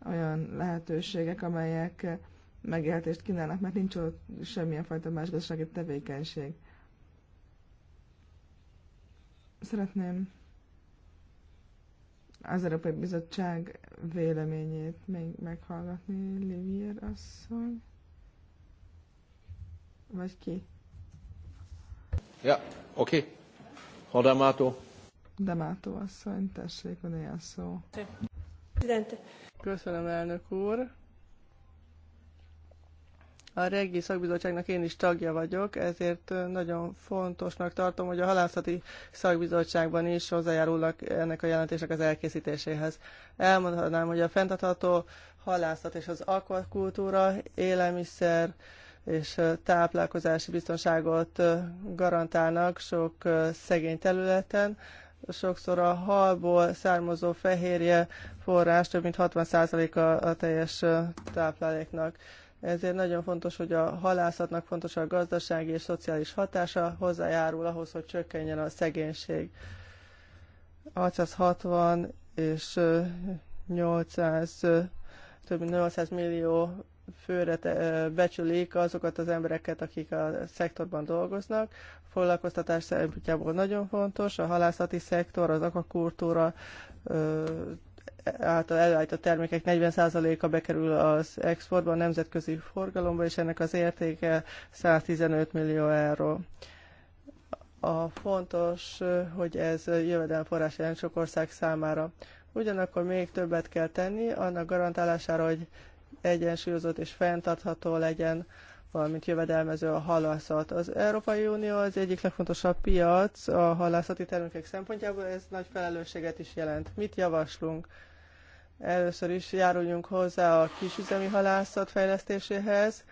olyan lehetőségek, amelyek megélhetést kínálnak, mert nincs ott semmilyen fajta más gazdasági tevékenység. Szeretném az Európai Bizottság véleményét még meghallgatni, Livier asszony. Vagy ki? Ja, oké. Okay. Ha Damato. Damato asszony, tessék, van ilyen szó. Köszönöm, elnök úr. A Regi Szakbizottságnak én is tagja vagyok, ezért nagyon fontosnak tartom, hogy a Halászati Szakbizottságban is hozzájárulnak ennek a jelentések az elkészítéséhez. Elmondhatnám, hogy a fenntartható halászat és az akvakultúra, élelmiszer és táplálkozási biztonságot garantálnak sok szegény területen. Sokszor a halból származó fehérje forrás több mint 60%-a a teljes tápláléknak ezért nagyon fontos, hogy a halászatnak fontos a gazdasági és szociális hatása, hozzájárul ahhoz, hogy csökkenjen a szegénység. 660 és 800, több mint 800 millió főre becsülik azokat az embereket, akik a szektorban dolgoznak. A foglalkoztatás szempontjából nagyon fontos, a halászati szektor, az akakultúra, által előállított termékek 40%-a bekerül az exportba, a nemzetközi forgalomba, és ennek az értéke 115 millió euró. A fontos, hogy ez jövedelemforrás jelent sok ország számára. Ugyanakkor még többet kell tenni annak garantálására, hogy egyensúlyozott és fenntartható legyen, valamint jövedelmező a halászat. Az Európai Unió az egyik legfontosabb piac a halászati termékek szempontjából, ez nagy felelősséget is jelent. Mit javaslunk? Először is járuljunk hozzá a kisüzemi halászat fejlesztéséhez.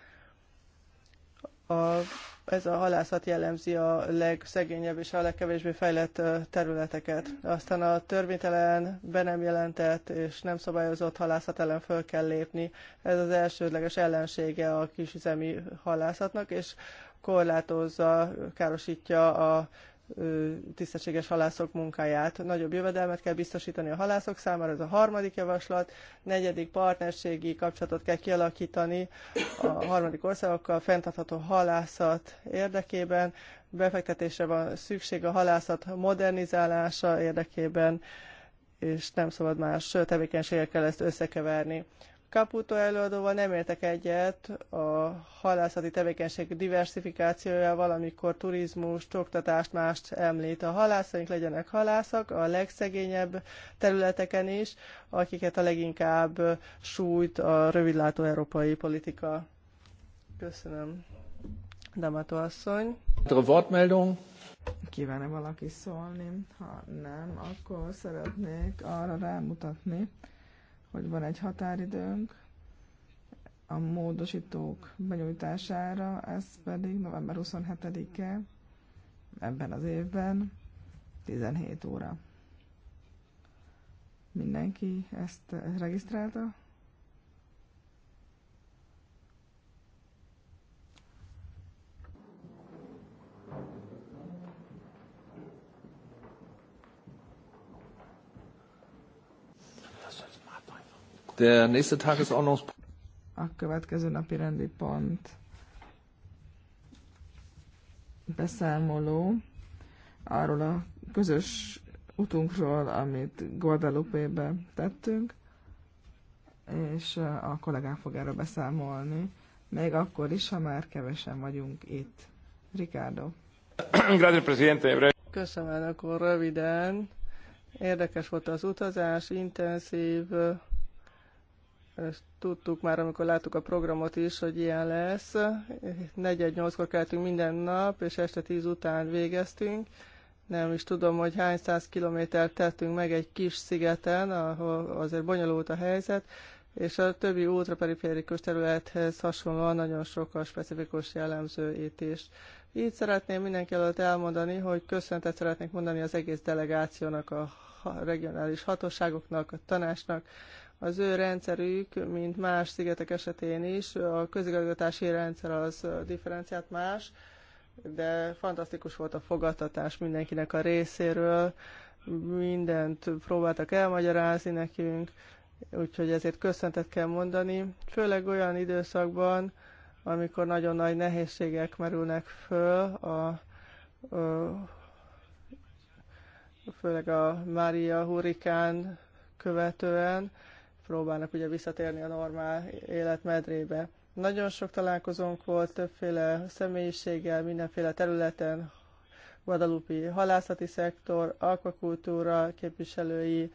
A, ez a halászat jellemzi a legszegényebb és a legkevésbé fejlett területeket. Aztán a törvénytelen, be nem jelentett és nem szabályozott halászat ellen föl kell lépni. Ez az elsődleges ellensége a kisüzemi halászatnak, és korlátozza, károsítja a tisztességes halászok munkáját. Nagyobb jövedelmet kell biztosítani a halászok számára, ez a harmadik javaslat. Negyedik partnerségi kapcsolatot kell kialakítani a harmadik országokkal fenntartható halászat érdekében. Befektetésre van szükség a halászat modernizálása érdekében, és nem szabad más tevékenységekkel ezt összekeverni. Caputo előadóval nem értek egyet a halászati tevékenység diversifikációja, valamikor turizmus, oktatást, mást említ. A halászaink legyenek halászak a legszegényebb területeken is, akiket a leginkább sújt a rövidlátó európai politika. Köszönöm. Damato asszony. Kívánom valaki szólni? Ha nem, akkor szeretnék arra rámutatni, hogy van egy határidőnk a módosítók benyújtására, ez pedig november 27-e ebben az évben 17 óra. Mindenki ezt regisztrálta? Der nächste Tagesordnungspunkt. A következő napi rendi pont beszámoló arról a közös utunkról, amit Guadalupe-be tettünk, és a kollégám fog erről beszámolni, még akkor is, ha már kevesen vagyunk itt. Ricardo. Köszönöm, akkor röviden. Érdekes volt az utazás, intenzív, ezt tudtuk már, amikor láttuk a programot is, hogy ilyen lesz. 4-8-kor keltünk minden nap, és este 10 után végeztünk. Nem is tudom, hogy hány száz kilométert tettünk meg egy kis szigeten, ahol azért bonyolult a helyzet, és a többi ultraperiférikus területhez hasonlóan nagyon sok a specifikus jellemző is. Így szeretném mindenki előtt elmondani, hogy köszöntet szeretnék mondani az egész delegációnak, a regionális hatóságoknak, a tanácsnak, az ő rendszerük, mint más szigetek esetén is, a közigazgatási rendszer az differenciált más, de fantasztikus volt a fogadtatás mindenkinek a részéről, mindent próbáltak elmagyarázni nekünk, úgyhogy ezért köszöntet kell mondani, főleg olyan időszakban, amikor nagyon nagy nehézségek merülnek föl, a, a, főleg a Mária hurikán követően, próbálnak ugye visszatérni a normál életmedrébe. Nagyon sok találkozónk volt többféle személyiséggel, mindenféle területen, Guadalupi halászati szektor, akvakultúra képviselői,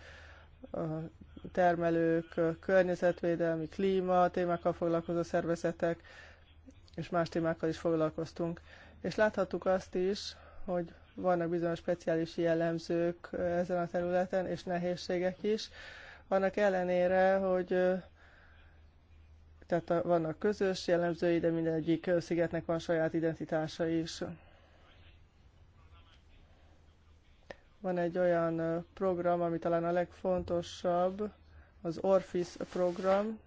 termelők, környezetvédelmi, klíma témákkal foglalkozó szervezetek, és más témákkal is foglalkoztunk. És láthattuk azt is, hogy vannak bizonyos speciális jellemzők ezen a területen, és nehézségek is, annak ellenére, hogy tehát vannak közös jellemzői, de mindegyik szigetnek van saját identitása is. Van egy olyan program, ami talán a legfontosabb, az Orphis program,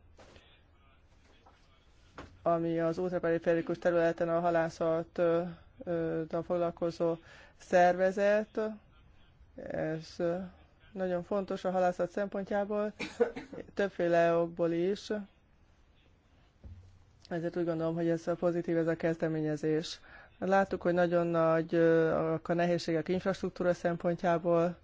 ami az ultraperiférikus területen a halászattal foglalkozó szervezet. Ez nagyon fontos a halászat szempontjából, többféle okból is. Ezért úgy gondolom, hogy ez a pozitív ez a kezdeményezés. Láttuk, hogy nagyon nagy a nehézségek infrastruktúra szempontjából,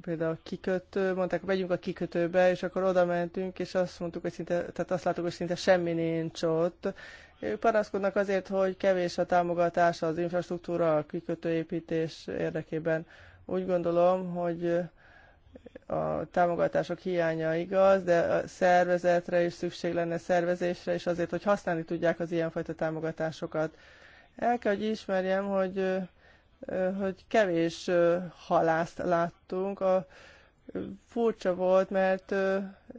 például kikötő, mondták, megyünk a kikötőbe, és akkor oda mentünk, és azt mondtuk, hogy szinte, tehát azt láttuk, hogy szinte semmi nincs ott. Ők panaszkodnak azért, hogy kevés a támogatás az infrastruktúra, a kikötőépítés érdekében. Úgy gondolom, hogy a támogatások hiánya igaz, de a szervezetre is szükség lenne szervezésre, és azért, hogy használni tudják az ilyenfajta támogatásokat. El kell, hogy ismerjem, hogy, hogy kevés halászt láttunk. A, furcsa volt, mert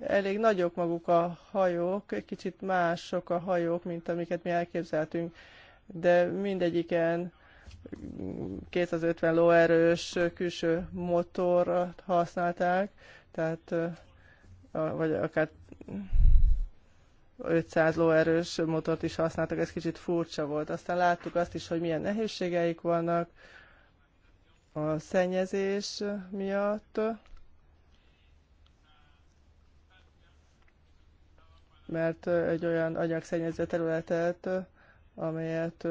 elég nagyok maguk a hajók, egy kicsit mások a hajók, mint amiket mi elképzeltünk, de mindegyiken 250 lóerős külső motorot használták, tehát vagy akár 500 lóerős motort is használtak, ez kicsit furcsa volt. Aztán láttuk azt is, hogy milyen nehézségeik vannak a szennyezés miatt. Mert egy olyan anyagszennyező területet, amelyet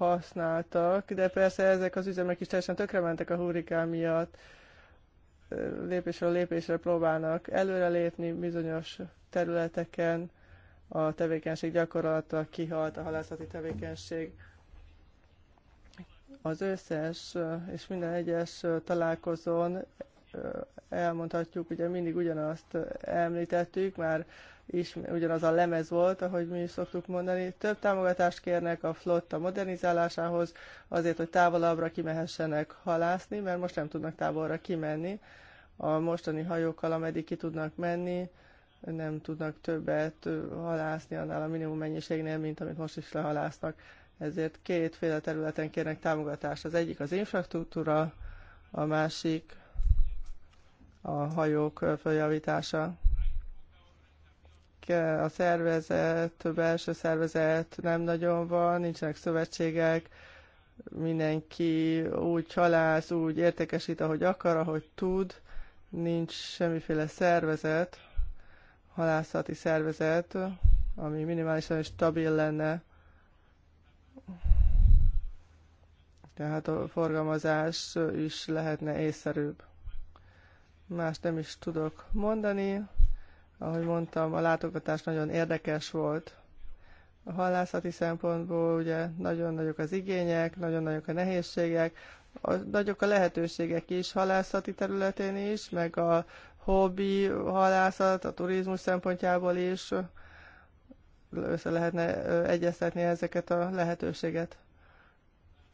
használtak, de persze ezek az üzemek is teljesen tökrementek a hurrikán miatt. Lépésről lépésre próbálnak előrelépni bizonyos területeken, a tevékenység gyakorlata kihalt, a halászati tevékenység. Az összes és minden egyes találkozón elmondhatjuk, ugye mindig ugyanazt említettük, már is ugyanaz a lemez volt, ahogy mi is szoktuk mondani. Több támogatást kérnek a flotta modernizálásához, azért, hogy távolabbra kimehessenek halászni, mert most nem tudnak távolra kimenni. A mostani hajókkal, ameddig ki tudnak menni, nem tudnak többet halászni annál a minimum mennyiségnél, mint amit most is lehalásznak. Ezért kétféle területen kérnek támogatást. Az egyik az infrastruktúra, a másik a hajók feljavítása a szervezet, több első szervezet nem nagyon van, nincsenek szövetségek, mindenki úgy csalász, úgy értékesít, ahogy akar, ahogy tud, nincs semmiféle szervezet, halászati szervezet, ami minimálisan stabil lenne. Tehát a forgalmazás is lehetne észszerűbb. Más nem is tudok mondani. Ahogy mondtam, a látogatás nagyon érdekes volt. A hallászati szempontból ugye nagyon nagyok az igények, nagyon nagyok a nehézségek, a, nagyok a lehetőségek is halászati területén is, meg a hobbi halászat, a turizmus szempontjából is össze lehetne egyeztetni ezeket a lehetőséget.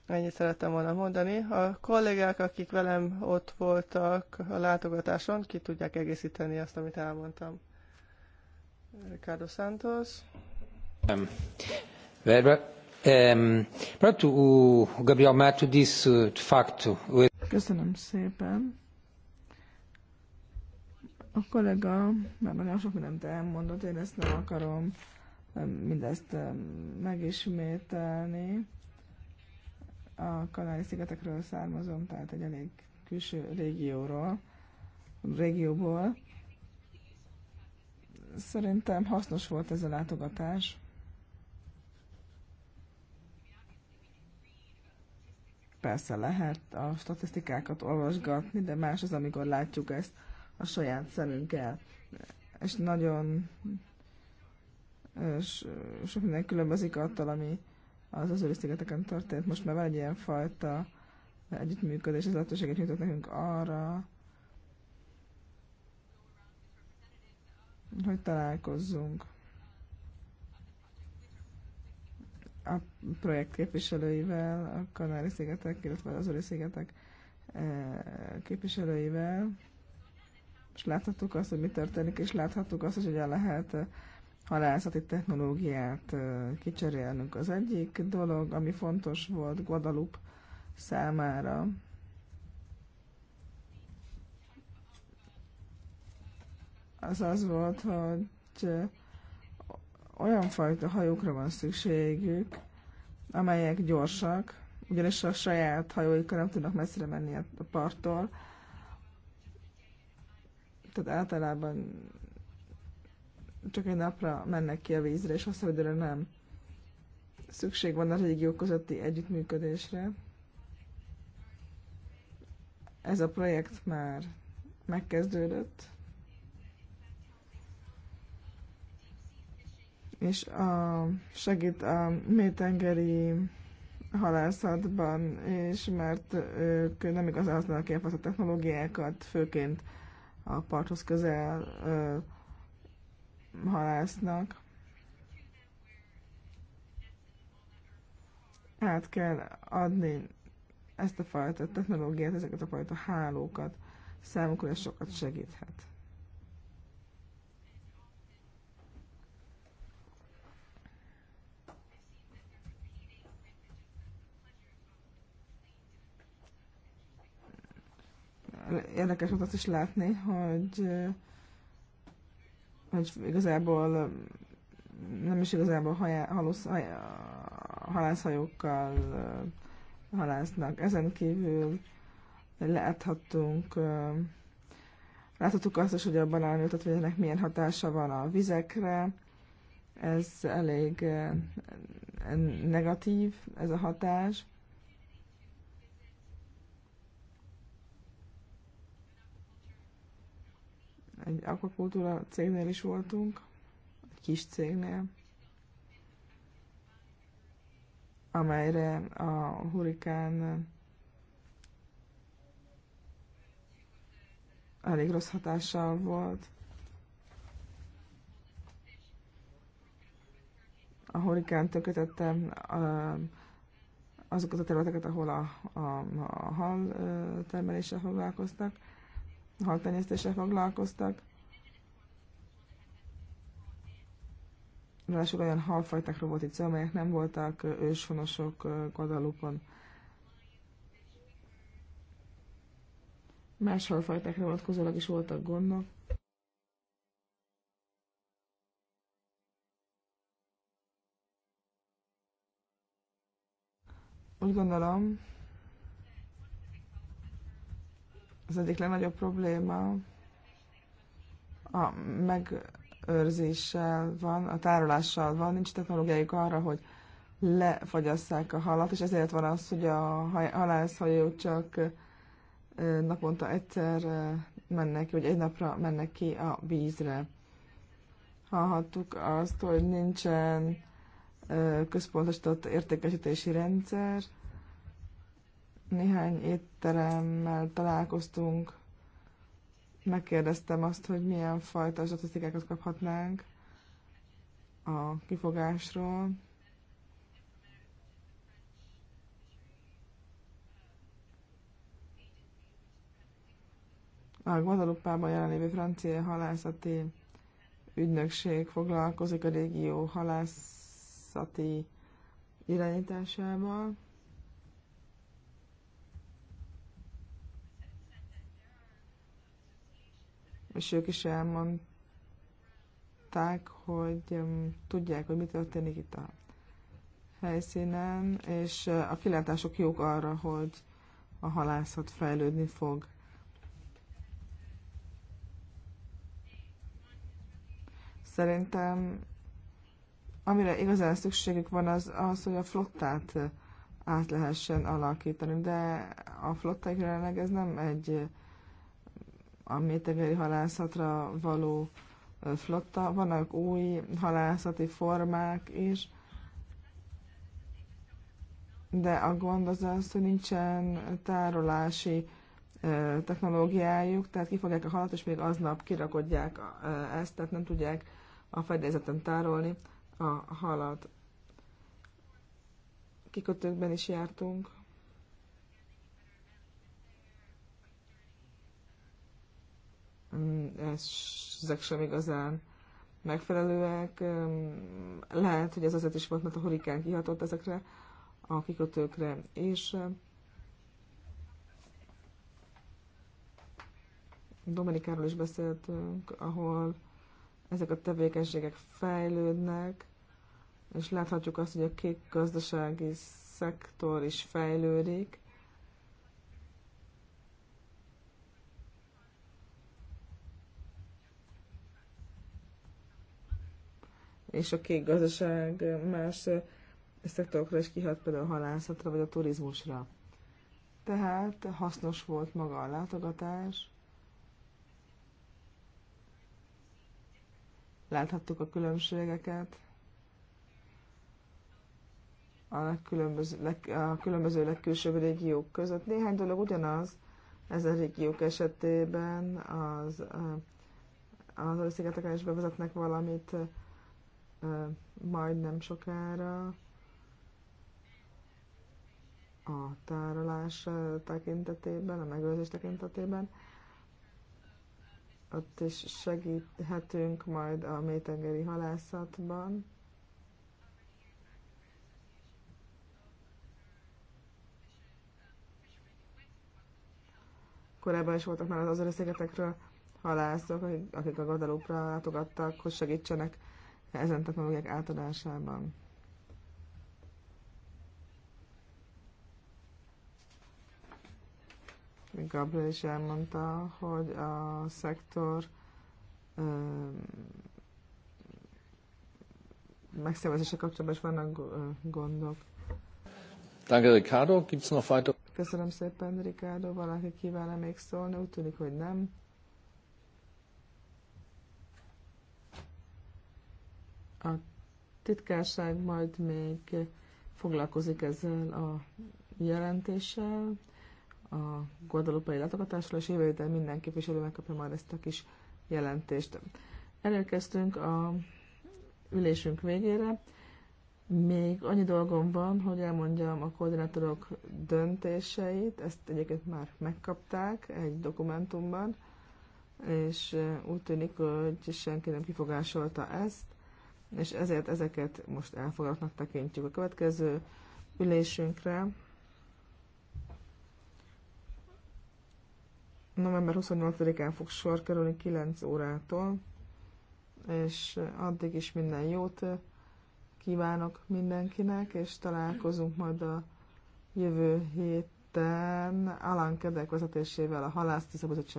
Ennyit szerettem volna mondani. A kollégák, akik velem ott voltak a látogatáson, ki tudják egészíteni azt, amit elmondtam. Ricardo Santos. Um, Um, pronto, o Gabriel Mato disse de facto. Köszönöm szépen. A kollega már nagyon sok mindent elmondott, én ezt nem akarom mindezt megismételni. A Kanári-szigetekről származom, tehát egy elég külső régióról, régióból. Szerintem hasznos volt ez a látogatás. Persze lehet a statisztikákat olvasgatni, de más az, amikor látjuk ezt a saját szemünkkel. És nagyon és sok minden különbözik attól, ami az az szigeteken történt. Most már van egy ilyen fajta együttműködés, ez lehetőséget nyújtott nekünk arra, hogy találkozzunk a projekt képviselőivel, a Kanári-szigetek, illetve az Öri szigetek eh, képviselőivel, és láthattuk azt, hogy mi történik, és láthattuk azt, hogy hogyan lehet eh, halászati technológiát eh, kicserélnünk. Az egyik dolog, ami fontos volt Guadalupe számára, az az volt, hogy olyan fajta hajókra van szükségük, amelyek gyorsak, ugyanis a saját hajóikkal nem tudnak messzire menni a parttól. Tehát általában csak egy napra mennek ki a vízre, és hosszabb időre nem. Szükség van a régió közötti együttműködésre. Ez a projekt már megkezdődött. és a, segít a mélytengeri halászatban, és mert ők nem igazán használnak ilyen a technológiákat, főként a parthoz közel ö, halásznak. Át kell adni ezt a fajta technológiát, ezeket a fajta hálókat számukra, ez sokat segíthet. érdekes volt azt is látni, hogy, eh, hogy igazából eh, nem is igazából halászhajókkal eh, halásznak. Ezen kívül láthattunk Láthattuk azt is, hogy a banánültet, hogy milyen hatása van a vizekre. Ez elég negatív, ez a hatás. egy akvakultúra cégnél is voltunk, egy kis cégnél, amelyre a hurikán elég rossz hatással volt. A hurikán tökötette azokat a területeket, ahol a, a, a hal termeléssel foglalkoztak haltenyésztéssel foglalkoztak. Ráadásul olyan halfajtákról volt itt amelyek nem voltak őshonosok Guadalupon. Más halfajtákra vonatkozólag is voltak gondok. Úgy gondolom, az egyik legnagyobb probléma a megőrzéssel van, a tárolással van, nincs technológiájuk arra, hogy lefagyasszák a halat, és ezért van az, hogy a halászhajó csak naponta egyszer mennek ki, vagy egy napra mennek ki a vízre. Hallhattuk azt, hogy nincsen központosított értékesítési rendszer, néhány étteremmel találkoztunk, megkérdeztem azt, hogy milyen fajta statisztikákat kaphatnánk a kifogásról. A Guadalupában jelenlévő francia halászati ügynökség foglalkozik a régió halászati irányításával. és ők is elmondták, hogy tudják, hogy mi történik itt a helyszínen, és a kilátások jók arra, hogy a halászat fejlődni fog. Szerintem amire igazán szükségük van az az, hogy a flottát át lehessen alakítani, de a flotta jelenleg ez nem egy a mélytengeri halászatra való flotta. Vannak új halászati formák is, de a gond az az, hogy nincsen tárolási technológiájuk, tehát kifogják a halat, és még aznap kirakodják ezt, tehát nem tudják a fedélzeten tárolni a halat. Kikötőkben is jártunk. Mm, ezek sem igazán megfelelőek. Lehet, hogy ez azért is volt, mert a hurikán kihatott ezekre a kikötőkre, és Dominikáról is beszéltünk, ahol ezek a tevékenységek fejlődnek, és láthatjuk azt, hogy a kék gazdasági szektor is fejlődik, és a kék gazdaság más szektorokra is kihat, például a halászatra vagy a turizmusra. Tehát hasznos volt maga a látogatás. Láthattuk a különbségeket. A, legkülönböző, a különböző legkülsőbb régiók között. Néhány dolog ugyanaz ezen régiók esetében az, az országeteken is bevezetnek valamit, majd nem sokára a tárolás tekintetében, a megőrzés tekintetében. Ott is segíthetünk majd a mélytengeri halászatban. Korábban is voltak már az Azori szigetekről halászok, akik a Guadalupe-ra látogattak, hogy segítsenek ezen technológiák átadásában. Gabriel is elmondta, hogy a szektor megszervezése kapcsolatban is vannak gondok. Danke, Ricardo. Gibt's noch weiter? Köszönöm szépen, Ricardo. Valaki kíván -e még szólni? Úgy tűnik, hogy nem. A titkárság majd még foglalkozik ezzel a jelentéssel, a guadalupai látogatásról, és jövő héten minden képviselő megkapja majd ezt a kis jelentést. Elérkeztünk a ülésünk végére. Még annyi dolgom van, hogy elmondjam a koordinátorok döntéseit, ezt egyébként már megkapták egy dokumentumban, és eh, úgy tűnik, hogy senki nem kifogásolta ezt és ezért ezeket most elfogadnak tekintjük. A következő ülésünkre november 28-án fog sor kerülni 9 órától, és addig is minden jót kívánok mindenkinek, és találkozunk majd a jövő héten Alan Kedek vezetésével a halászti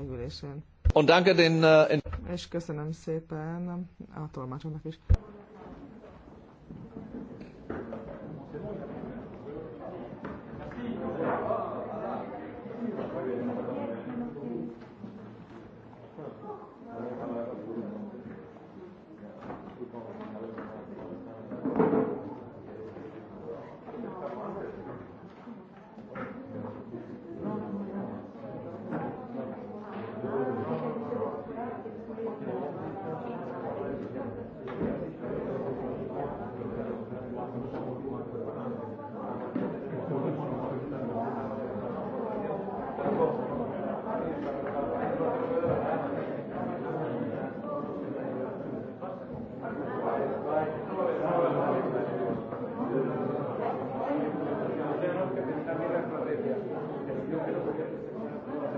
ülésén. Und danke den, uh, És köszönöm szépen a tolmácsoknak is.